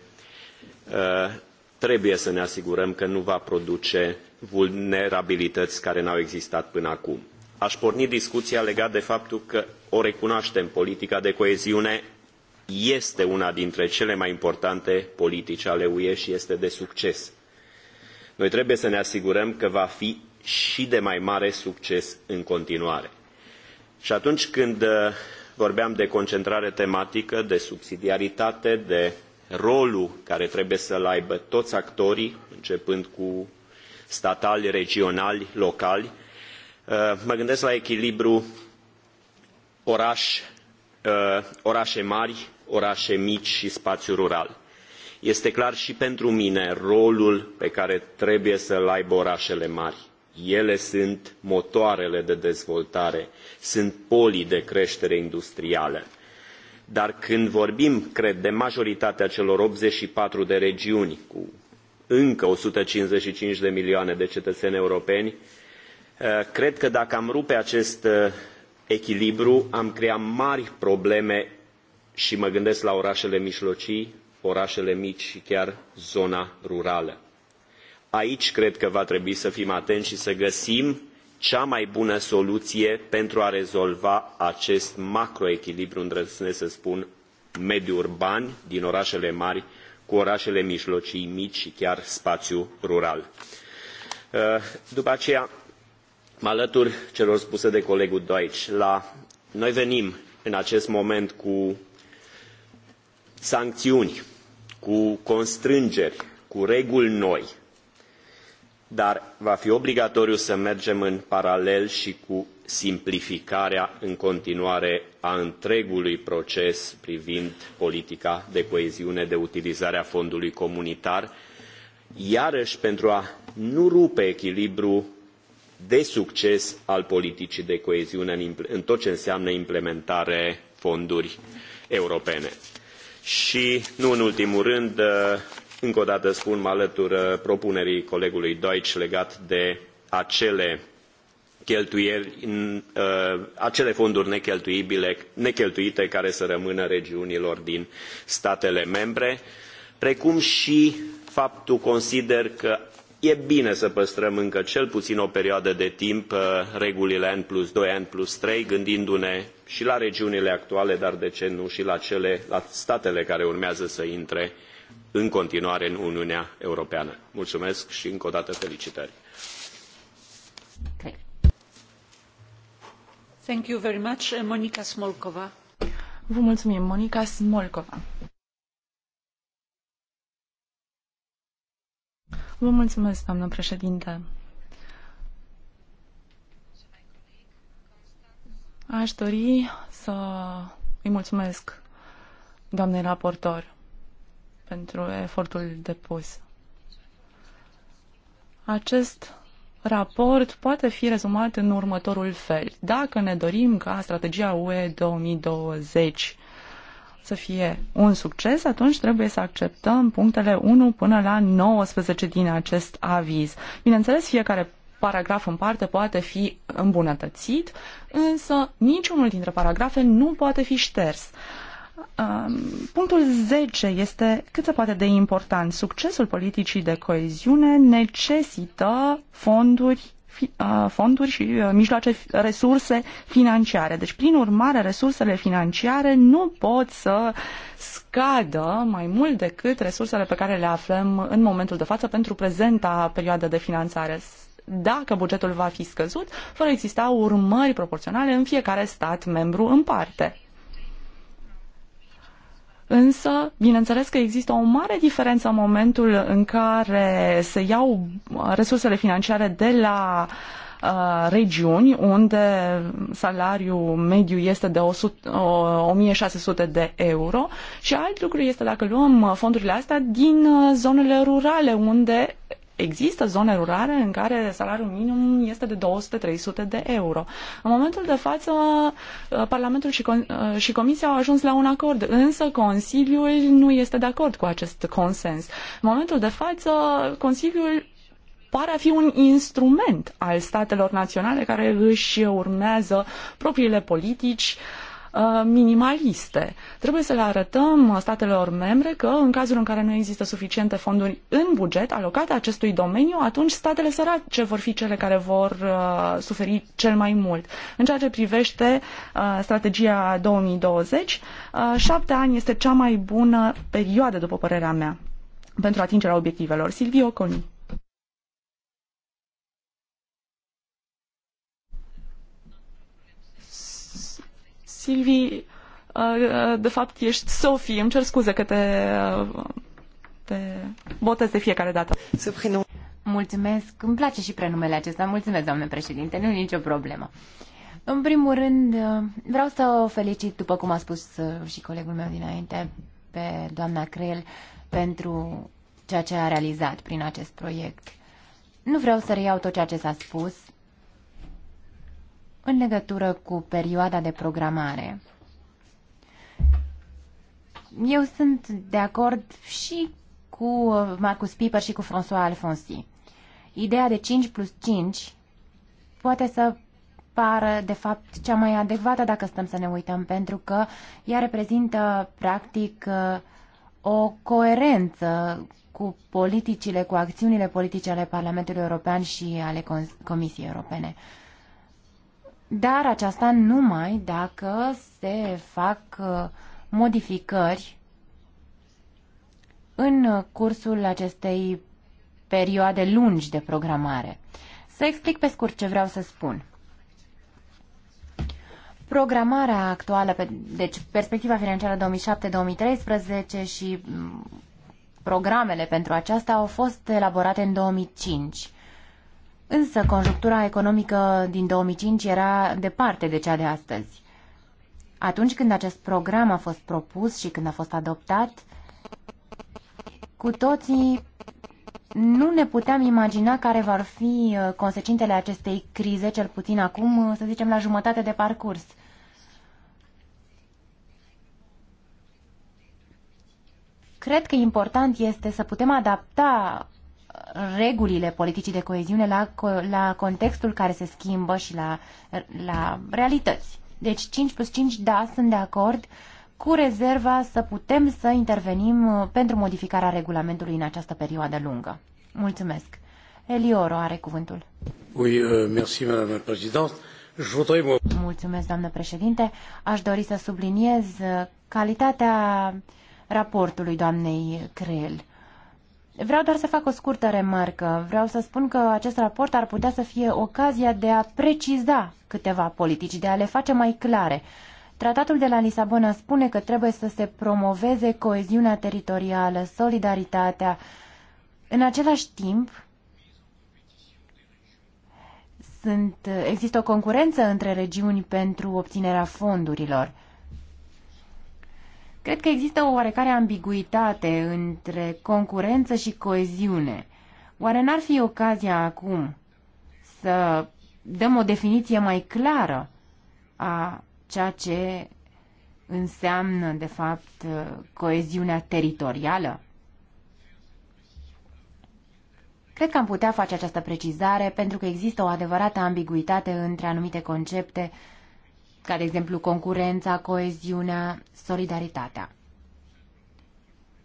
uh, trebuie să ne asigurăm că nu va produce vulnerabilități care n-au existat până acum. Aș porni discuția legat de faptul că o recunoaștem, politica de coeziune este una dintre cele mai importante politici ale UE și este de succes. Noi trebuie să ne asigurăm că va fi și de mai mare succes în continuare. Și atunci când uh, vorbeam de concentrare tematică, de subsidiaritate, de rolul care trebuie să-l aibă toți actorii, începând cu statali, regionali, locali. Uh, mă gândesc la echilibru oraș, uh, orașe mari, orașe mici și spațiu rural. Este clar și pentru mine rolul pe care trebuie să-l aibă orașele mari. Ele sunt motoarele de dezvoltare, sunt polii de creștere industrială. Dar când vorbim, cred, de majoritatea celor 84 de regiuni cu încă o sută cincizeci și cinci de milioane de cetățeni europeni, eh, cred că dacă am rupe acest eh, echilibru, am crea mari probleme și mă gândesc la orașele mijlocii, orașele mici și chiar zona rurală. Aici cred că va trebui să fim atenți și să găsim cea mai bună soluție pentru a rezolva acest macroechilibru, îndrăznesc să spun, mediu urban din orașele mari cu orașele mijlocii, mici și chiar spațiu rural. Uh, după aceea, mă alătur celor spuse de colegul Deutsch. La... Noi venim în acest moment cu sancțiuni, cu constrângeri, cu reguli noi, dar va fi obligatoriu să mergem în paralel și cu simplificarea în continuare a întregului proces privind politica de coeziune de utilizare a fondului comunitar, iarăși pentru a nu rupe echilibrul de succes al politicii de coeziune în tot ce înseamnă implementare fonduri europene. Și, nu în ultimul rând, uh, încă o dată spun, mă alătur uh, propunerii colegului Deutsch legat de acele cheltuieli, uh, acele fonduri necheltuite care să rămână regiunilor din statele membre, precum și faptul consider că e bine să păstrăm încă cel puțin o perioadă de timp uh, regulile N plus 2, N plus 3, gândindu-ne și la regiunile actuale, dar de ce nu și la, cele, la statele care urmează să intre în continuare în Uniunea Europeană. Mulțumesc și încă o dată felicitări! Thank eh, Vă mulțumim, Monica Smolkova. Vă mulțumesc, doamnă președinte. Aș dori să îi mulțumesc doamnei raportor pentru efortul depus. Acest raport poate fi rezumat în următorul fel. Dacă ne dorim ca strategia UE 2020 să fie un succes, atunci trebuie să acceptăm punctele 1 până la 19 din acest aviz. Bineînțeles, fiecare paragraf în parte poate fi îmbunătățit, însă niciunul dintre paragrafe nu poate fi șters. Um, punctul 10 este cât se poate de important. Succesul politicii de coeziune necesită fonduri uh, fonduri și uh, mijloace, resurse financiare. Deci, prin urmare, resursele financiare nu pot să scadă mai mult decât resursele pe care le aflăm în momentul de față pentru prezenta perioadă de finanțare. Dacă bugetul va fi scăzut, vor exista urmări proporționale în fiecare stat membru în parte. Însă, bineînțeles că există o mare diferență în momentul în care se iau uh, resursele financiare de la uh, regiuni unde salariul mediu este de 100, 1600 uh, de euro și alt lucru este dacă luăm fondurile astea din zonele rurale unde există zone rurale în care salariul minim este de 200-300 de euro. În momentul de față, uh, Parlamentul și, Com- uh, și Comisia au ajuns la un acord, însă Consiliul nu este de acord cu acest consens. În momentul de față, Consiliul pare a fi un instrument al statelor naționale care își urmează propriile politici uh, Uh, minimaliste. Trebuie să le arătăm statelor membre că în cazul în care nu există suficiente fonduri în buget alocate acestui domeniu, atunci statele sărace vor fi cele care vor uh, suferi cel mai mult. În ceea ce privește uh, strategia 2020, șapte ani este cea mai bună perioadă, după părerea mea, pentru atingerea obiectivelor. Silvio Coni. Silvii, uh, uh, de fapt ești Sophie, îmi cer scuze că te, uh, te botez de fiecare dată. Mulțumesc, îmi place și prenumele acesta, mulțumesc, doamne președinte, nu e nicio problemă. În primul rând, vreau să o felicit, după cum a spus și colegul meu dinainte, pe doamna Creel pentru ceea ce a realizat prin acest proiect. Nu vreau să reiau tot ceea ce s-a spus, în legătură cu perioada de programare. Eu sunt de acord și cu Marcus Piper și cu François Alfonsi. Ideea de 5 plus 5 poate să pară, de fapt, cea mai adecvată dacă stăm să ne uităm, pentru că ea reprezintă, practic, o coerență cu politicile, cu acțiunile politice ale Parlamentului European și ale Comisiei Europene dar aceasta numai dacă se fac uh, modificări în cursul acestei perioade lungi de programare. Să explic pe scurt ce vreau să spun. Programarea actuală, deci perspectiva financiară 2007-2013 și mm, programele pentru aceasta au fost elaborate în 2005. Însă conjunctura economică din 2005 era departe de cea de astăzi. Atunci când acest program a fost propus și când a fost adoptat, cu toții nu ne puteam imagina care vor fi uh, consecințele acestei crize, cel puțin acum, uh, să zicem, la jumătate de parcurs. Cred că important este să putem adapta regulile politicii de coeziune la, la contextul care se schimbă și la, la realități. Deci 5 plus 5, da, sunt de acord cu rezerva să putem să intervenim uh, pentru modificarea regulamentului în această perioadă lungă. Mulțumesc. Elioro are cuvântul. Oui, uh, merci, madame présidente. Mulțumesc, doamnă președinte. Aș dori să subliniez uh, calitatea raportului doamnei Creel. Vreau doar să fac o scurtă remarcă. Vreau să spun că acest raport ar putea să fie ocazia de a preciza câteva politici, de a le face mai clare. Tratatul de la Lisabona spune că trebuie să se promoveze coeziunea teritorială, solidaritatea. În același timp, sunt, există o concurență între regiuni pentru obținerea fondurilor. Cred că există o oarecare ambiguitate între concurență și coeziune. Oare n-ar fi ocazia acum să dăm o definiție mai clară a ceea ce înseamnă, de fapt, coeziunea teritorială? Cred că am putea face această precizare pentru că există o adevărată ambiguitate între anumite concepte uh, ca de exemplu concurența, coeziunea, solidaritatea.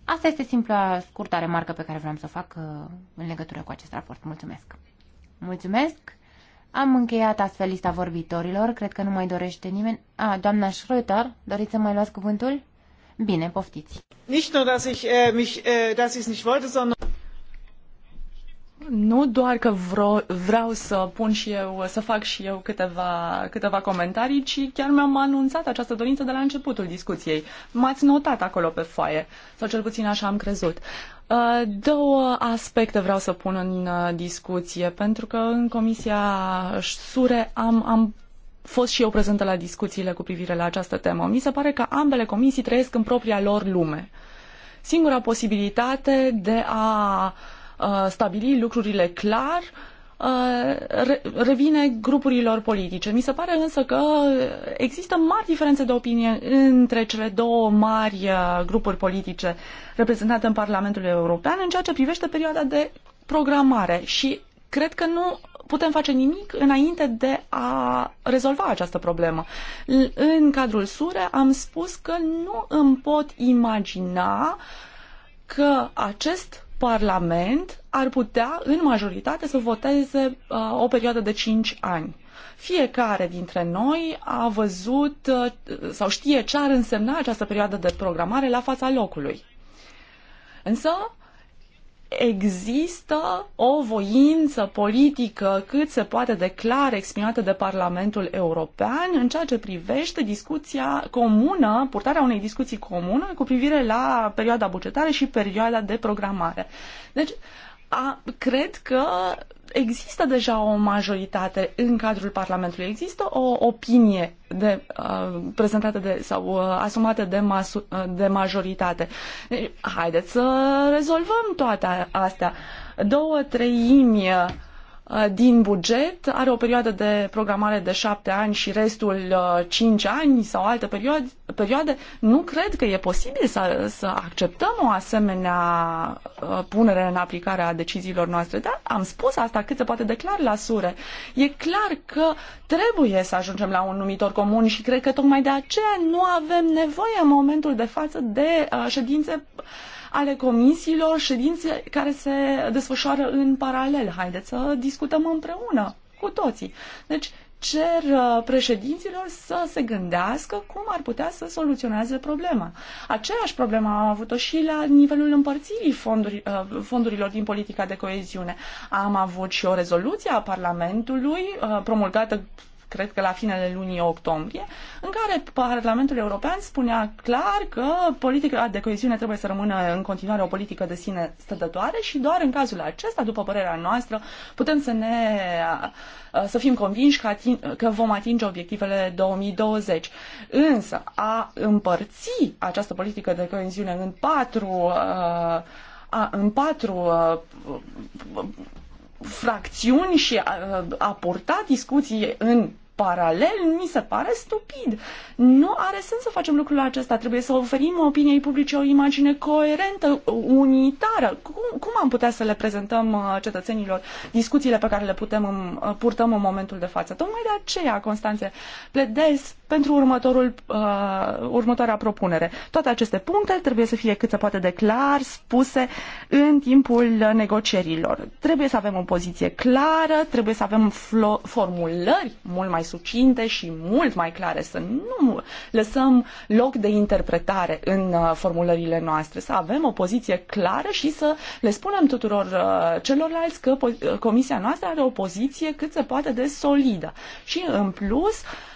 Asta este simpla scurtă remarcă pe care vreau să o fac uh, în legătură cu acest raport. Mulțumesc! Mulțumesc! Am încheiat astfel lista vorbitorilor. Cred că nu mai dorește nimeni. A, doamna Schröter, doriți să mai luați cuvântul? Bine, poftiți. Nici nu, dass ich, äh, mich, äh, dass nicht wollte, sondern... Nu doar că vreau, vreau să pun și eu, să fac și eu câteva, câteva comentarii, ci chiar mi-am anunțat această dorință de la începutul discuției. M-ați notat acolo pe foaie, sau cel puțin așa am crezut. Uh, două aspecte vreau să pun în uh, discuție, pentru că în Comisia Sure am, am fost și eu prezentă la discuțiile cu privire la această temă. Mi se pare că ambele comisii trăiesc în propria lor lume. Singura posibilitate de a uh, Uh, stabili lucrurile clar, uh, revine grupurilor politice. Mi se pare însă că există mari diferențe de opinie între cele două mari uh, grupuri politice reprezentate în Parlamentul European în ceea ce privește perioada de programare și cred că nu putem face nimic înainte de a rezolva această problemă. În cadrul SURE am spus că nu îmi pot imagina că acest Parlament ar putea, în majoritate, să voteze uh, o perioadă de 5 ani. Fiecare dintre noi a văzut uh, sau știe ce ar însemna această perioadă de programare la fața locului. Însă, există o voință politică cât se poate de clar exprimată de Parlamentul European în ceea ce privește discuția comună, purtarea unei discuții comune cu privire la perioada bugetară și perioada de programare. Deci, a, cred că există deja o majoritate în cadrul Parlamentului, există o opinie de, uh, prezentată de, sau uh, asumată de, masu, uh, de majoritate. Deci, haideți să rezolvăm toate astea. Două treimi uh, Uh, din buget, are o perioadă de programare de șapte ani și restul uh, cinci ani sau alte perioade, nu cred că e posibil să, să acceptăm o asemenea uh, punere în aplicare a deciziilor noastre. Dar am spus asta cât se poate de clar la sure. E clar că trebuie să ajungem la un numitor comun și cred că tocmai de aceea nu avem nevoie în momentul de față de ședințe ale comisiilor, ședințe care se desfășoară în paralel. Haideți să discutăm împreună cu toții. Deci cer uh, președinților să se gândească cum ar putea să soluționeze problema. Aceeași problemă am avut-o și la nivelul împărțirii fonduri, uh, fondurilor din politica de coeziune. Am avut și o rezoluție a Parlamentului uh, promulgată cred că la finele lunii octombrie, în care Parlamentul European spunea clar că politica de coeziune trebuie să rămână în continuare o politică de sine stătătoare și doar în cazul acesta, după părerea noastră, putem să ne uh, să fim convinși că, ating, că vom atinge obiectivele 2020. Însă, a împărți această politică de coeziune în patru uh, a, în patru uh, uh fracțiuni și a, uh, a purta discuții în paralel mi se pare stupid. Nu are sens să facem lucrul acesta. Trebuie să oferim opiniei publice o imagine coerentă, unitară. Cum, cum am putea să le prezentăm uh, cetățenilor discuțiile pe care le putem um, purtăm în momentul de față? Tocmai de aceea, Constanțe, pledez pentru următorul, uh, următoarea propunere. Toate aceste puncte trebuie să fie cât se poate de clar spuse în timpul negocierilor. Trebuie să avem o poziție clară, trebuie să avem formulări mult mai sucinte și mult mai clare, să nu lăsăm loc de interpretare în uh, formulările noastre, să avem o poziție clară și să le spunem tuturor uh, celorlalți că uh, comisia noastră are o poziție cât se poate de solidă. Și în plus, uh,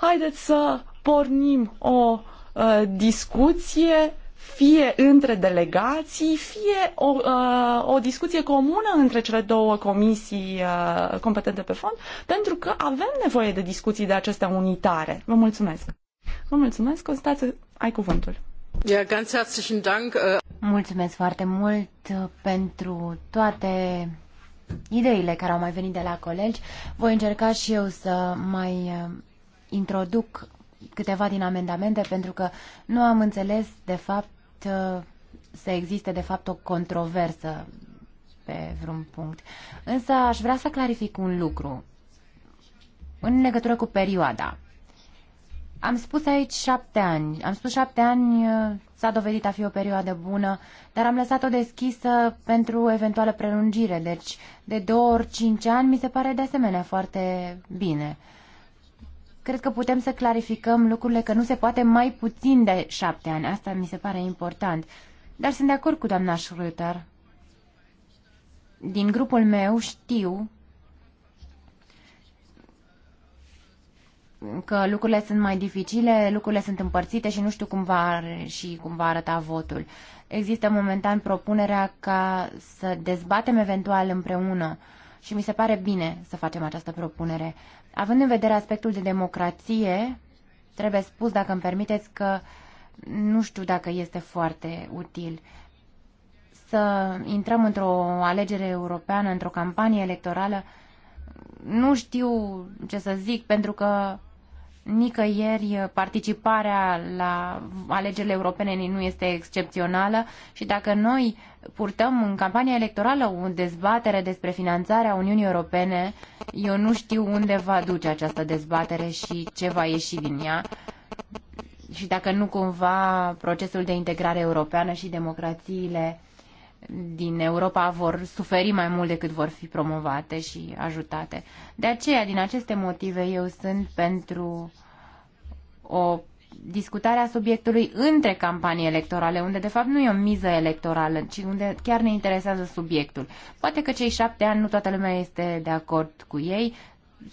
haideți să pornim o uh, discuție fie între delegații, fie o, uh, o discuție comună între cele două comisii uh, competente pe fond, pentru că avem nevoie de discuții de acestea unitare. Vă mulțumesc! Vă mulțumesc, Constanță, ai cuvântul. Ja, ganz herzlichen Dank. Äh, mulțumesc foarte mult uh, pentru toate ideile care au mai venit de la colegi. Voi încerca și eu să mai uh, introduc câteva din amendamente pentru că nu am înțeles de fapt să existe de fapt o controversă pe vreun punct. Însă aș vrea să clarific un lucru în legătură cu perioada. Am spus aici șapte ani. Am spus șapte ani, s-a dovedit a fi o perioadă bună, dar am lăsat-o deschisă pentru eventuală prelungire. Deci, de două ori cinci ani mi se pare de asemenea foarte bine. Uh, Cred că putem să clarificăm lucrurile că nu se poate mai puțin de șapte ani. Asta mi se pare important. Dar sunt de acord cu doamna Schröter. Din grupul meu știu că lucrurile sunt mai dificile, lucrurile sunt împărțite și nu știu cum va, și cum va arăta votul. Există momentan propunerea ca să dezbatem eventual împreună uh, și mi se pare bine să facem această propunere. Având în vedere aspectul de democrație, trebuie spus, dacă îmi permiteți, că nu știu dacă este foarte util să intrăm într-o alegere europeană, într-o campanie electorală. Nu știu ce să zic, pentru că nicăieri participarea la alegerile europene nu este excepțională și dacă noi purtăm în campania electorală o dezbatere despre finanțarea Uniunii Europene, eu nu știu unde va duce această dezbatere și ce va ieși din ea și dacă nu cumva procesul de integrare europeană și democrațiile din Europa vor suferi mai mult decât vor fi promovate și ajutate. De aceea, din aceste motive, eu sunt pentru o discutare a subiectului între campanii electorale, unde de fapt nu e o miză electorală, ci unde chiar ne interesează subiectul. Poate că cei șapte ani nu toată lumea este de acord cu ei,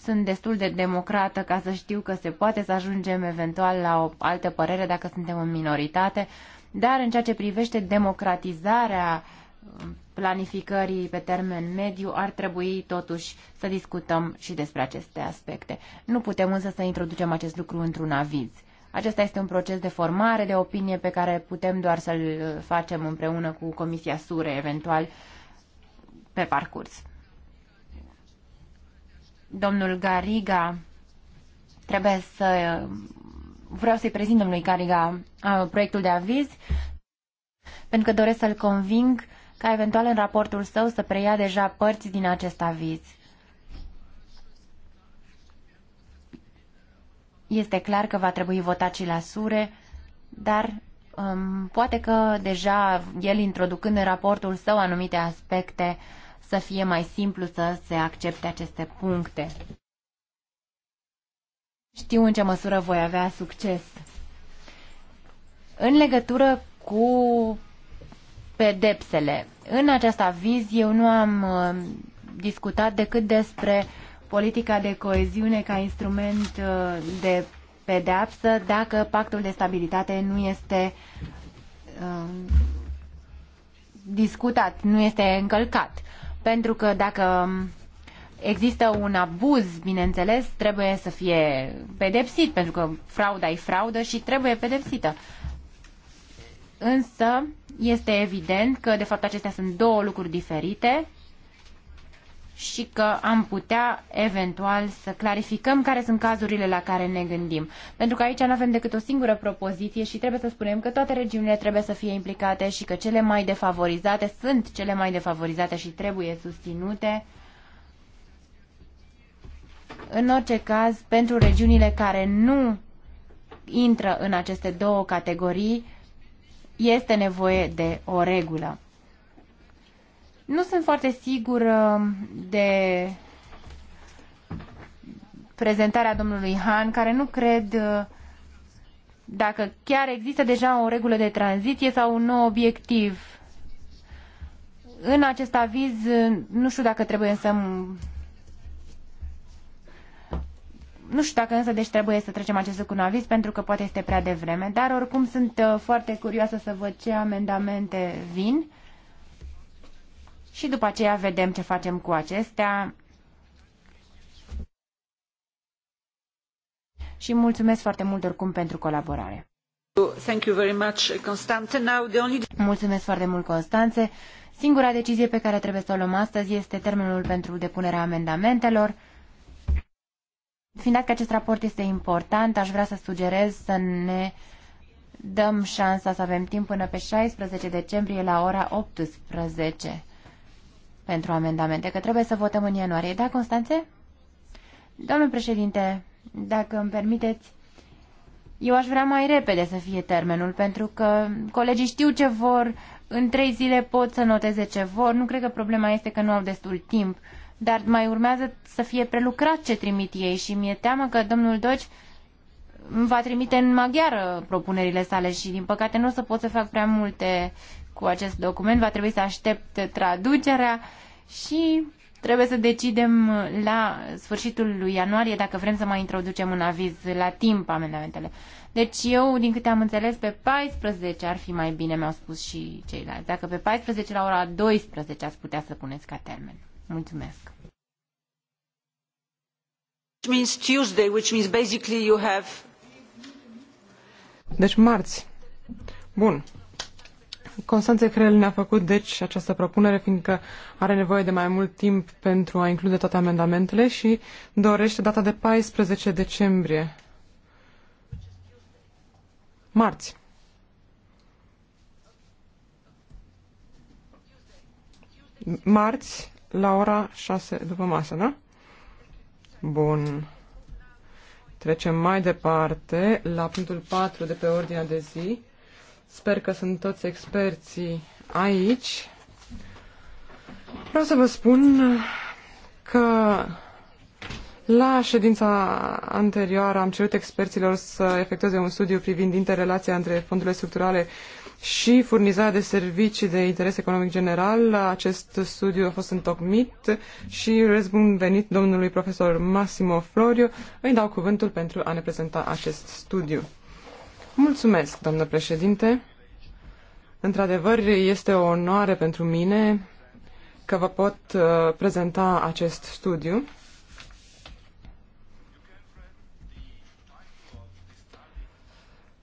sunt destul de democrată ca să știu că se poate să ajungem eventual la o altă părere dacă suntem în minoritate, dar în ceea ce privește democratizarea uh, planificării pe termen mediu, ar trebui totuși să discutăm și despre aceste aspecte. Nu putem însă să introducem acest lucru într-un aviz. Acesta este un proces de formare, de opinie pe care putem doar să-l facem împreună cu Comisia Sure, eventual, pe parcurs. Domnul Gariga trebuie să... Vreau să-i prezint domnului Gariga proiectul de aviz, pentru că doresc să-l conving ca eventual în raportul său să preia deja părți din acest aviz. Este clar că va trebui votat și la sure, dar um, poate că deja el introducând în raportul său anumite aspecte să fie mai simplu să se accepte aceste puncte. Știu în ce măsură voi avea succes. În legătură cu pedepsele. În această aviz eu nu am uh, discutat decât despre politica de coeziune ca instrument uh, de pedeapsă dacă pactul de stabilitate nu este uh, discutat, nu este încălcat. Pentru că dacă există un abuz, bineînțeles, trebuie să fie pedepsit, pentru că frauda e fraudă și trebuie pedepsită. Însă, este evident că, de fapt, acestea sunt două lucruri diferite și că am putea, eventual, să clarificăm care sunt cazurile la care ne gândim. Pentru că aici nu avem decât o singură propoziție și trebuie să spunem că toate regiunile trebuie să fie implicate și că cele mai defavorizate sunt cele mai defavorizate și trebuie susținute. În orice caz, pentru regiunile care nu intră în aceste două categorii, este nevoie de o regulă. Nu sunt foarte sigură um, de prezentarea domnului Han, care nu cred uh, dacă chiar există deja o regulă de tranziție sau un nou obiectiv. În acest aviz, uh, nu știu dacă trebuie să nu știu dacă însă deci trebuie să trecem acest lucru în aviz pentru că poate este prea devreme, dar oricum sunt uh, foarte curioasă să văd ce amendamente vin și după aceea vedem ce facem cu acestea. Și mulțumesc foarte mult oricum pentru colaborare. Thank you very much, Constanze. Now the only... Mulțumesc foarte mult, Constanțe. Singura decizie pe care trebuie să o luăm astăzi este termenul pentru depunerea amendamentelor. Fiind dat că acest raport este important, aș vrea să sugerez să ne dăm șansa să avem timp până pe 16 decembrie la ora 18 pentru amendamente, că trebuie să votăm în ianuarie. Da, Constanțe? Domnul președinte, dacă îmi permiteți, eu aș vrea mai repede să fie termenul, pentru că colegii știu ce vor, în trei zile pot să noteze ce vor, nu cred că problema este că nu au destul timp dar mai urmează să fie prelucrat ce trimit ei și mi-e teamă că domnul Doci va trimite în maghiară propunerile sale și din păcate nu o să pot să fac prea multe cu acest document, va trebui să aștept traducerea și trebuie să decidem la sfârșitul lui ianuarie dacă vrem să mai introducem un aviz la timp amendamentele. Deci eu, din câte am înțeles, pe 14 ar fi mai bine, mi-au spus și ceilalți. Dacă pe 14 la ora 12 ați putea să puneți ca termen. Mulțumesc. Which means Tuesday, which means basically you have... Deci marți. Bun. Constanța Crel ne-a făcut deci această propunere, fiindcă are nevoie de mai mult timp pentru a include toate amendamentele și dorește data de 14 decembrie. Marți. Marți, la ora 6 după masă, da? Bun. Trecem mai departe la punctul 4 de pe ordinea de zi. Sper că sunt toți experții aici. Vreau să vă spun că la ședința anterioară am cerut experților să efectueze un studiu privind interrelația între fondurile structurale și furnizarea de servicii de interes economic general. Acest studiu a fost întocmit și răzbun venit domnului profesor Massimo Florio. Îi dau cuvântul pentru a ne prezenta acest studiu. Mulțumesc, doamnă președinte. Într-adevăr, este o onoare pentru mine că vă pot uh, prezenta acest studiu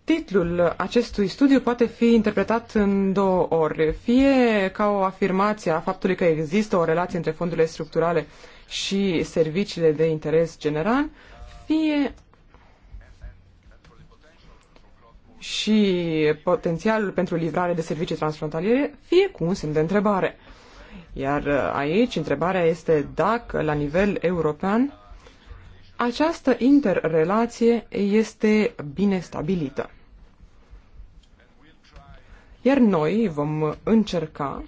Titlul acestui studiu poate fi interpretat în două ori, fie ca o afirmație a faptului că există o relație între fondurile structurale și serviciile de interes general, fie și potențialul pentru livrare de servicii transfrontaliere, fie cu un semn de întrebare. Iar aici întrebarea este dacă, la nivel european, această interrelație este bine stabilită. Iar noi vom încerca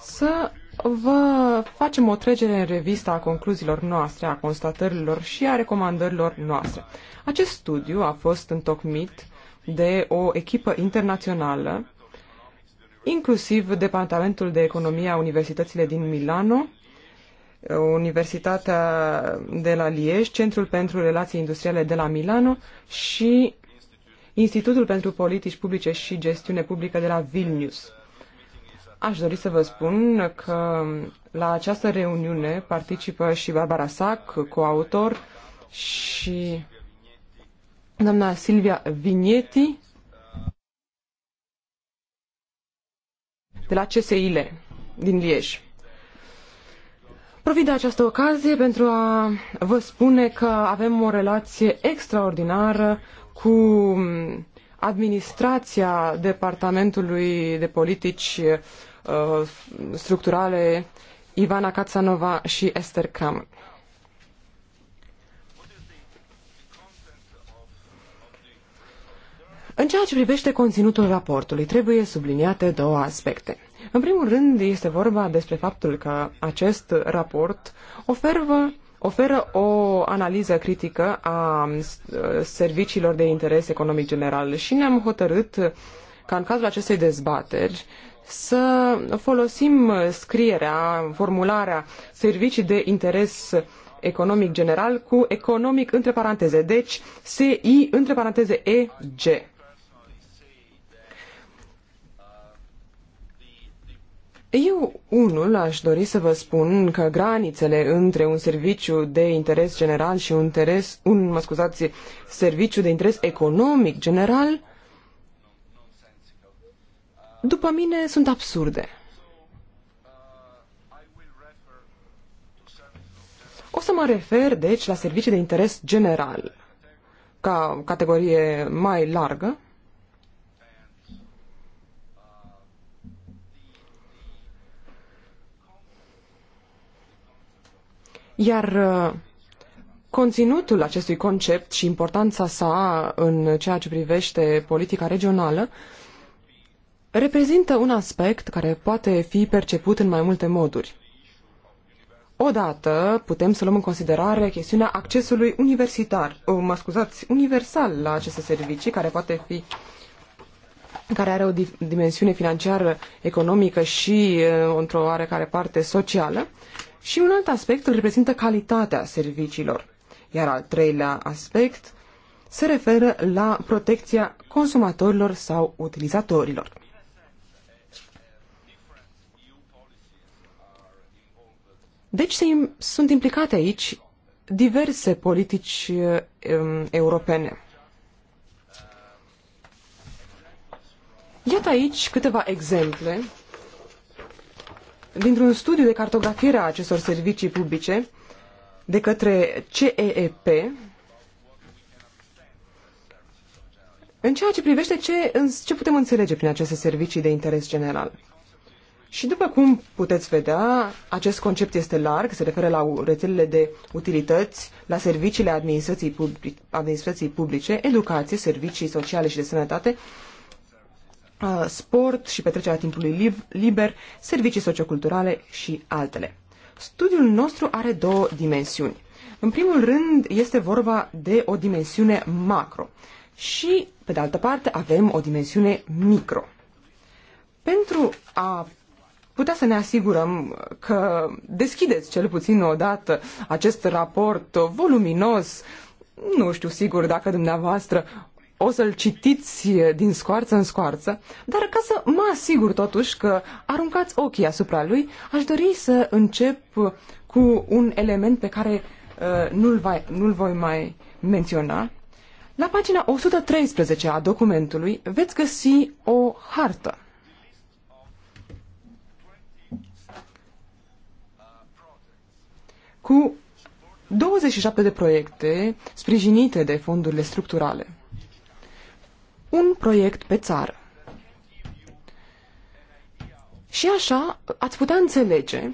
să vă facem o trecere în revista a concluziilor noastre, a constatărilor și a recomandărilor noastre. Acest studiu a fost întocmit de o echipă internațională, inclusiv Departamentul de Economie a Universităților din Milano Universitatea de la Liege, Centrul pentru Relații Industriale de la Milano și Institutul pentru Politici Publice și Gestiune Publică de la Vilnius. Aș dori să vă spun că la această reuniune participă și Barbara Sac, coautor, și doamna Silvia Vignetti de la CSI-le din Liege. Profit de această ocazie pentru a vă spune că avem o relație extraordinară cu administrația Departamentului de Politici uh, Structurale Ivana Katsanova și Esther Kram. În ceea ce privește conținutul raportului, trebuie subliniate două aspecte. În primul rând, este vorba despre faptul că acest raport oferă oferă o analiză critică a uh, serviciilor de interes economic general și ne-am hotărât ca în cazul acestei dezbateri să folosim scrierea, formularea servicii de interes economic general cu economic între paranteze, deci SI între paranteze EG. Eu, unul, aș dori să vă spun că granițele între un serviciu de interes general și un, interes, un mă scuzați, serviciu de interes economic general, după mine, sunt absurde. O să mă refer, deci, la servicii de interes general, ca categorie mai largă, Iar uh, conținutul acestui concept și importanța sa în ceea ce privește politica regională reprezintă un aspect care poate fi perceput în mai multe moduri. Odată putem să luăm în considerare chestiunea accesului universitar, o, oh, mă scuzați, universal la aceste servicii, care poate fi care are o dimensiune financiară, economică și, uh, într-o oarecare parte, socială. Și un alt aspect îl reprezintă calitatea serviciilor. Iar al treilea aspect se referă la protecția consumatorilor sau utilizatorilor. Deci se, sunt implicate aici diverse politici um, europene. Iată aici câteva exemple dintr-un studiu de cartografiere a acestor servicii publice de către CEEP, în ceea ce privește ce, ce putem înțelege prin aceste servicii de interes general. Și după cum puteți vedea, acest concept este larg, se referă la rețelele de utilități, la serviciile administrației, public, administrației publice, educație, servicii sociale și de sănătate, Uh, sport și petrecerea timpului liber, servicii socioculturale și altele. Studiul nostru are două dimensiuni. În primul rând este vorba de o dimensiune macro și, pe de altă parte, avem o dimensiune micro. Pentru a putea să ne asigurăm că deschideți cel puțin o dată acest raport voluminos, nu știu sigur dacă dumneavoastră o să-l citiți eh, din scoarță în scoarță, dar ca să mă asigur totuși că aruncați ochii asupra lui, aș dori să încep eh, cu un element pe care uh, nu-l, va, nu voi mai menționa. La pagina 113 a documentului veți găsi o hartă. cu 27 de proiecte sprijinite de fondurile structurale un proiect pe țară. Și așa ați putea înțelege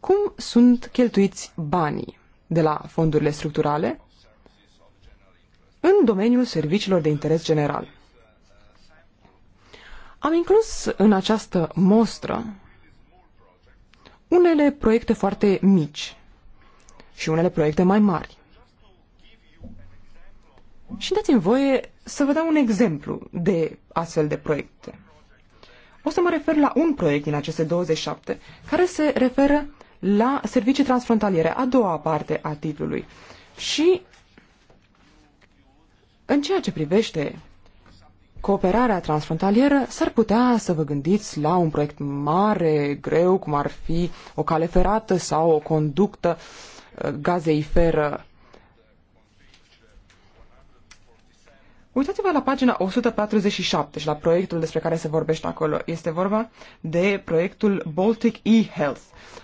cum sunt cheltuiți banii de la fondurile structurale în domeniul serviciilor de interes general. Am inclus în această mostră unele proiecte foarte mici și unele proiecte mai mari. Și dați-mi voie să vă dau un exemplu de astfel de proiecte. O să mă refer la un proiect din aceste 27 care se referă la servicii transfrontaliere, a doua parte a titlului. Și în ceea ce privește cooperarea transfrontalieră, s-ar putea să vă gândiți la un proiect mare, greu, cum ar fi o cale ferată sau o conductă uh, gazeiferă Uitați-vă la pagina 147 și la proiectul despre care se vorbește acolo. Este vorba de proiectul Baltic e-Health,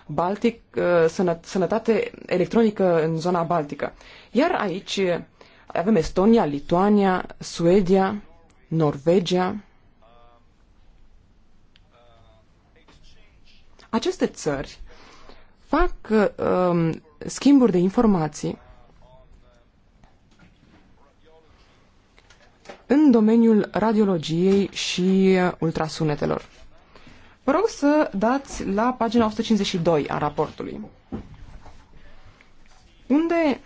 Baltic, uh, sănă, sănătate electronică în zona baltică. Iar aici uh, avem Estonia, Lituania, Suedia, Norvegia. Aceste țări fac uh, um, schimburi de informații în domeniul radiologiei și ultrasunetelor. Vă rog să dați la pagina 152 a raportului, unde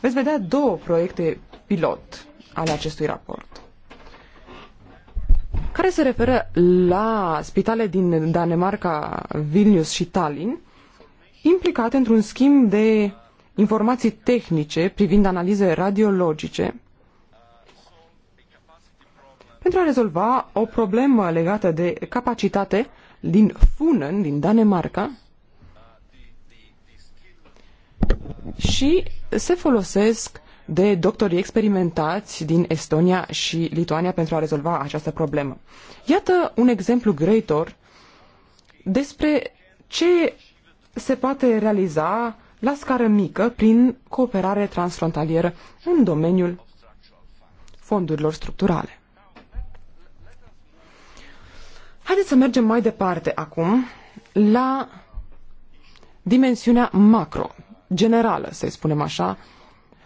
veți vedea două proiecte pilot ale acestui raport, care se referă la spitale din Danemarca, Vilnius și Tallinn, implicate într-un schimb de informații tehnice privind analize radiologice pentru a rezolva o problemă legată de capacitate din Funen, din Danemarca, și se folosesc de doctorii experimentați din Estonia și Lituania pentru a rezolva această problemă. Iată un exemplu greitor despre ce se poate realiza la scară mică prin cooperare transfrontalieră în domeniul fondurilor structurale. Haideți să mergem mai departe acum la dimensiunea macro, generală, să-i spunem așa,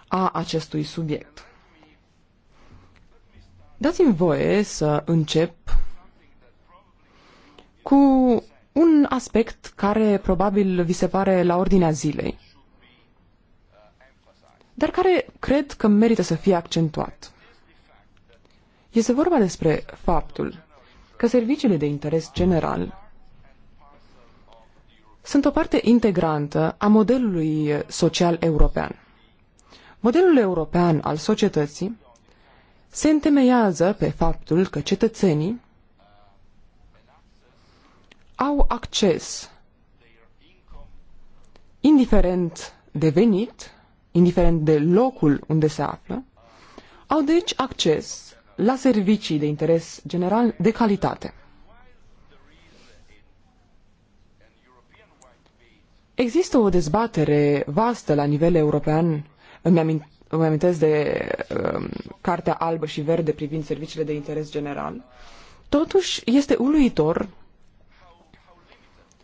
a acestui subiect. Dați-mi voie să încep cu un aspect care probabil vi se pare la ordinea zilei, dar care cred că merită să fie accentuat. Este vorba despre faptul că serviciile de interes general sunt o parte integrantă a modelului social european. Modelul european al societății se întemeiază pe faptul că cetățenii au acces, indiferent de venit, indiferent de locul unde se află, au deci acces la servicii de interes general de calitate. Există o dezbatere vastă la nivel european, îmi, amint, îmi amintesc de uh, Cartea Albă și Verde privind serviciile de interes general, totuși este uluitor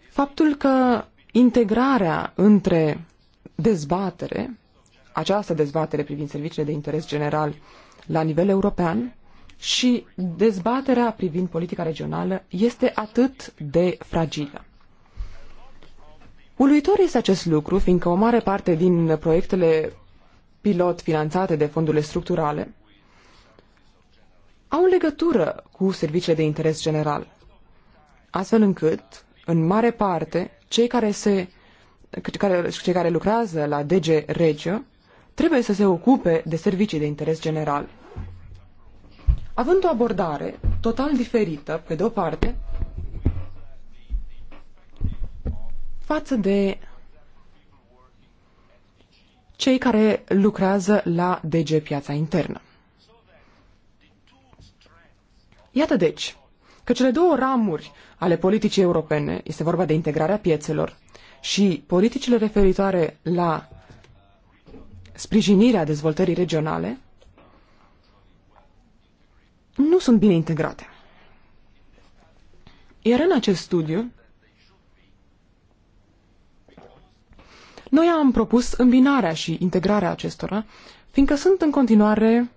faptul că integrarea între dezbatere, această dezbatere privind serviciile de interes general la nivel european, și dezbaterea privind politica regională este atât de fragilă. Uluitor este acest lucru, fiindcă o mare parte din proiectele pilot finanțate de fondurile structurale au legătură cu serviciile de interes general, astfel încât, în mare parte, cei care, se, care, cei care lucrează la DG Regio trebuie să se ocupe de servicii de interes general Având o abordare total diferită, pe de o parte, față de cei care lucrează la DG Piața Internă. Iată deci că cele două ramuri ale politicii europene, este vorba de integrarea piețelor și politicile referitoare la sprijinirea dezvoltării regionale, nu sunt bine integrate. Iar în acest studiu, noi am propus îmbinarea și integrarea acestora, fiindcă sunt în continuare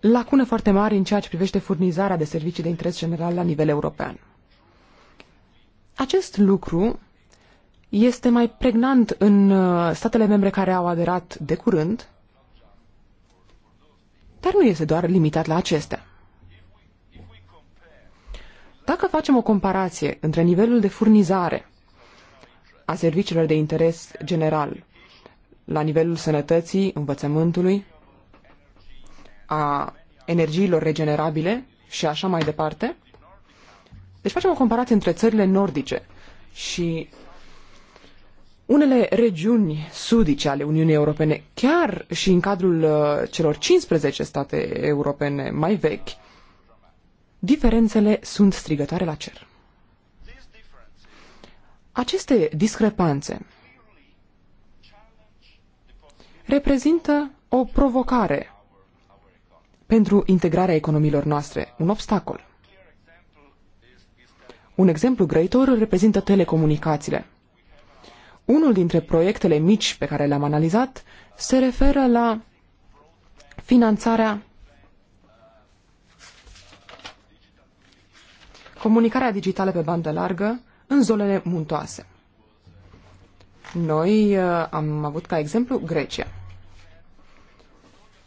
lacune foarte mari în ceea ce privește furnizarea de servicii de interes general la nivel european. Acest lucru este mai pregnant în uh, statele membre care au aderat de curând dar nu este doar limitat la acestea. Dacă facem o comparație între nivelul de furnizare a serviciilor de interes general la nivelul sănătății, învățământului, a energiilor regenerabile și așa mai departe, deci facem o comparație între țările nordice și unele regiuni sudice ale Uniunii Europene, chiar și în cadrul uh, celor 15 state europene mai vechi, diferențele sunt strigătoare la cer. Aceste discrepanțe reprezintă o provocare pentru integrarea economiilor noastre, un obstacol. Un exemplu grăitor reprezintă telecomunicațiile. Unul dintre proiectele mici pe care le-am analizat se referă la finanțarea comunicarea digitală pe bandă largă în zonele muntoase. Noi uh, am avut ca exemplu Grecia.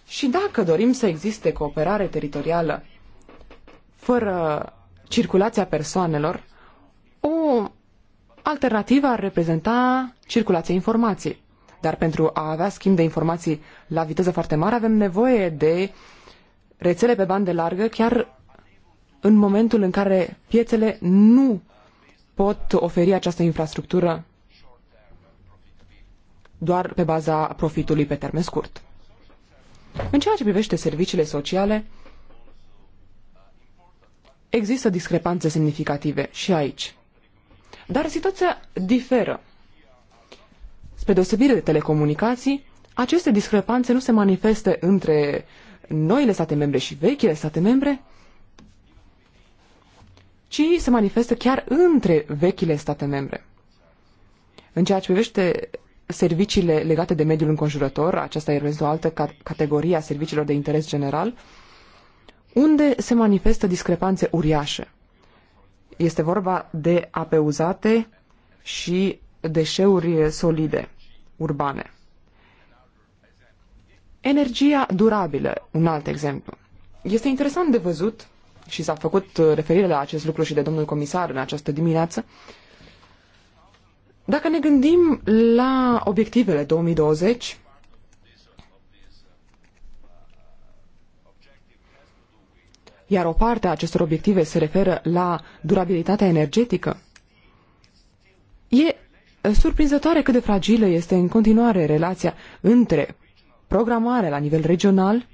Și dacă dorim să existe cooperare teritorială fără circulația persoanelor, o Alternativa ar reprezenta circulația informației. Dar pentru a avea schimb de informații la viteză foarte mare, avem nevoie de rețele pe bandă largă, chiar în momentul în care piețele nu pot oferi această infrastructură doar pe baza profitului pe termen scurt. În ceea ce privește serviciile sociale, există discrepanțe semnificative și aici. Dar situația diferă. Spre deosebire de telecomunicații, aceste discrepanțe nu se manifestă între noile state membre și vechile state membre, ci se manifestă chiar între vechile state membre. În ceea ce privește serviciile legate de mediul înconjurător, aceasta este o altă categorie a serviciilor de interes general, unde se manifestă discrepanțe uriașe. Este vorba de ape uzate și deșeuri solide urbane. Energia durabilă, un alt exemplu. Este interesant de văzut, și s-a făcut referire la acest lucru și de domnul comisar în această dimineață, dacă ne gândim la obiectivele 2020, iar o parte a acestor obiective se referă la durabilitatea energetică, e surprinzătoare cât de fragilă este în continuare relația între programare la nivel regional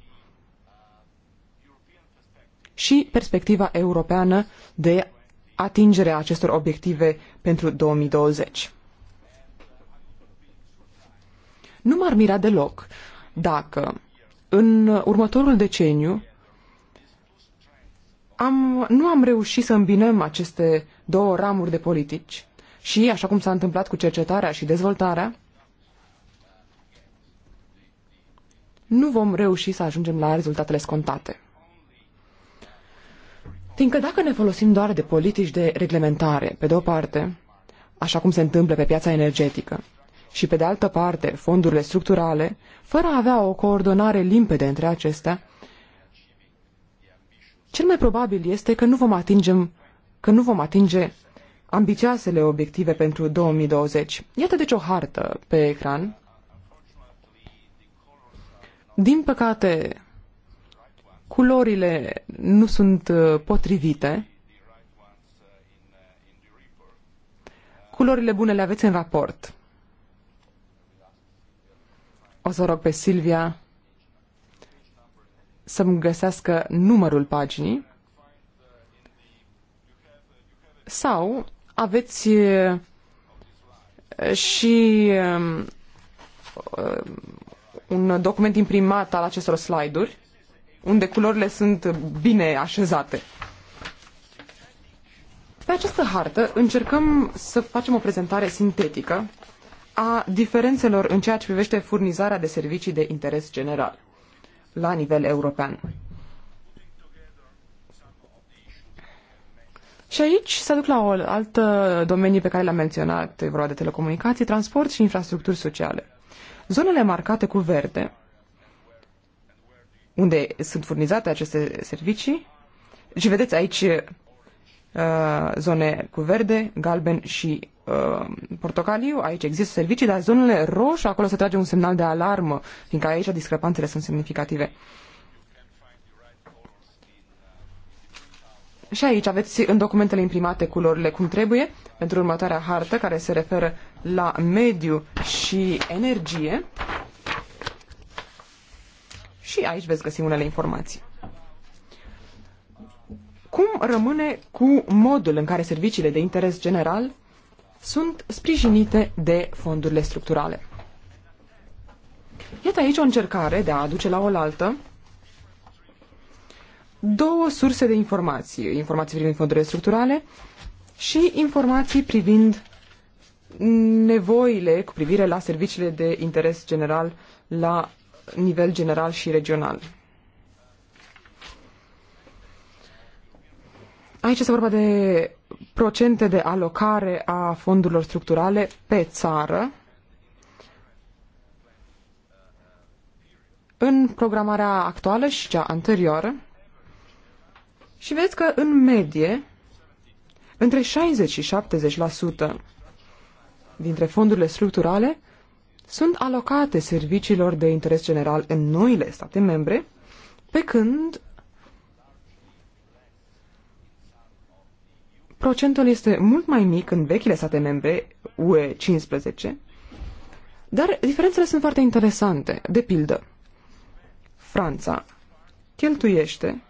și perspectiva europeană de atingere a acestor obiective pentru 2020. Nu m-ar mira deloc dacă în următorul deceniu am, nu am reușit să îmbinăm aceste două ramuri de politici și, așa cum s-a întâmplat cu cercetarea și dezvoltarea, nu vom reuși să ajungem la rezultatele scontate. Fiindcă dacă ne folosim doar de politici de reglementare, pe de o parte, așa cum se întâmplă pe piața energetică, și pe de altă parte fondurile structurale, fără a avea o coordonare limpede între acestea, cel mai probabil este că nu vom atinge, că nu vom atinge ambițioasele obiective pentru 2020. Iată deci o hartă pe ecran. Din păcate, culorile nu sunt uh, potrivite. Culorile bune le aveți în raport. O să rog pe Silvia să-mi găsească numărul paginii sau aveți eh, și eh, eh, un document imprimat al acestor slide-uri unde culorile sunt bine așezate. Pe această hartă încercăm să facem o prezentare sintetică a diferențelor în ceea ce privește furnizarea de servicii de interes general la nivel european. Și aici se duc la o altă uh, domeniu pe care l-am menționat, e vorba de telecomunicații, transport și infrastructuri sociale. Zonele marcate cu verde, unde sunt furnizate aceste servicii, și vedeți aici uh, zone cu verde, galben și Uh, portocaliu, aici există servicii, dar zonele roșu, acolo se trage un semnal de alarmă, fiindcă aici discrepanțele sunt semnificative. Și aici aveți în documentele imprimate culorile cum trebuie pentru următoarea hartă care se referă la mediu și energie. Și aici veți găsi unele informații. Cum rămâne cu modul în care serviciile de interes general sunt sprijinite de fondurile structurale. Iată aici o încercare de a aduce la oaltă două surse de informații. Informații privind fondurile structurale și informații privind nevoile cu privire la serviciile de interes general la nivel general și regional. Aici este vorba de procente de alocare a fondurilor structurale pe țară în programarea actuală și cea anterioară și vezi că în medie între 60 și 70% dintre fondurile structurale sunt alocate serviciilor de interes general în noile state membre, pe când procentul este mult mai mic în vechile state membre, UE 15, dar diferențele sunt foarte interesante. De pildă, Franța cheltuiește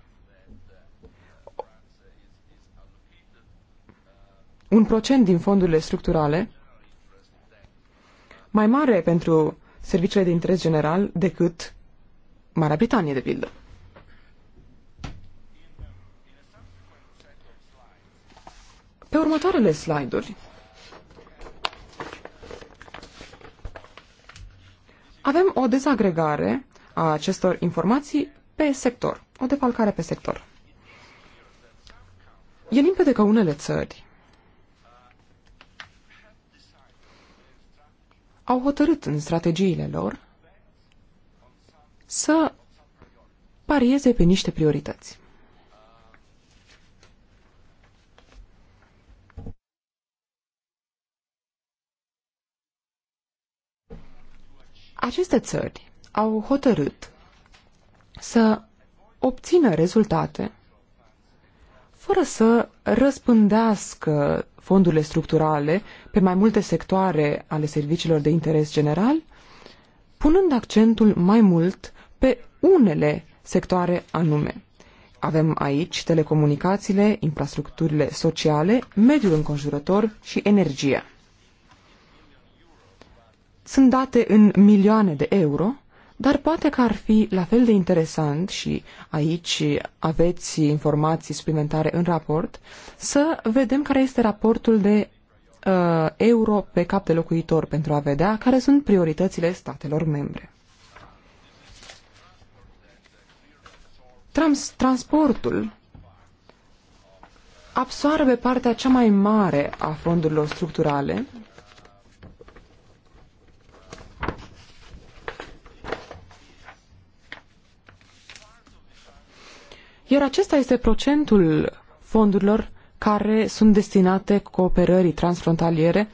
un procent din fondurile structurale mai mare pentru serviciile de interes general decât Marea Britanie, de pildă. Pe următoarele slide-uri avem o dezagregare a acestor informații pe sector, o defalcare pe sector. E limpede că unele țări au hotărât în strategiile lor să parieze pe niște priorități. Aceste țări au hotărât să obțină rezultate fără să răspândească fondurile structurale pe mai multe sectoare ale serviciilor de interes general, punând accentul mai mult pe unele sectoare anume. Avem aici telecomunicațiile, infrastructurile sociale, mediul înconjurător și energia sunt date în milioane de euro, dar poate că ar fi la fel de interesant și aici aveți informații suplimentare în raport, să vedem care este raportul de uh, euro pe cap de locuitor pentru a vedea care sunt prioritățile statelor membre. Trans transportul absoarbe partea cea mai mare a fondurilor structurale Iar acesta este procentul fondurilor care sunt destinate cooperării transfrontaliere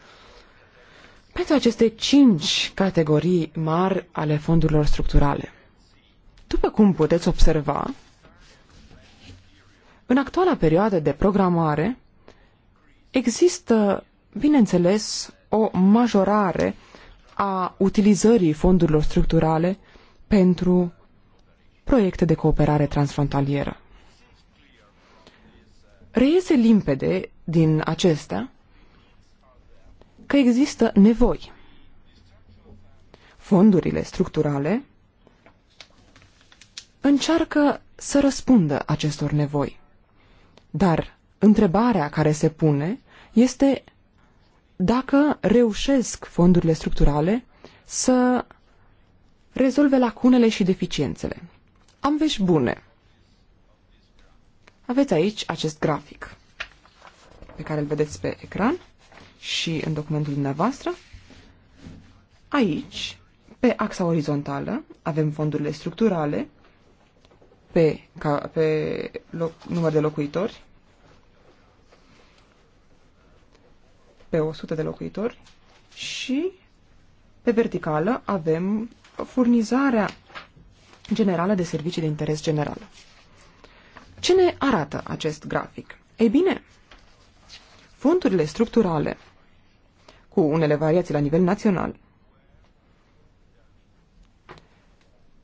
pentru aceste cinci categorii mari ale fondurilor structurale. După cum puteți observa, în actuala perioadă de programare există, bineînțeles, o majorare a utilizării fondurilor structurale pentru proiecte de cooperare transfrontalieră reiese limpede din acestea că există nevoi. Fondurile structurale încearcă să răspundă acestor nevoi. Dar întrebarea care se pune este dacă reușesc fondurile structurale să rezolve lacunele și deficiențele. Am vești bune. Aveți aici acest grafic pe care îl vedeți pe ecran și în documentul dumneavoastră. Aici, pe axa orizontală, avem fondurile structurale pe, ca, pe loc, număr de locuitori, pe 100 de locuitori și pe verticală avem furnizarea generală de servicii de interes general. Ce ne arată acest grafic? Ei bine, fondurile structurale, cu unele variații la nivel național,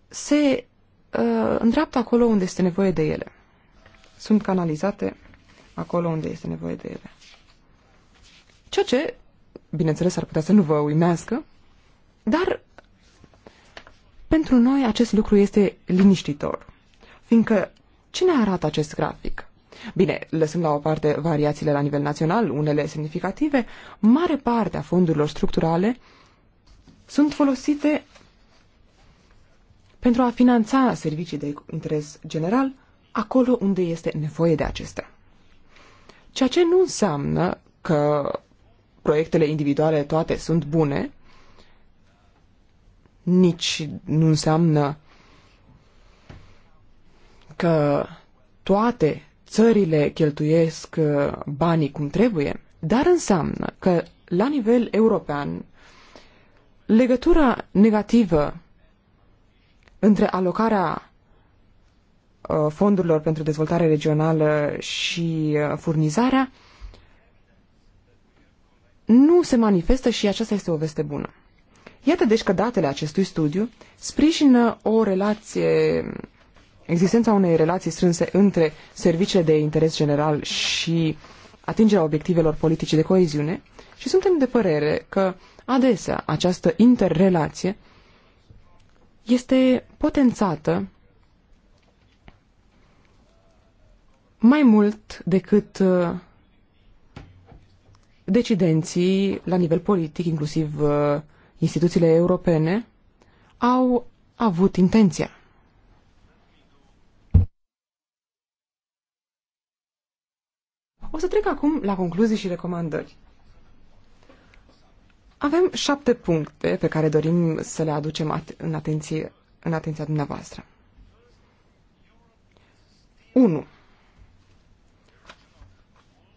se uh, îndreaptă acolo unde este nevoie de ele. Sunt canalizate acolo unde este nevoie de ele. Ceea ce, bineînțeles, ar putea să nu vă uimească, dar pentru noi acest lucru este liniștitor, fiindcă ce ne arată acest grafic? Bine, lăsând la o parte variațiile la nivel național, unele semnificative, mare parte a fondurilor structurale sunt folosite pentru a finanța servicii de interes general acolo unde este nevoie de acestea. Ceea ce nu înseamnă că proiectele individuale toate sunt bune, nici nu înseamnă că toate țările cheltuiesc uh, banii cum trebuie, dar înseamnă că la nivel european legătura negativă între alocarea uh, fondurilor pentru dezvoltare regională și uh, furnizarea nu se manifestă și aceasta este o veste bună. Iată deci că datele acestui studiu sprijină o relație Existența unei relații strânse între serviciile de interes general și atingerea obiectivelor politice de coeziune și suntem de părere că adesea această interrelație este potențată mai mult decât uh, decidenții la nivel politic, inclusiv uh, instituțiile europene, au avut intenția. O să trec acum la concluzii și recomandări. Avem șapte puncte pe care dorim să le aducem at- în, atenție, în atenția dumneavoastră. 1.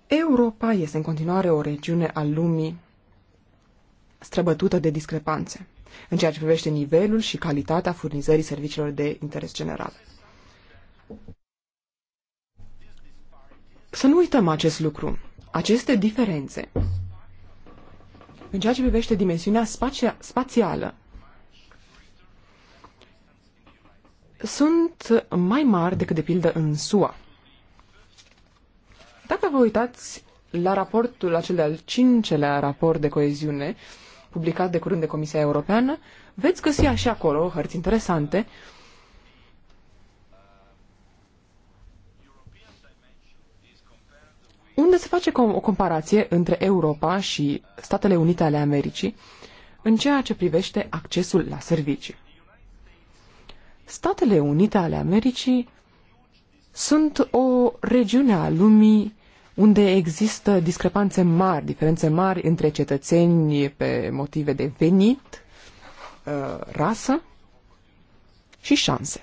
Europa este în continuare o regiune a lumii străbătută de discrepanțe în ceea ce privește nivelul și calitatea furnizării serviciilor de interes general. Să nu uităm acest lucru, aceste diferențe. În ceea ce privește dimensiunea spația, spațială, sunt mai mari decât de pildă în SUA. Dacă vă uitați la raportul, la cel de-al cincelea raport de coeziune, publicat de curând de Comisia Europeană, veți găsi așa acolo hărți interesante uh, unde se face o comparație între Europa și Statele Unite ale Americii în ceea ce privește accesul la servicii. Statele Unite ale Americii sunt o regiune a lumii unde există discrepanțe mari, diferențe mari între cetățeni pe motive de venit, uh, rasă și șanse.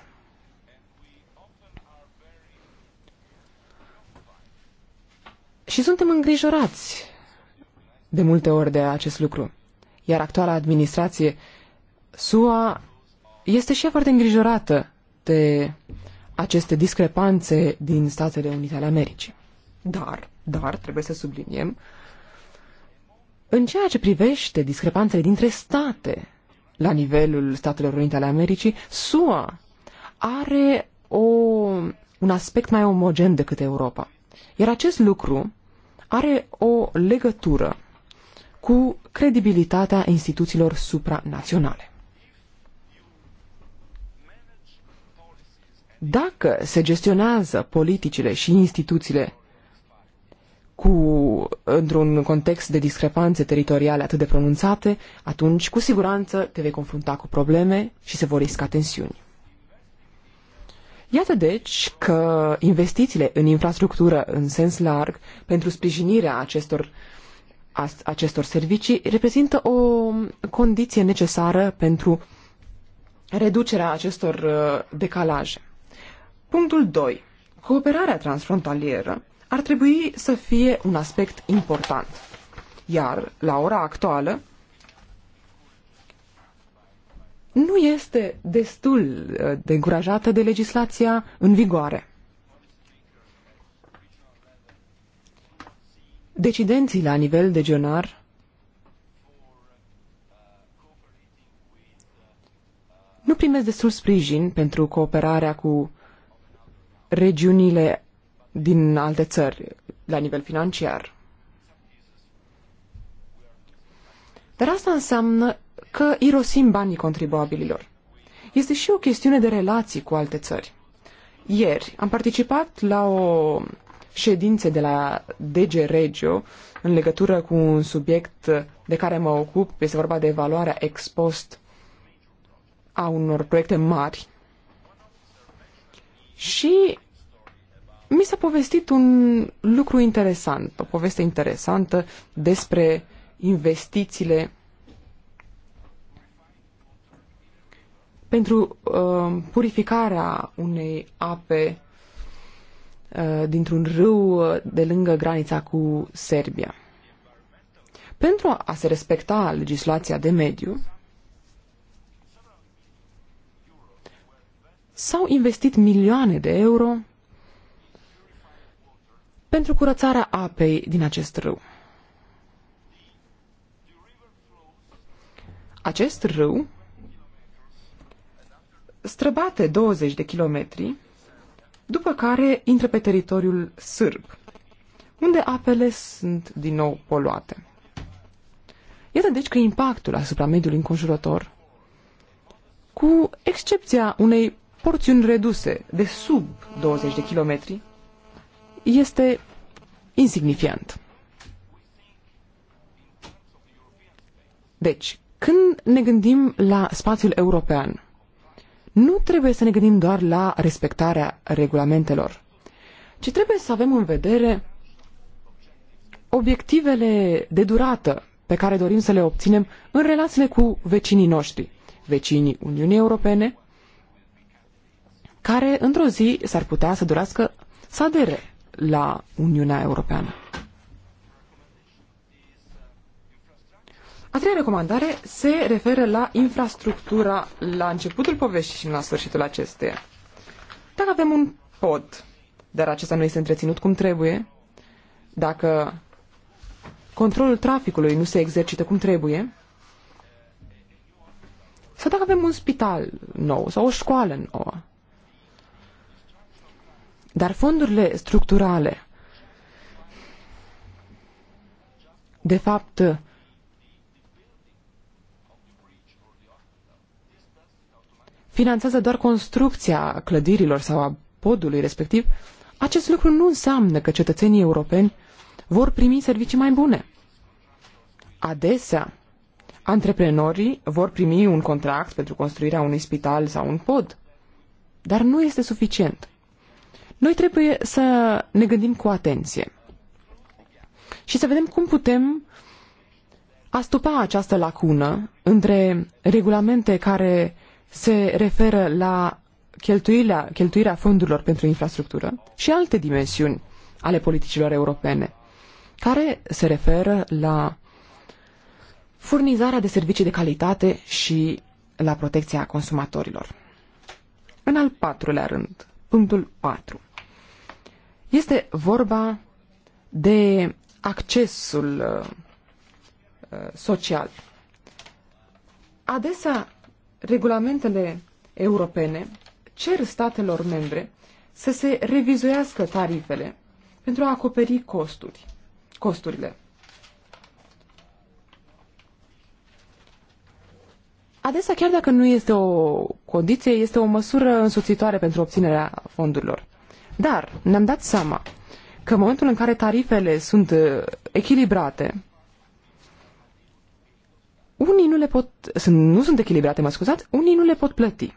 Și suntem îngrijorați de multe ori de acest lucru. Iar actuala administrație SUA este și ea foarte îngrijorată de aceste discrepanțe din Statele Unite ale Americii. Dar, dar, trebuie să subliniem, în ceea ce privește discrepanțele dintre state la nivelul Statelor Unite ale Americii, SUA are o, un aspect mai omogen decât Europa. Iar acest lucru are o legătură cu credibilitatea instituțiilor supranaționale. Dacă se gestionează politicile și instituțiile cu, într-un context de discrepanțe teritoriale atât de pronunțate, atunci cu siguranță te vei confrunta cu probleme și se vor risca tensiuni. Iată deci că investițiile în infrastructură în sens larg pentru sprijinirea acestor, acestor servicii reprezintă o condiție necesară pentru reducerea acestor uh, decalaje. Punctul 2. Cooperarea transfrontalieră ar trebui să fie un aspect important. Iar, la ora actuală, nu este destul uh, de încurajată de legislația în vigoare. Decidenții la nivel de genar nu primesc destul sprijin pentru cooperarea cu regiunile din alte țări la nivel financiar. Dar asta înseamnă că irosim banii contribuabililor. Este și o chestiune de relații cu alte țări. Ieri am participat la o ședință de la DG Regio în legătură cu un subiect de care mă ocup. Este vorba de evaluarea ex post a unor proiecte mari. Și mi s-a povestit un lucru interesant, o poveste interesantă despre investițiile pentru uh, purificarea unei ape uh, dintr-un râu de lângă granița cu Serbia. Pentru a se respecta legislația de mediu, s-au investit milioane de euro pentru curățarea apei din acest râu. Acest râu străbate 20 de kilometri, după care intră pe teritoriul sârb, unde apele sunt din nou poluate. Iată deci că impactul asupra mediului înconjurător, cu excepția unei porțiuni reduse de sub 20 de kilometri, este insignifiant. Deci, când ne gândim la spațiul european, nu trebuie să ne gândim doar la respectarea regulamentelor, ci trebuie să avem în vedere obiectivele de durată pe care dorim să le obținem în relațiile cu vecinii noștri, vecinii Uniunii Europene, care într-o zi s-ar putea să durească să adere la Uniunea Europeană. A treia recomandare se referă la infrastructura la începutul poveștii și la sfârșitul acesteia. Dacă avem un pod, dar acesta nu este întreținut cum trebuie, dacă controlul traficului nu se exercită cum trebuie, sau dacă avem un spital nou sau o școală nouă. Dar fondurile structurale, de fapt, finanțează doar construcția clădirilor sau a podului respectiv, acest lucru nu înseamnă că cetățenii europeni vor primi servicii mai bune. Adesea, antreprenorii vor primi un contract pentru construirea unui spital sau un pod, dar nu este suficient. Noi trebuie să ne gândim cu atenție și să vedem cum putem astupa această lacună între regulamente care se referă la cheltuirea, cheltuirea fondurilor pentru infrastructură și alte dimensiuni ale politicilor europene, care se referă la furnizarea de servicii de calitate și la protecția consumatorilor. În al patrulea rând, punctul 4. Este vorba de accesul uh, uh, social. Adesea regulamentele europene cer statelor membre să se revizuiască tarifele pentru a acoperi costuri, costurile. Adesea, chiar dacă nu este o condiție, este o măsură însuțitoare pentru obținerea fondurilor. Dar ne-am dat seama că în momentul în care tarifele sunt eh, echilibrate, unii nu le pot, sunt, nu sunt echilibrate, mă scuzați, unii nu le pot plăti.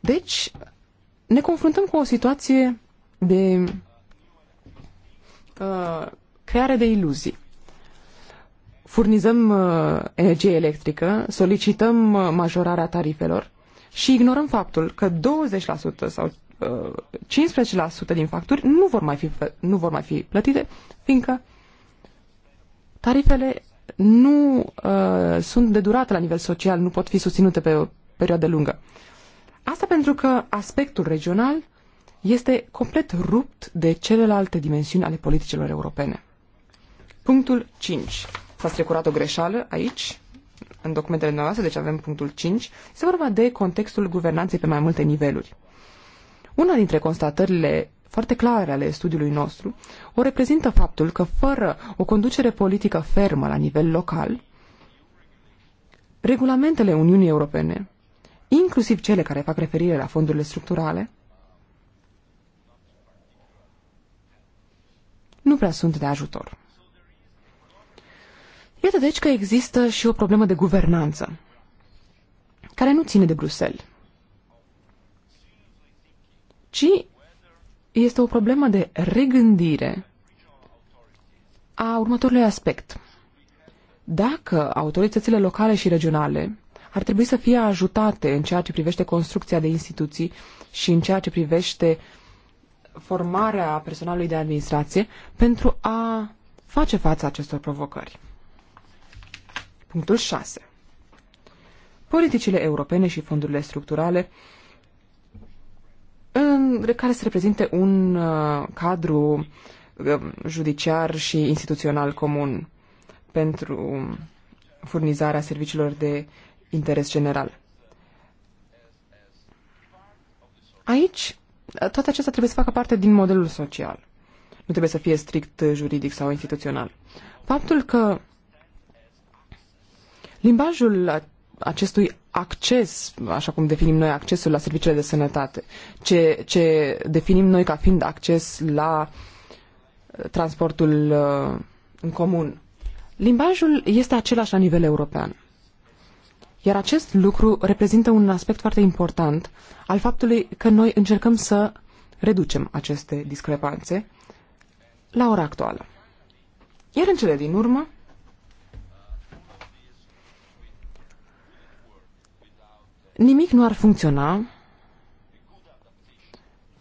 Deci, ne confruntăm cu o situație de uh, creare de iluzii. Furnizăm uh, energie electrică, solicităm uh, majorarea tarifelor și ignorăm faptul că 20% sau uh, 15% din facturi nu vor mai fi, nu vor mai fi plătite, fiindcă tarifele nu uh, sunt de durată la nivel social, nu pot fi susținute pe o perioadă lungă. Asta pentru că aspectul regional este complet rupt de celelalte dimensiuni ale politicilor europene. Punctul 5. S-a strecurat o greșeală aici, în documentele noastre, deci avem punctul 5. Este vorba de contextul guvernanței pe mai multe niveluri. Una dintre constatările foarte clare ale studiului nostru o reprezintă faptul că fără o conducere politică fermă la nivel local, regulamentele Uniunii Europene, inclusiv cele care fac referire la fondurile structurale, nu prea sunt de ajutor. Iată deci că există și o problemă de guvernanță, care nu ține de Bruxelles, ci este o problemă de regândire a următorului aspect. Dacă autoritățile locale și regionale ar trebui să fie ajutate în ceea ce privește construcția de instituții și în ceea ce privește formarea personalului de administrație pentru a face față acestor provocări. Punctul 6. Politicile europene și fondurile structurale în, care să reprezinte un uh, cadru uh, judiciar și instituțional comun pentru furnizarea serviciilor de interes general. Aici, toate acestea trebuie să facă parte din modelul social. Nu trebuie să fie strict juridic sau instituțional. Faptul că limbajul acestui acces, așa cum definim noi accesul la serviciile de sănătate, ce, ce definim noi ca fiind acces la uh, transportul uh, în comun. Limbajul este același la nivel european. Iar acest lucru reprezintă un aspect foarte important al faptului că noi încercăm să reducem aceste discrepanțe la ora actuală. Iar în cele din urmă, nimic nu ar funcționa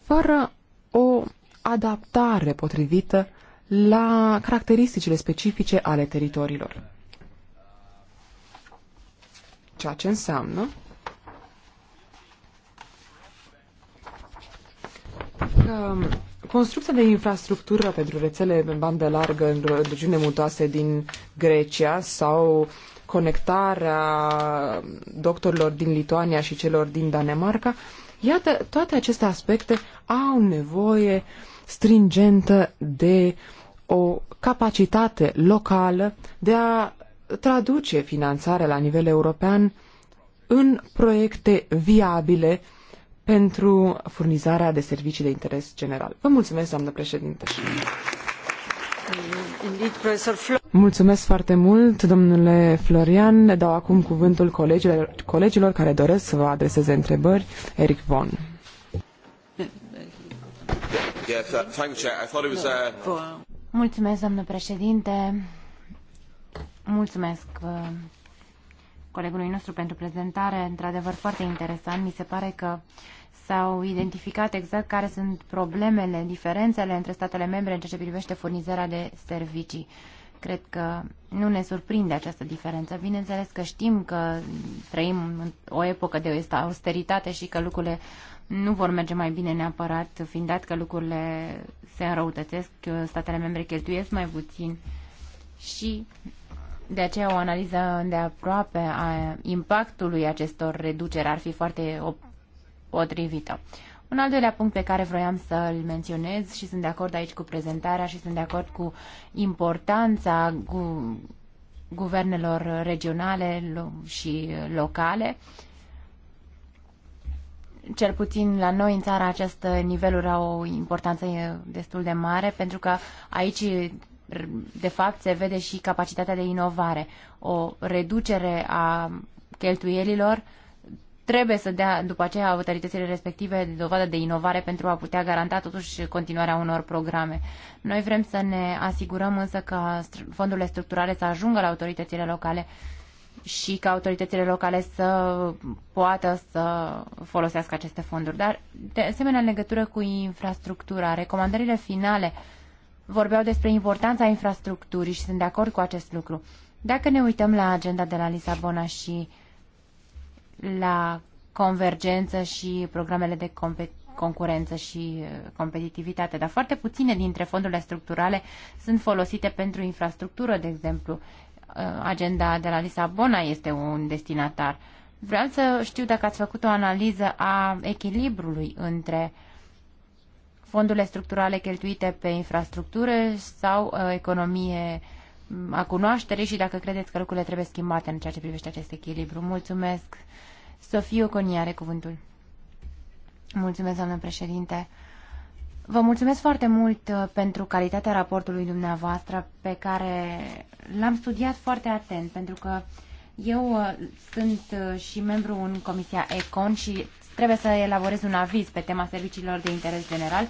fără o adaptare potrivită la caracteristicile specifice ale teritoriilor. Ceea ce înseamnă că construcția de infrastructură pentru rețele în bandă largă în regiune mutoase din Grecia sau conectarea doctorilor din Lituania și celor din Danemarca, iată, toate aceste aspecte au nevoie stringentă de o capacitate locală de a traduce finanțarea la nivel european în proiecte viabile pentru furnizarea de servicii de interes general. Vă mulțumesc, doamnă președinte! Mulțumesc foarte mult, domnule Florian. Le dau acum cuvântul colegilor, colegilor care doresc să vă adreseze întrebări. Eric Von. Uh, Mulțumesc, domnule președinte. Mulțumesc uh, colegului nostru pentru prezentare. Într-adevăr, foarte interesant. Mi se pare că s-au identificat exact care sunt problemele, diferențele între statele membre în ceea ce privește furnizarea de servicii. Cred că nu ne surprinde această diferență. Bineînțeles că știm că trăim o epocă de austeritate și că lucrurile nu vor merge mai bine neapărat, fiind dat că lucrurile se înrăutățesc, statele membre cheltuiesc mai puțin și de aceea o analiză de aproape a impactului acestor reduceri ar fi foarte potrivită. Un al doilea punct pe care vroiam să-l menționez și sunt de acord aici cu prezentarea și sunt de acord cu importanța gu- guvernelor regionale și locale. Cel puțin la noi în țara acest niveluri au o importanță destul de mare pentru că aici de fapt se vede și capacitatea de inovare. O reducere a cheltuielilor trebuie să dea după aceea autoritățile respective dovadă de inovare pentru a putea garanta totuși continuarea unor programe. Noi vrem să ne asigurăm însă că fondurile structurale să ajungă la autoritățile locale și ca autoritățile locale să poată să folosească aceste fonduri. Dar, de asemenea, în legătură cu infrastructura, recomandările finale vorbeau despre importanța infrastructurii și sunt de acord cu acest lucru. Dacă ne uităm la agenda de la Lisabona și uh, la convergență și programele de concurență și uh, competitivitate, dar foarte puține dintre fondurile structurale sunt folosite pentru infrastructură, de exemplu. Uh, agenda de la Lisabona este un destinatar. Vreau să știu dacă ați făcut o analiză a echilibrului între fondurile structurale cheltuite pe infrastructură sau uh, economie mm, a cunoașterii și dacă credeți că lucrurile trebuie schimbate în ceea ce privește acest echilibru. Mulțumesc! Sofie Oconie are cuvântul. Mulțumesc, doamnă președinte. Vă mulțumesc foarte mult uh, pentru calitatea raportului dumneavoastră pe care l-am studiat foarte atent, pentru că eu uh, sunt uh, și membru în Comisia Econ și trebuie să elaborez un aviz pe tema serviciilor de interes general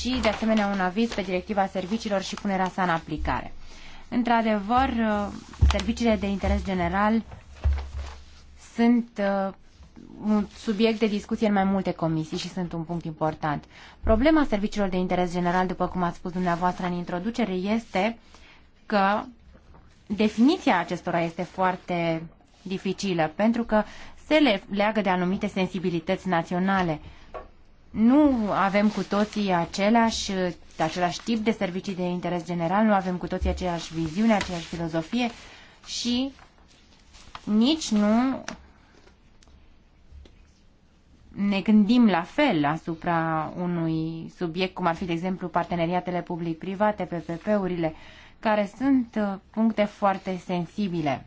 și, de asemenea, un aviz pe directiva serviciilor și punerea sa în aplicare. Într-adevăr, serviciile de interes general sunt un subiect de discuție în mai multe comisii și sunt un punct important. Problema serviciilor de interes general, după cum ați spus dumneavoastră în introducere, este că definiția acestora este foarte dificilă, pentru că se le leagă de anumite sensibilități naționale. Nu avem cu toții același, același tip de servicii de interes general, nu avem cu toții aceeași viziune, aceeași filozofie și nici nu ne gândim la fel asupra unui subiect, cum ar fi, de exemplu, parteneriatele public-private, PPP-urile, care sunt uh, puncte foarte sensibile.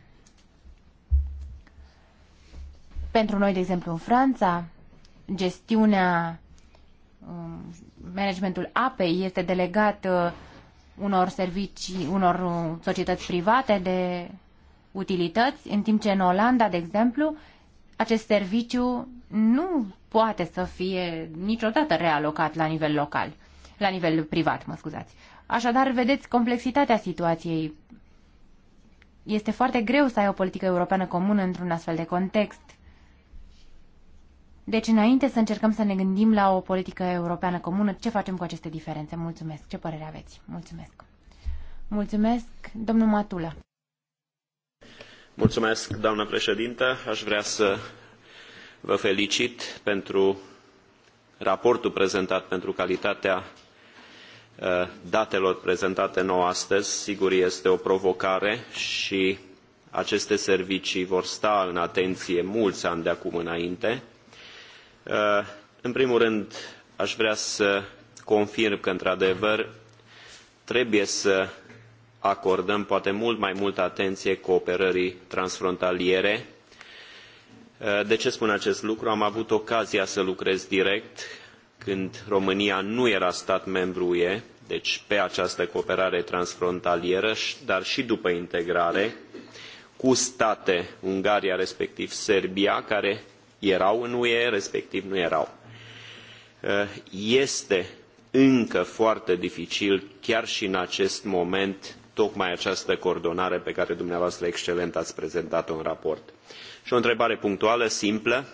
Pentru noi, de exemplu, în Franța, gestiunea, um, managementul apei este delegat uh, unor servicii, unor uh, societăți private de utilități, în timp ce în Olanda, de exemplu, acest serviciu nu poate să fie niciodată realocat la nivel local, la nivel privat, mă scuzați. Așadar, vedeți complexitatea situației. Este foarte greu să ai o politică europeană comună într-un astfel de context. Deci, înainte să încercăm să ne gândim la o politică europeană comună, ce facem cu aceste diferențe? Mulțumesc. Ce părere aveți? Mulțumesc. Mulțumesc, domnul Matula. Mulțumesc, doamnă președintă. Aș vrea să Vă felicit pentru raportul prezentat, pentru calitatea uh, datelor prezentate nouă astăzi. Sigur, este o provocare și aceste servicii vor sta în atenție mulți ani de acum înainte. Uh, în primul rând, aș vrea să confirm că, într-adevăr, trebuie să acordăm poate mult mai multă atenție cooperării transfrontaliere Eh, de ce spun acest lucru? Am avut ocazia să lucrez direct când România nu era stat membru UE, deci pe această cooperare transfrontalieră, dar și după integrare, cu state, Ungaria, respectiv Serbia, care erau în UE, respectiv nu erau. Eh, este încă foarte dificil, chiar și în acest moment, tocmai această coordonare pe care dumneavoastră excelent ați prezentat-o în raport. Și o întrebare punctuală, simplă,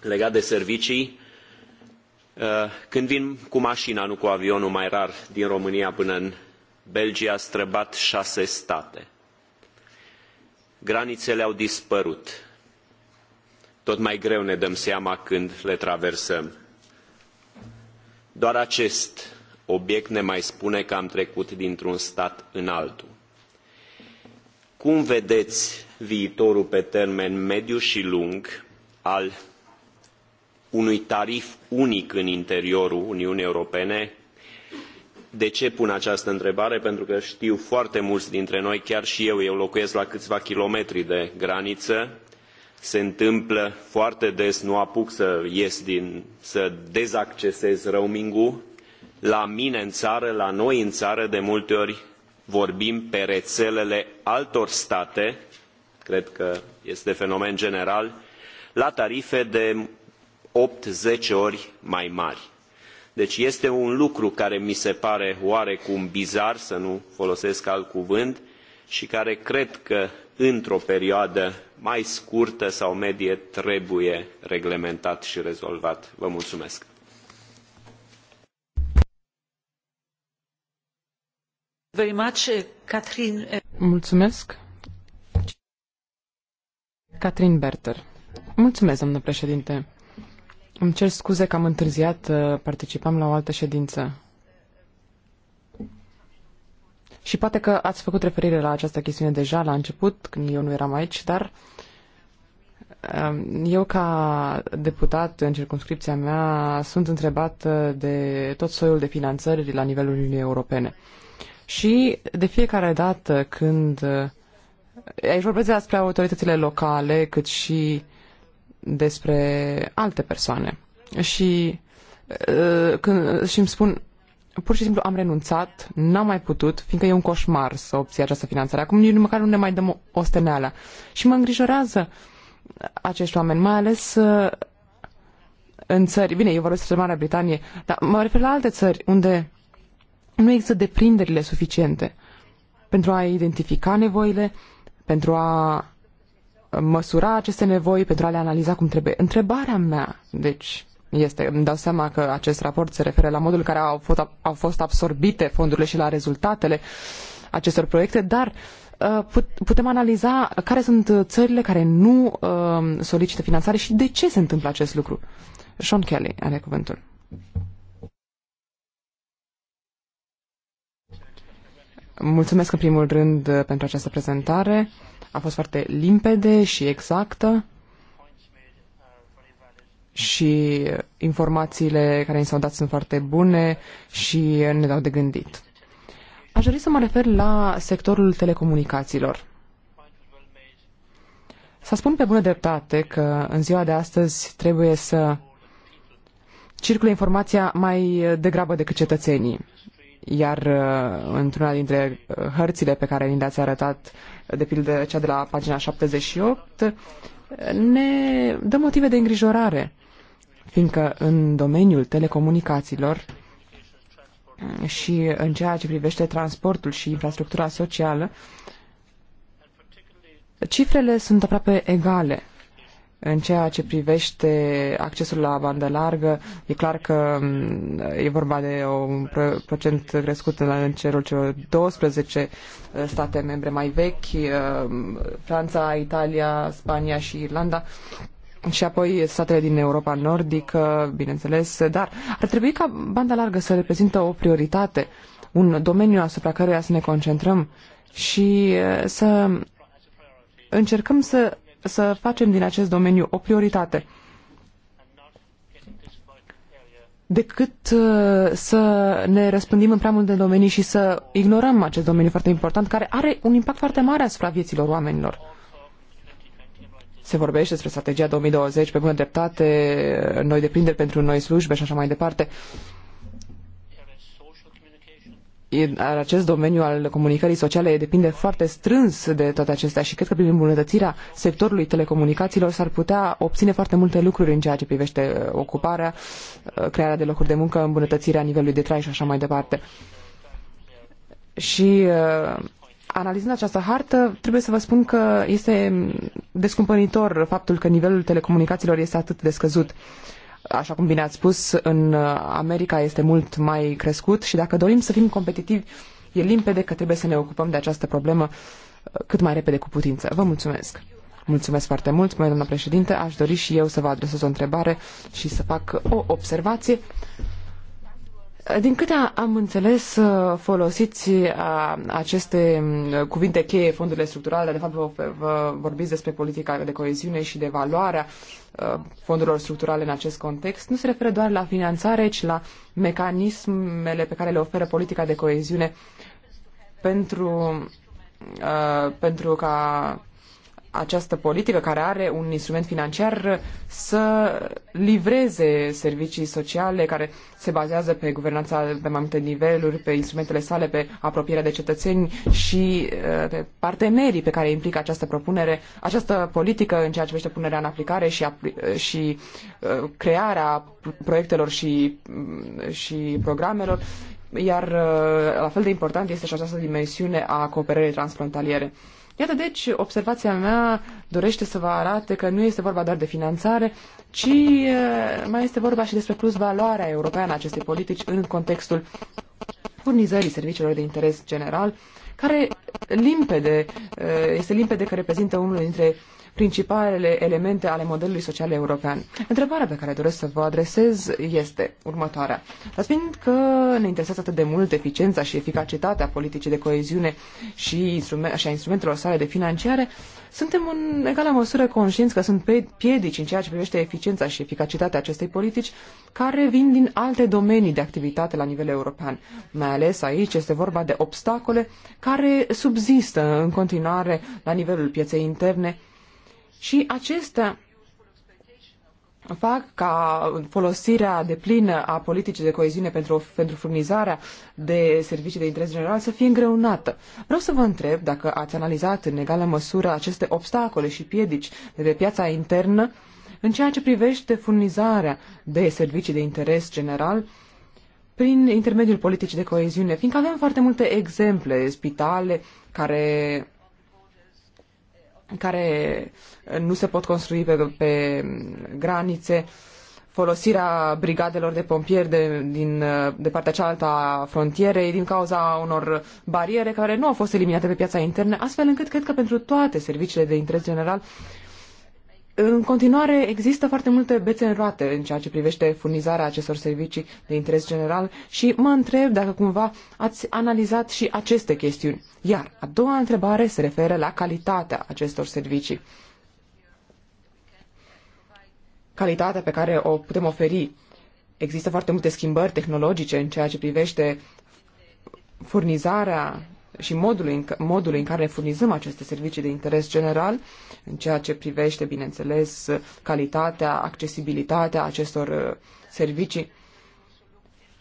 legată de servicii. Uh, când vin cu mașina, nu cu avionul, mai rar, din România până în Belgia, străbat șase state. Granițele au dispărut. Tot mai greu ne dăm seama când le traversăm. Doar acest obiect ne mai spune că am trecut dintr-un stat în altul. Cum vedeți viitorul pe termen mediu și lung al unui tarif unic în interiorul Uniunii Europene? De ce pun această întrebare? Pentru că știu foarte mulți dintre noi, chiar și eu, eu locuiesc la câțiva kilometri de graniță, se întâmplă foarte des, nu apuc să ies din, să dezaccesez roaming-ul, la mine în ară la noi în ară de multe ori vorbim pe reelele altor state, cred că este fenomen general, la tarife de opt zece ori mai mari. Deci este un lucru care mi se pare oarecum bizar, să nu folosesc alt cuvânt, și care cred că într-o perioadă mai scurtă sau medie trebuie reglementat și rezolvat. Vă mulțumesc! Uh, uh, Mulțumesc. Catherine Berter. Mulțumesc, doamnă președinte. Îmi cer scuze că am întârziat, uh, participam la o altă ședință. Și poate că ați făcut referire la această chestiune deja la început, când eu nu eram aici, dar eu ca deputat în circunscripția mea sunt întrebat de tot soiul de finanțări la nivelul Uniunii Europene. Și de fiecare dată când... Eh, aici vorbesc despre autoritățile locale, cât și despre alte persoane. Și, eh, când, și îmi spun, pur și simplu am renunțat, n-am mai putut, fiindcă e un coșmar să obții această finanțare. Acum nici măcar nu ne mai dăm o steneală. Și mă îngrijorează acești oameni, mai ales eh, în țări, bine, eu vorbesc despre Marea Britanie, dar mă refer la alte țări unde nu există deprinderile suficiente pentru a identifica nevoile, pentru a măsura aceste nevoi, pentru a le analiza cum trebuie. Întrebarea mea, deci, este, îmi dau seama că acest raport se referă la modul în care au fost, au fost absorbite fondurile și la rezultatele acestor proiecte, dar uh, putem analiza care sunt țările care nu uh, solicită finanțare și de ce se întâmplă acest lucru. Sean Kelly are cuvântul. Mulțumesc în primul rând uh, pentru această prezentare. A fost foarte limpede și exactă și uh, informațiile care ni s-au dat sunt foarte bune și uh, ne dau de gândit. Aș dori să mă refer la sectorul telecomunicațiilor. Să spun pe bună dreptate că în ziua de astăzi trebuie să circule informația mai degrabă decât cetățenii. Iar uh, într-una dintre uh, hărțile pe care ni le-ați arătat, de pildă cea de la pagina 78, uh, ne dă motive de îngrijorare, fiindcă în domeniul telecomunicațiilor și în ceea ce privește transportul și infrastructura socială, cifrele sunt aproape egale în ceea ce privește accesul la bandă largă, e clar că mm, e vorba de un procent crescut în cerul celor 12 uh, state membre mai vechi, uh, Franța, Italia, Spania și Irlanda și apoi statele din Europa Nordică, bineînțeles, dar ar trebui ca banda largă să reprezintă o prioritate, un domeniu asupra căruia să ne concentrăm și uh, să încercăm să să facem din acest domeniu o prioritate decât uh, să ne răspândim în prea multe domenii și să ignorăm acest domeniu foarte important, care are un impact foarte mare asupra vieților oamenilor. Se vorbește despre strategia 2020, pe bună dreptate, noi depinde pentru noi slujbe și așa mai departe. Uh, acest domeniu al comunicării sociale depinde foarte strâns de toate acestea și cred că prin îmbunătățirea sectorului telecomunicațiilor s-ar putea obține foarte multe lucruri în ceea ce privește uh, ocuparea, uh, crearea de locuri de muncă, îmbunătățirea nivelului de trai și așa mai departe. Și uh, analizând această hartă, trebuie să vă spun că este mm, descumpănitor faptul că nivelul telecomunicațiilor este atât de scăzut. Uh, așa cum bine ați spus, în America este mult mai crescut și dacă dorim să fim competitivi, e limpede că trebuie să ne ocupăm de această problemă uh, cât mai repede cu putință. Vă mulțumesc! Mulțumesc foarte mult, mai doamna președinte. Aș dori și eu să vă adresez o întrebare și să fac o observație. Din câte am înțeles, uh, folosiți uh, aceste mm, cuvinte cheie, fondurile structurale, de fapt vă vorbiți despre politica de coeziune și de valoarea uh, fondurilor structurale în acest context, nu se referă doar la finanțare, ci la mecanismele pe care le oferă politica de coeziune pentru, pentru ca această politică care are un instrument financiar să livreze servicii sociale care se bazează pe guvernanța pe mai multe niveluri, pe instrumentele sale, pe apropierea de cetățeni și pe partenerii pe care implică această propunere, această politică în ceea ce privește punerea în aplicare și, și crearea proiectelor și, și programelor iar la fel de important este și această dimensiune a cooperării transfrontaliere. Iată deci, observația mea dorește să vă arate că nu este vorba doar de finanțare, ci mai este vorba și despre plus valoarea europeană a acestei politici în contextul furnizării serviciilor de interes general, care limpede, este limpede că reprezintă unul dintre principalele elemente ale modelului social european. Întrebarea pe care doresc să vă adresez este următoarea. Dar fiind că ne interesează atât de mult eficiența și eficacitatea politicii de coeziune și, instrument, și a instrumentelor sale de financiare, suntem în egală măsură conștienți că sunt piedici în ceea ce privește eficiența și eficacitatea acestei politici, care vin din alte domenii de activitate la nivel european. Mai ales aici este vorba de obstacole care subzistă în continuare la nivelul pieței interne și acestea fac ca folosirea de plină a politicii de coeziune pentru, pentru furnizarea de servicii de interes general să fie îngreunată. Vreau să vă întreb dacă ați analizat în egală măsură aceste obstacole și piedici de pe piața internă în ceea ce privește furnizarea de servicii de interes general prin intermediul politicii de coeziune, fiindcă avem foarte multe exemple, spitale care care uh, nu se pot construi pe, pe granițe, folosirea brigadelor de pompieri de, din, uh, de partea cealaltă a frontierei din cauza unor bariere care nu au fost eliminate pe piața internă, astfel încât cred că pentru toate serviciile de interes general uh, în continuare, există foarte multe bețe în roate în ceea ce privește furnizarea acestor servicii de interes general și mă întreb dacă cumva ați analizat și aceste chestiuni. Iar a doua întrebare se referă la calitatea acestor servicii. Calitatea pe care o putem oferi. Există foarte multe schimbări tehnologice în ceea ce privește furnizarea și modului în, modului în care furnizăm aceste servicii de interes general, în ceea ce privește, bineînțeles, calitatea, accesibilitatea acestor uh, servicii.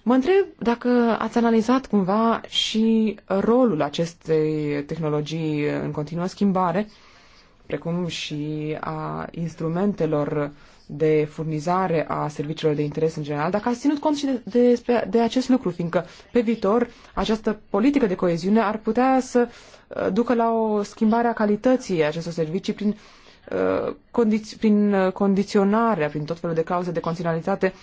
Mă întreb dacă ați analizat cumva și rolul acestei tehnologii în continuă schimbare, precum și a instrumentelor uh, de furnizare a serviciilor de interes în general, dacă ați ținut cont și de, de, de acest lucru, fiindcă pe viitor această politică de coeziune ar putea să uh, ducă la o schimbare a calității acestor servicii prin, uh, condiț- prin uh, condiționarea, prin tot felul de clauze de condiționalitate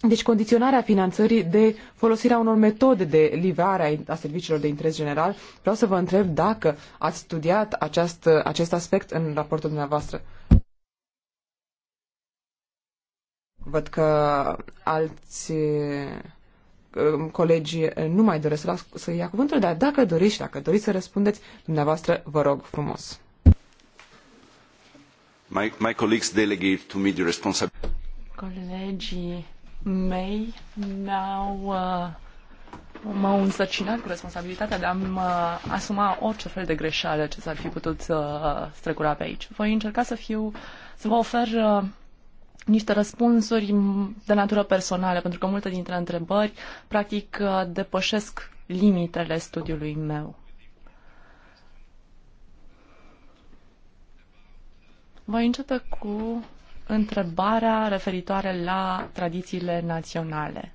deci condiționarea finanțării de folosirea unor metode de livrare a serviciilor de interes general. Vreau să vă întreb dacă ați studiat aceast, acest aspect în raportul dumneavoastră. Văd că alți colegi nu mai doresc să, las, să ia cuvântul, dar dacă doriți dacă doriți să răspundeți, dumneavoastră vă rog frumos. My, my colleagues delegate to me the responsibility. Colegii mei m au uh, m-au însărcinat cu responsabilitatea de a-mi uh, asuma orice fel de greșeală ce s-ar fi putut uh, strecura pe aici. Voi încerca să fiu, să vă ofer uh, niște răspunsuri de natură personală, pentru că multe dintre întrebări, practic, uh, depășesc limitele studiului meu. Voi începe cu întrebarea referitoare la tradițiile naționale.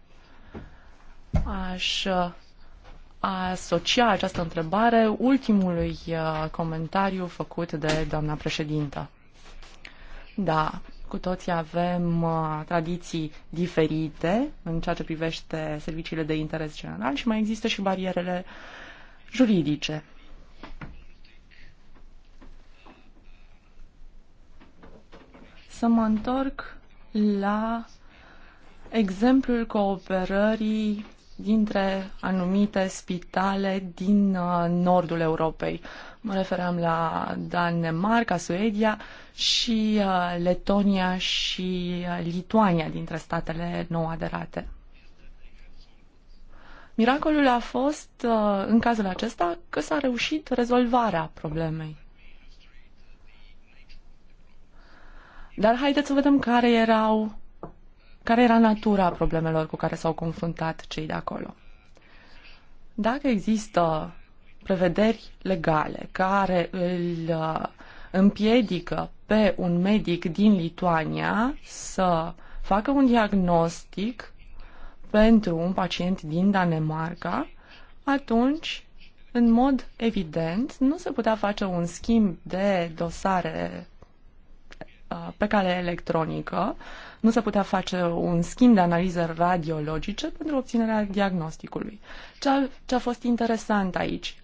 Aș uh, asocia această întrebare ultimului uh, comentariu făcut de doamna președintă. Da, cu toții avem uh, tradiții diferite în ceea ce privește serviciile de interes general și mai există și barierele juridice. Să mă întorc la exemplul cooperării dintre anumite spitale din uh, nordul Europei. Mă referam la Danemarca, Suedia și uh, Letonia și uh, Lituania dintre statele nou aderate. Miracolul a fost, uh, în cazul acesta, că s-a reușit rezolvarea problemei. Dar haideți să vedem care erau care era natura problemelor cu care s-au confruntat cei de acolo. Dacă există prevederi legale care îl uh, împiedică pe un medic din Lituania să facă un diagnostic pentru un pacient din Danemarca, atunci, în mod evident, nu se putea face un schimb de dosare uh, pe cale electronică, nu se putea face un schimb de analize radiologice pentru obținerea diagnosticului. Ce a, ce a fost interesant aici?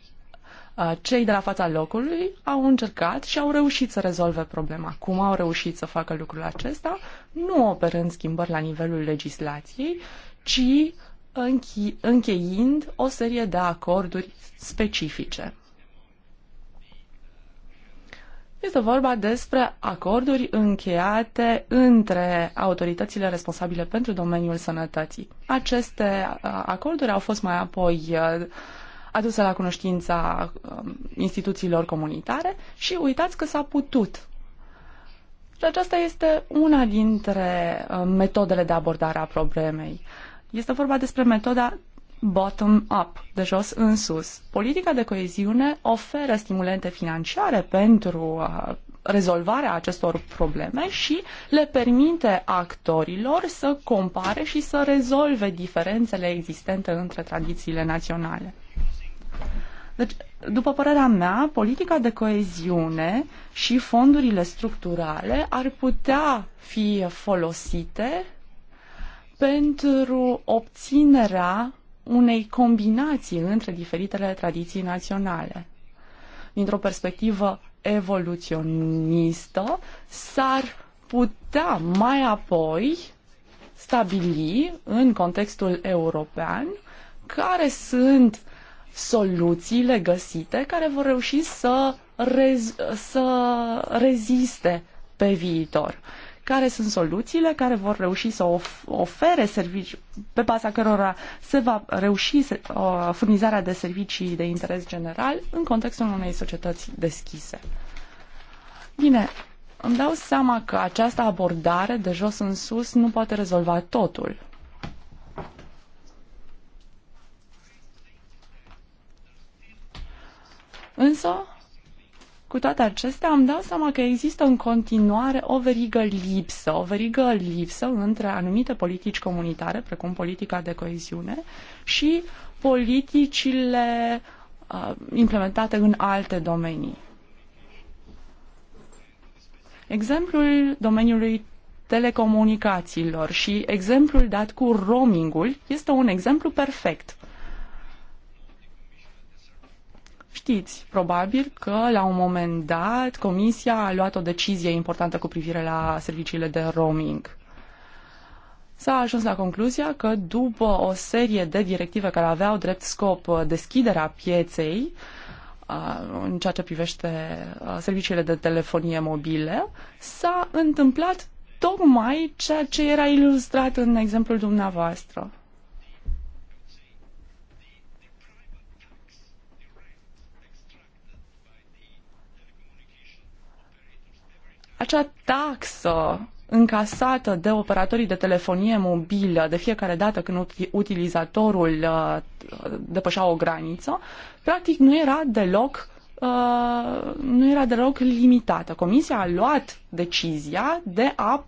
Cei de la fața locului au încercat și au reușit să rezolve problema. Cum au reușit să facă lucrul acesta? Nu operând schimbări la nivelul legislației, ci încheiind o serie de acorduri specifice. Este vorba despre acorduri încheiate între autoritățile responsabile pentru domeniul sănătății. Aceste acorduri au fost mai apoi adusă la cunoștința um, instituțiilor comunitare și uitați că s-a putut. Și aceasta este una dintre um, metodele de abordare a problemei. Este vorba despre metoda bottom-up, de jos în sus. Politica de coeziune oferă stimulente financiare pentru uh, rezolvarea acestor probleme și le permite actorilor să compare și să rezolve diferențele existente între tradițiile naționale. Deci, după părerea mea, politica de coeziune și fondurile structurale ar putea fi folosite pentru obținerea unei combinații între diferitele tradiții naționale. Dintr-o perspectivă evoluționistă, s-ar putea mai apoi stabili în contextul european care sunt uh, soluțiile găsite care vor reuși să, rez, să reziste pe viitor. Care sunt soluțiile care vor reuși să of- ofere servicii pe baza cărora se va reuși se, o, furnizarea de servicii de interes general în contextul unei societăți deschise. Bine, îmi dau seama că această abordare de jos în sus nu poate rezolva totul. Însă, cu toate acestea, am dat seama că există în continuare o verigă lipsă, o verigă lipsă între anumite politici comunitare, precum politica de coeziune, și politicile uh, implementate în alte domenii. Exemplul domeniului telecomunicațiilor și exemplul dat cu roamingul este un exemplu perfect. Știți, probabil că la un moment dat Comisia a luat o decizie importantă cu privire la serviciile de roaming. S-a ajuns la concluzia că după o serie de directive care aveau drept scop uh, deschiderea pieței uh, în ceea ce privește uh, serviciile de telefonie mobile, s-a întâmplat tocmai ceea ce era ilustrat în exemplul dumneavoastră. acea taxă încasată de operatorii de telefonie mobilă de fiecare dată când utilizatorul uh, depășea o graniță, practic nu era deloc uh, nu era deloc limitată. Comisia a luat decizia de a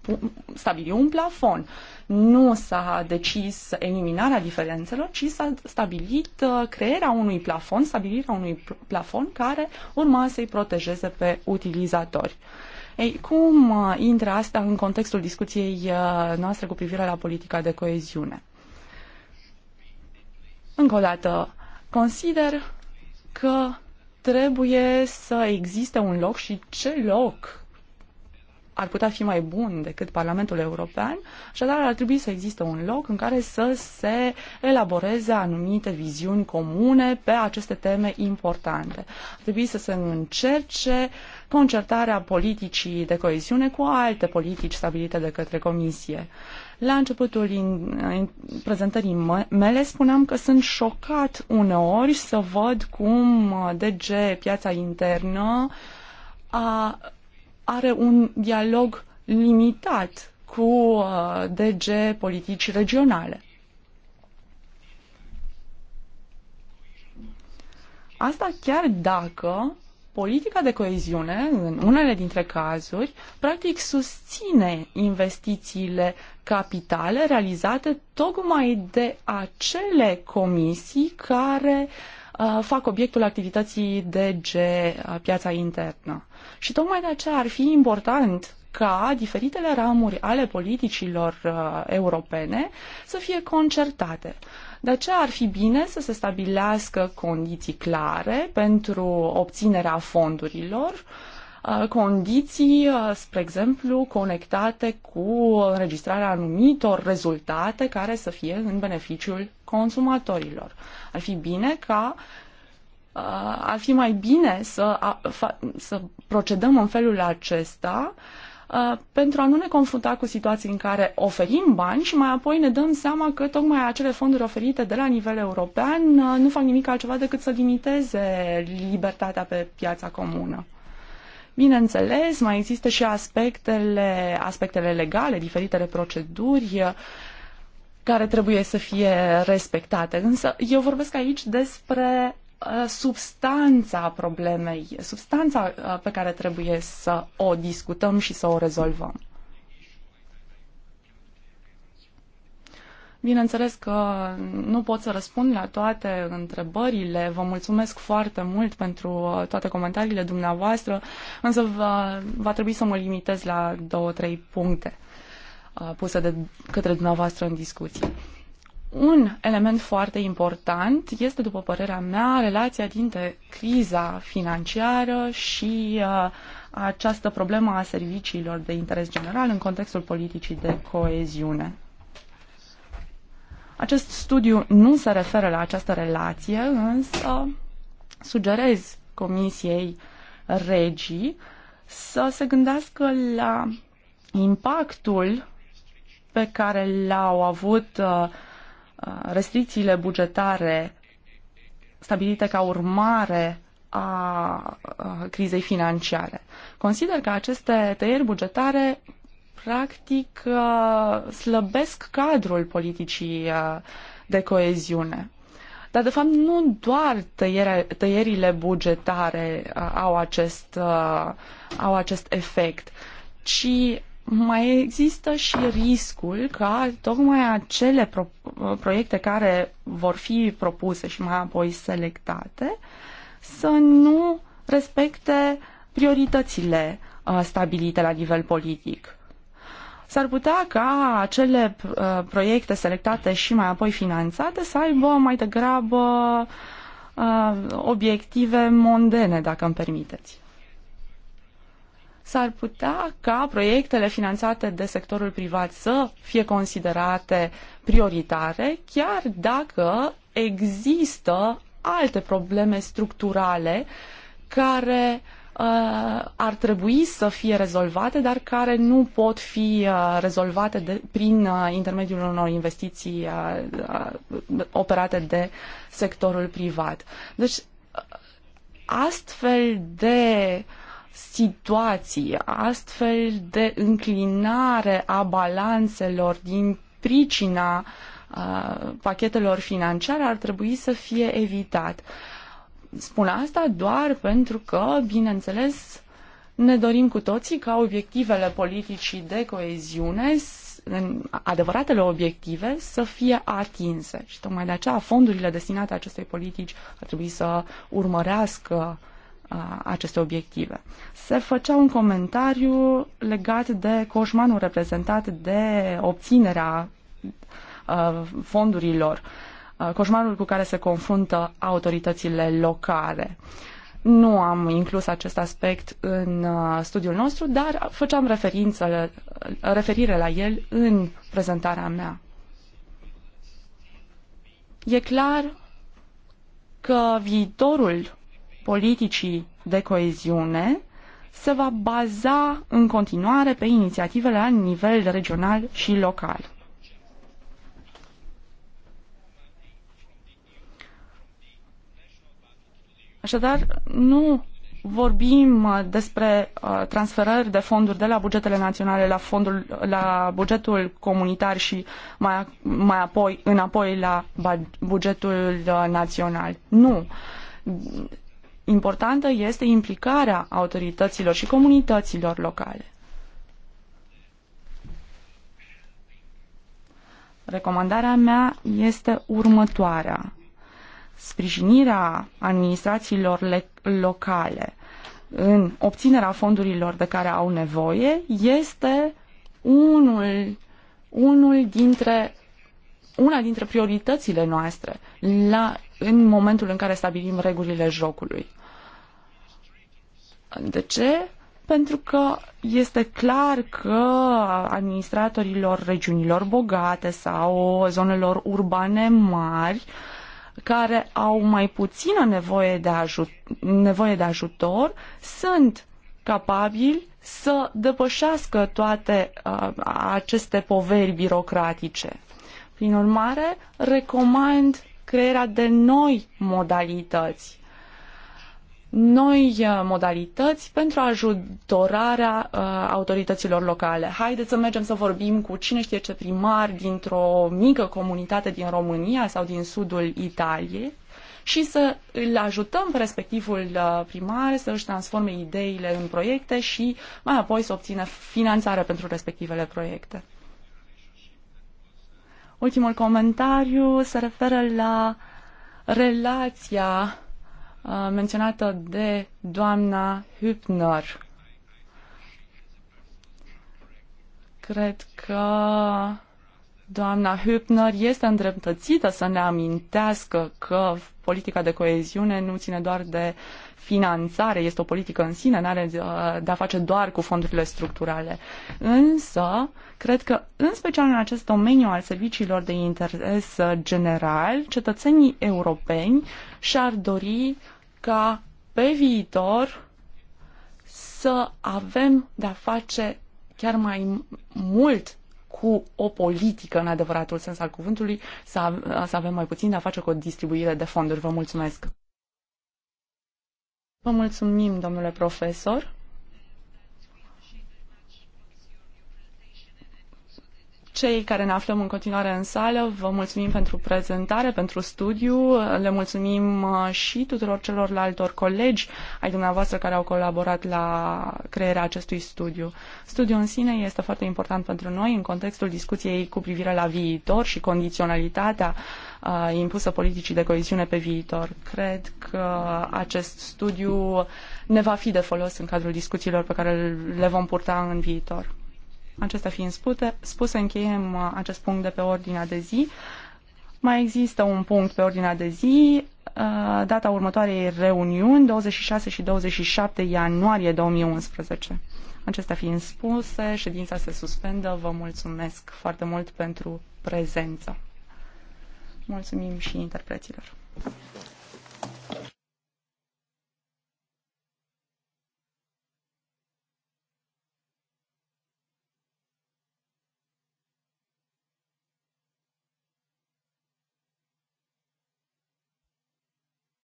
stabili un plafon. Nu s-a decis eliminarea diferențelor, ci s-a stabilit uh, crearea unui plafon, stabilirea unui plafon care urma să-i protejeze pe utilizatori. Uh, ei, cum uh, intră asta în contextul discuției uh, noastre cu privire la politica de coeziune? Încă o dată, consider că trebuie să existe un loc și ce loc ar putea fi mai bun decât Parlamentul European, așadar ar trebui să existe un loc în care să se elaboreze anumite viziuni comune pe aceste teme importante. Ar trebui să se încerce uh, concertarea politicii de coeziune cu alte politici stabilite de către Comisie. La începutul in, in, prezentării mele spuneam că sunt șocat uneori să văd cum DG Piața Internă a, are un dialog limitat cu uh, DG Politici Regionale. Asta chiar dacă politica de coeziune, în unele dintre cazuri, practic susține investițiile capitale realizate tocmai de acele comisii care uh, fac obiectul activității DG uh, piața internă. Și tocmai de aceea ar fi important ca diferitele ramuri ale politicilor uh, europene să fie concertate. Uh, de aceea ar fi bine să se stabilească condiții clare pentru obținerea fondurilor, uh, condiții, uh, spre exemplu, conectate cu înregistrarea anumitor rezultate care să fie în beneficiul consumatorilor. Ar fi bine ca uh, ar fi mai bine să, să procedăm în felul acesta Uh, pentru a nu ne confrunta cu situații în care oferim bani și mai apoi ne dăm seama că tocmai acele fonduri oferite de la nivel european uh, nu fac nimic altceva decât să limiteze libertatea pe piața comună. Bineînțeles, mai există și aspectele, aspectele legale, diferitele proceduri uh, care trebuie să fie respectate. Însă eu vorbesc aici despre Uh, substanța problemei, substanța uh, pe care trebuie să o discutăm și să o rezolvăm. Bineînțeles că nu pot să răspund la toate întrebările. Vă mulțumesc foarte mult pentru uh, toate comentariile dumneavoastră, însă va, va trebui să mă limitez la două, trei puncte puse de către dumneavoastră în discuție. Un element foarte important este, după părerea mea, relația dintre criza financiară și uh, această problemă a serviciilor de interes general în contextul politicii de coeziune. Acest studiu nu se referă la această relație, însă sugerez Comisiei Regii să se gândească la impactul pe care l-au avut uh, Uh, restricțiile bugetare stabilite ca urmare a uh, crizei financiare. Consider că aceste tăieri bugetare practic uh, slăbesc cadrul politicii de coeziune. Dar, de fapt, nu doar tăiere, tăierile bugetare au acest, au acest efect, ci mai există și riscul ca tocmai acele pro, proiecte care vor fi propuse și mai apoi selectate să nu respecte prioritățile uh, stabilite la nivel politic. S-ar putea ca acele uh, proiecte selectate și mai apoi finanțate să aibă mai degrabă uh, obiective mondene, dacă îmi permiteți s-ar putea ca proiectele finanțate de sectorul privat să fie considerate prioritare, chiar dacă există alte probleme structurale care uh, ar trebui să fie rezolvate, dar care nu pot fi uh, rezolvate de, prin uh, intermediul unor investiții uh, uh, operate de sectorul privat. Deci, uh, astfel de uh, situații, astfel de înclinare a balanțelor din pricina uh, pachetelor financiare ar trebui să fie evitat. Spun asta doar pentru că, bineînțeles, ne dorim cu toții ca obiectivele politicii de coeziune, adevăratele obiective, să fie atinse. Și tocmai de aceea fondurile destinate acestei politici ar trebui să urmărească aceste obiective. Se făcea un comentariu legat de coșmanul reprezentat de obținerea fondurilor, Coșmanul cu care se confruntă autoritățile locale. Nu am inclus acest aspect în studiul nostru, dar făceam referință, referire la el în prezentarea mea. E clar că viitorul politicii de coeziune se va baza în continuare pe inițiativele la nivel regional și local. Așadar, nu vorbim despre uh, transferări de fonduri de la bugetele naționale la, fondul, la bugetul comunitar și mai, mai apoi, înapoi la bugetul uh, național. Nu importantă este implicarea autorităților și comunităților locale. Recomandarea mea este următoarea. Sprijinirea administrațiilor locale în obținerea fondurilor de care au nevoie este unul, unul dintre, una dintre prioritățile noastre la, în momentul în care stabilim regulile jocului. De ce? Pentru că este clar că administratorilor regiunilor bogate sau zonelor urbane mari care au mai puțină nevoie de, ajut- nevoie de ajutor sunt capabili să depășească toate uh, aceste poveri birocratice. Prin urmare, recomand crearea de noi modalități noi uh, modalități pentru ajutorarea uh, autorităților locale. Haideți să mergem să vorbim cu cine știe ce primar dintr-o mică comunitate din România sau din sudul Italiei și să îl ajutăm pe respectivul uh, primar să își transforme ideile în proiecte și mai apoi să obțină finanțare pentru respectivele proiecte. Ultimul comentariu se referă la relația Uh, menționată de doamna Hübner. Cred că doamna Hübner este îndreptățită să ne amintească că politica de coeziune nu ține doar de finanțare, este o politică în sine, nu are uh, de-a face doar cu fondurile structurale. Însă, cred că, în special în acest domeniu al serviciilor de interes general, cetățenii europeni și-ar dori ca pe viitor să avem de-a face chiar mai mult cu o politică în adevăratul sens al cuvântului, să, să avem mai puțin de a face cu o distribuire de fonduri. Vă mulțumesc! Vă mulțumim, domnule profesor! cei care ne aflăm în continuare în sală, vă mulțumim pentru prezentare, pentru studiu, le mulțumim uh, și tuturor celorlaltor colegi ai dumneavoastră care au colaborat la crearea acestui studiu. Studiul în sine este foarte important pentru noi în contextul discuției cu privire la viitor și condiționalitatea uh, impusă politicii de coeziune pe viitor. Cred că acest studiu ne va fi de folos în cadrul discuțiilor pe care le vom purta în viitor. Acestea fiind spute, spuse, încheiem uh, acest punct de pe ordinea de zi. Mai există un punct pe ordinea de zi, uh, data următoarei reuniuni, 26 și 27 ianuarie 2011. Acestea fiind spuse, ședința se suspendă. Vă mulțumesc foarte mult pentru prezență. Mulțumim și interpreților.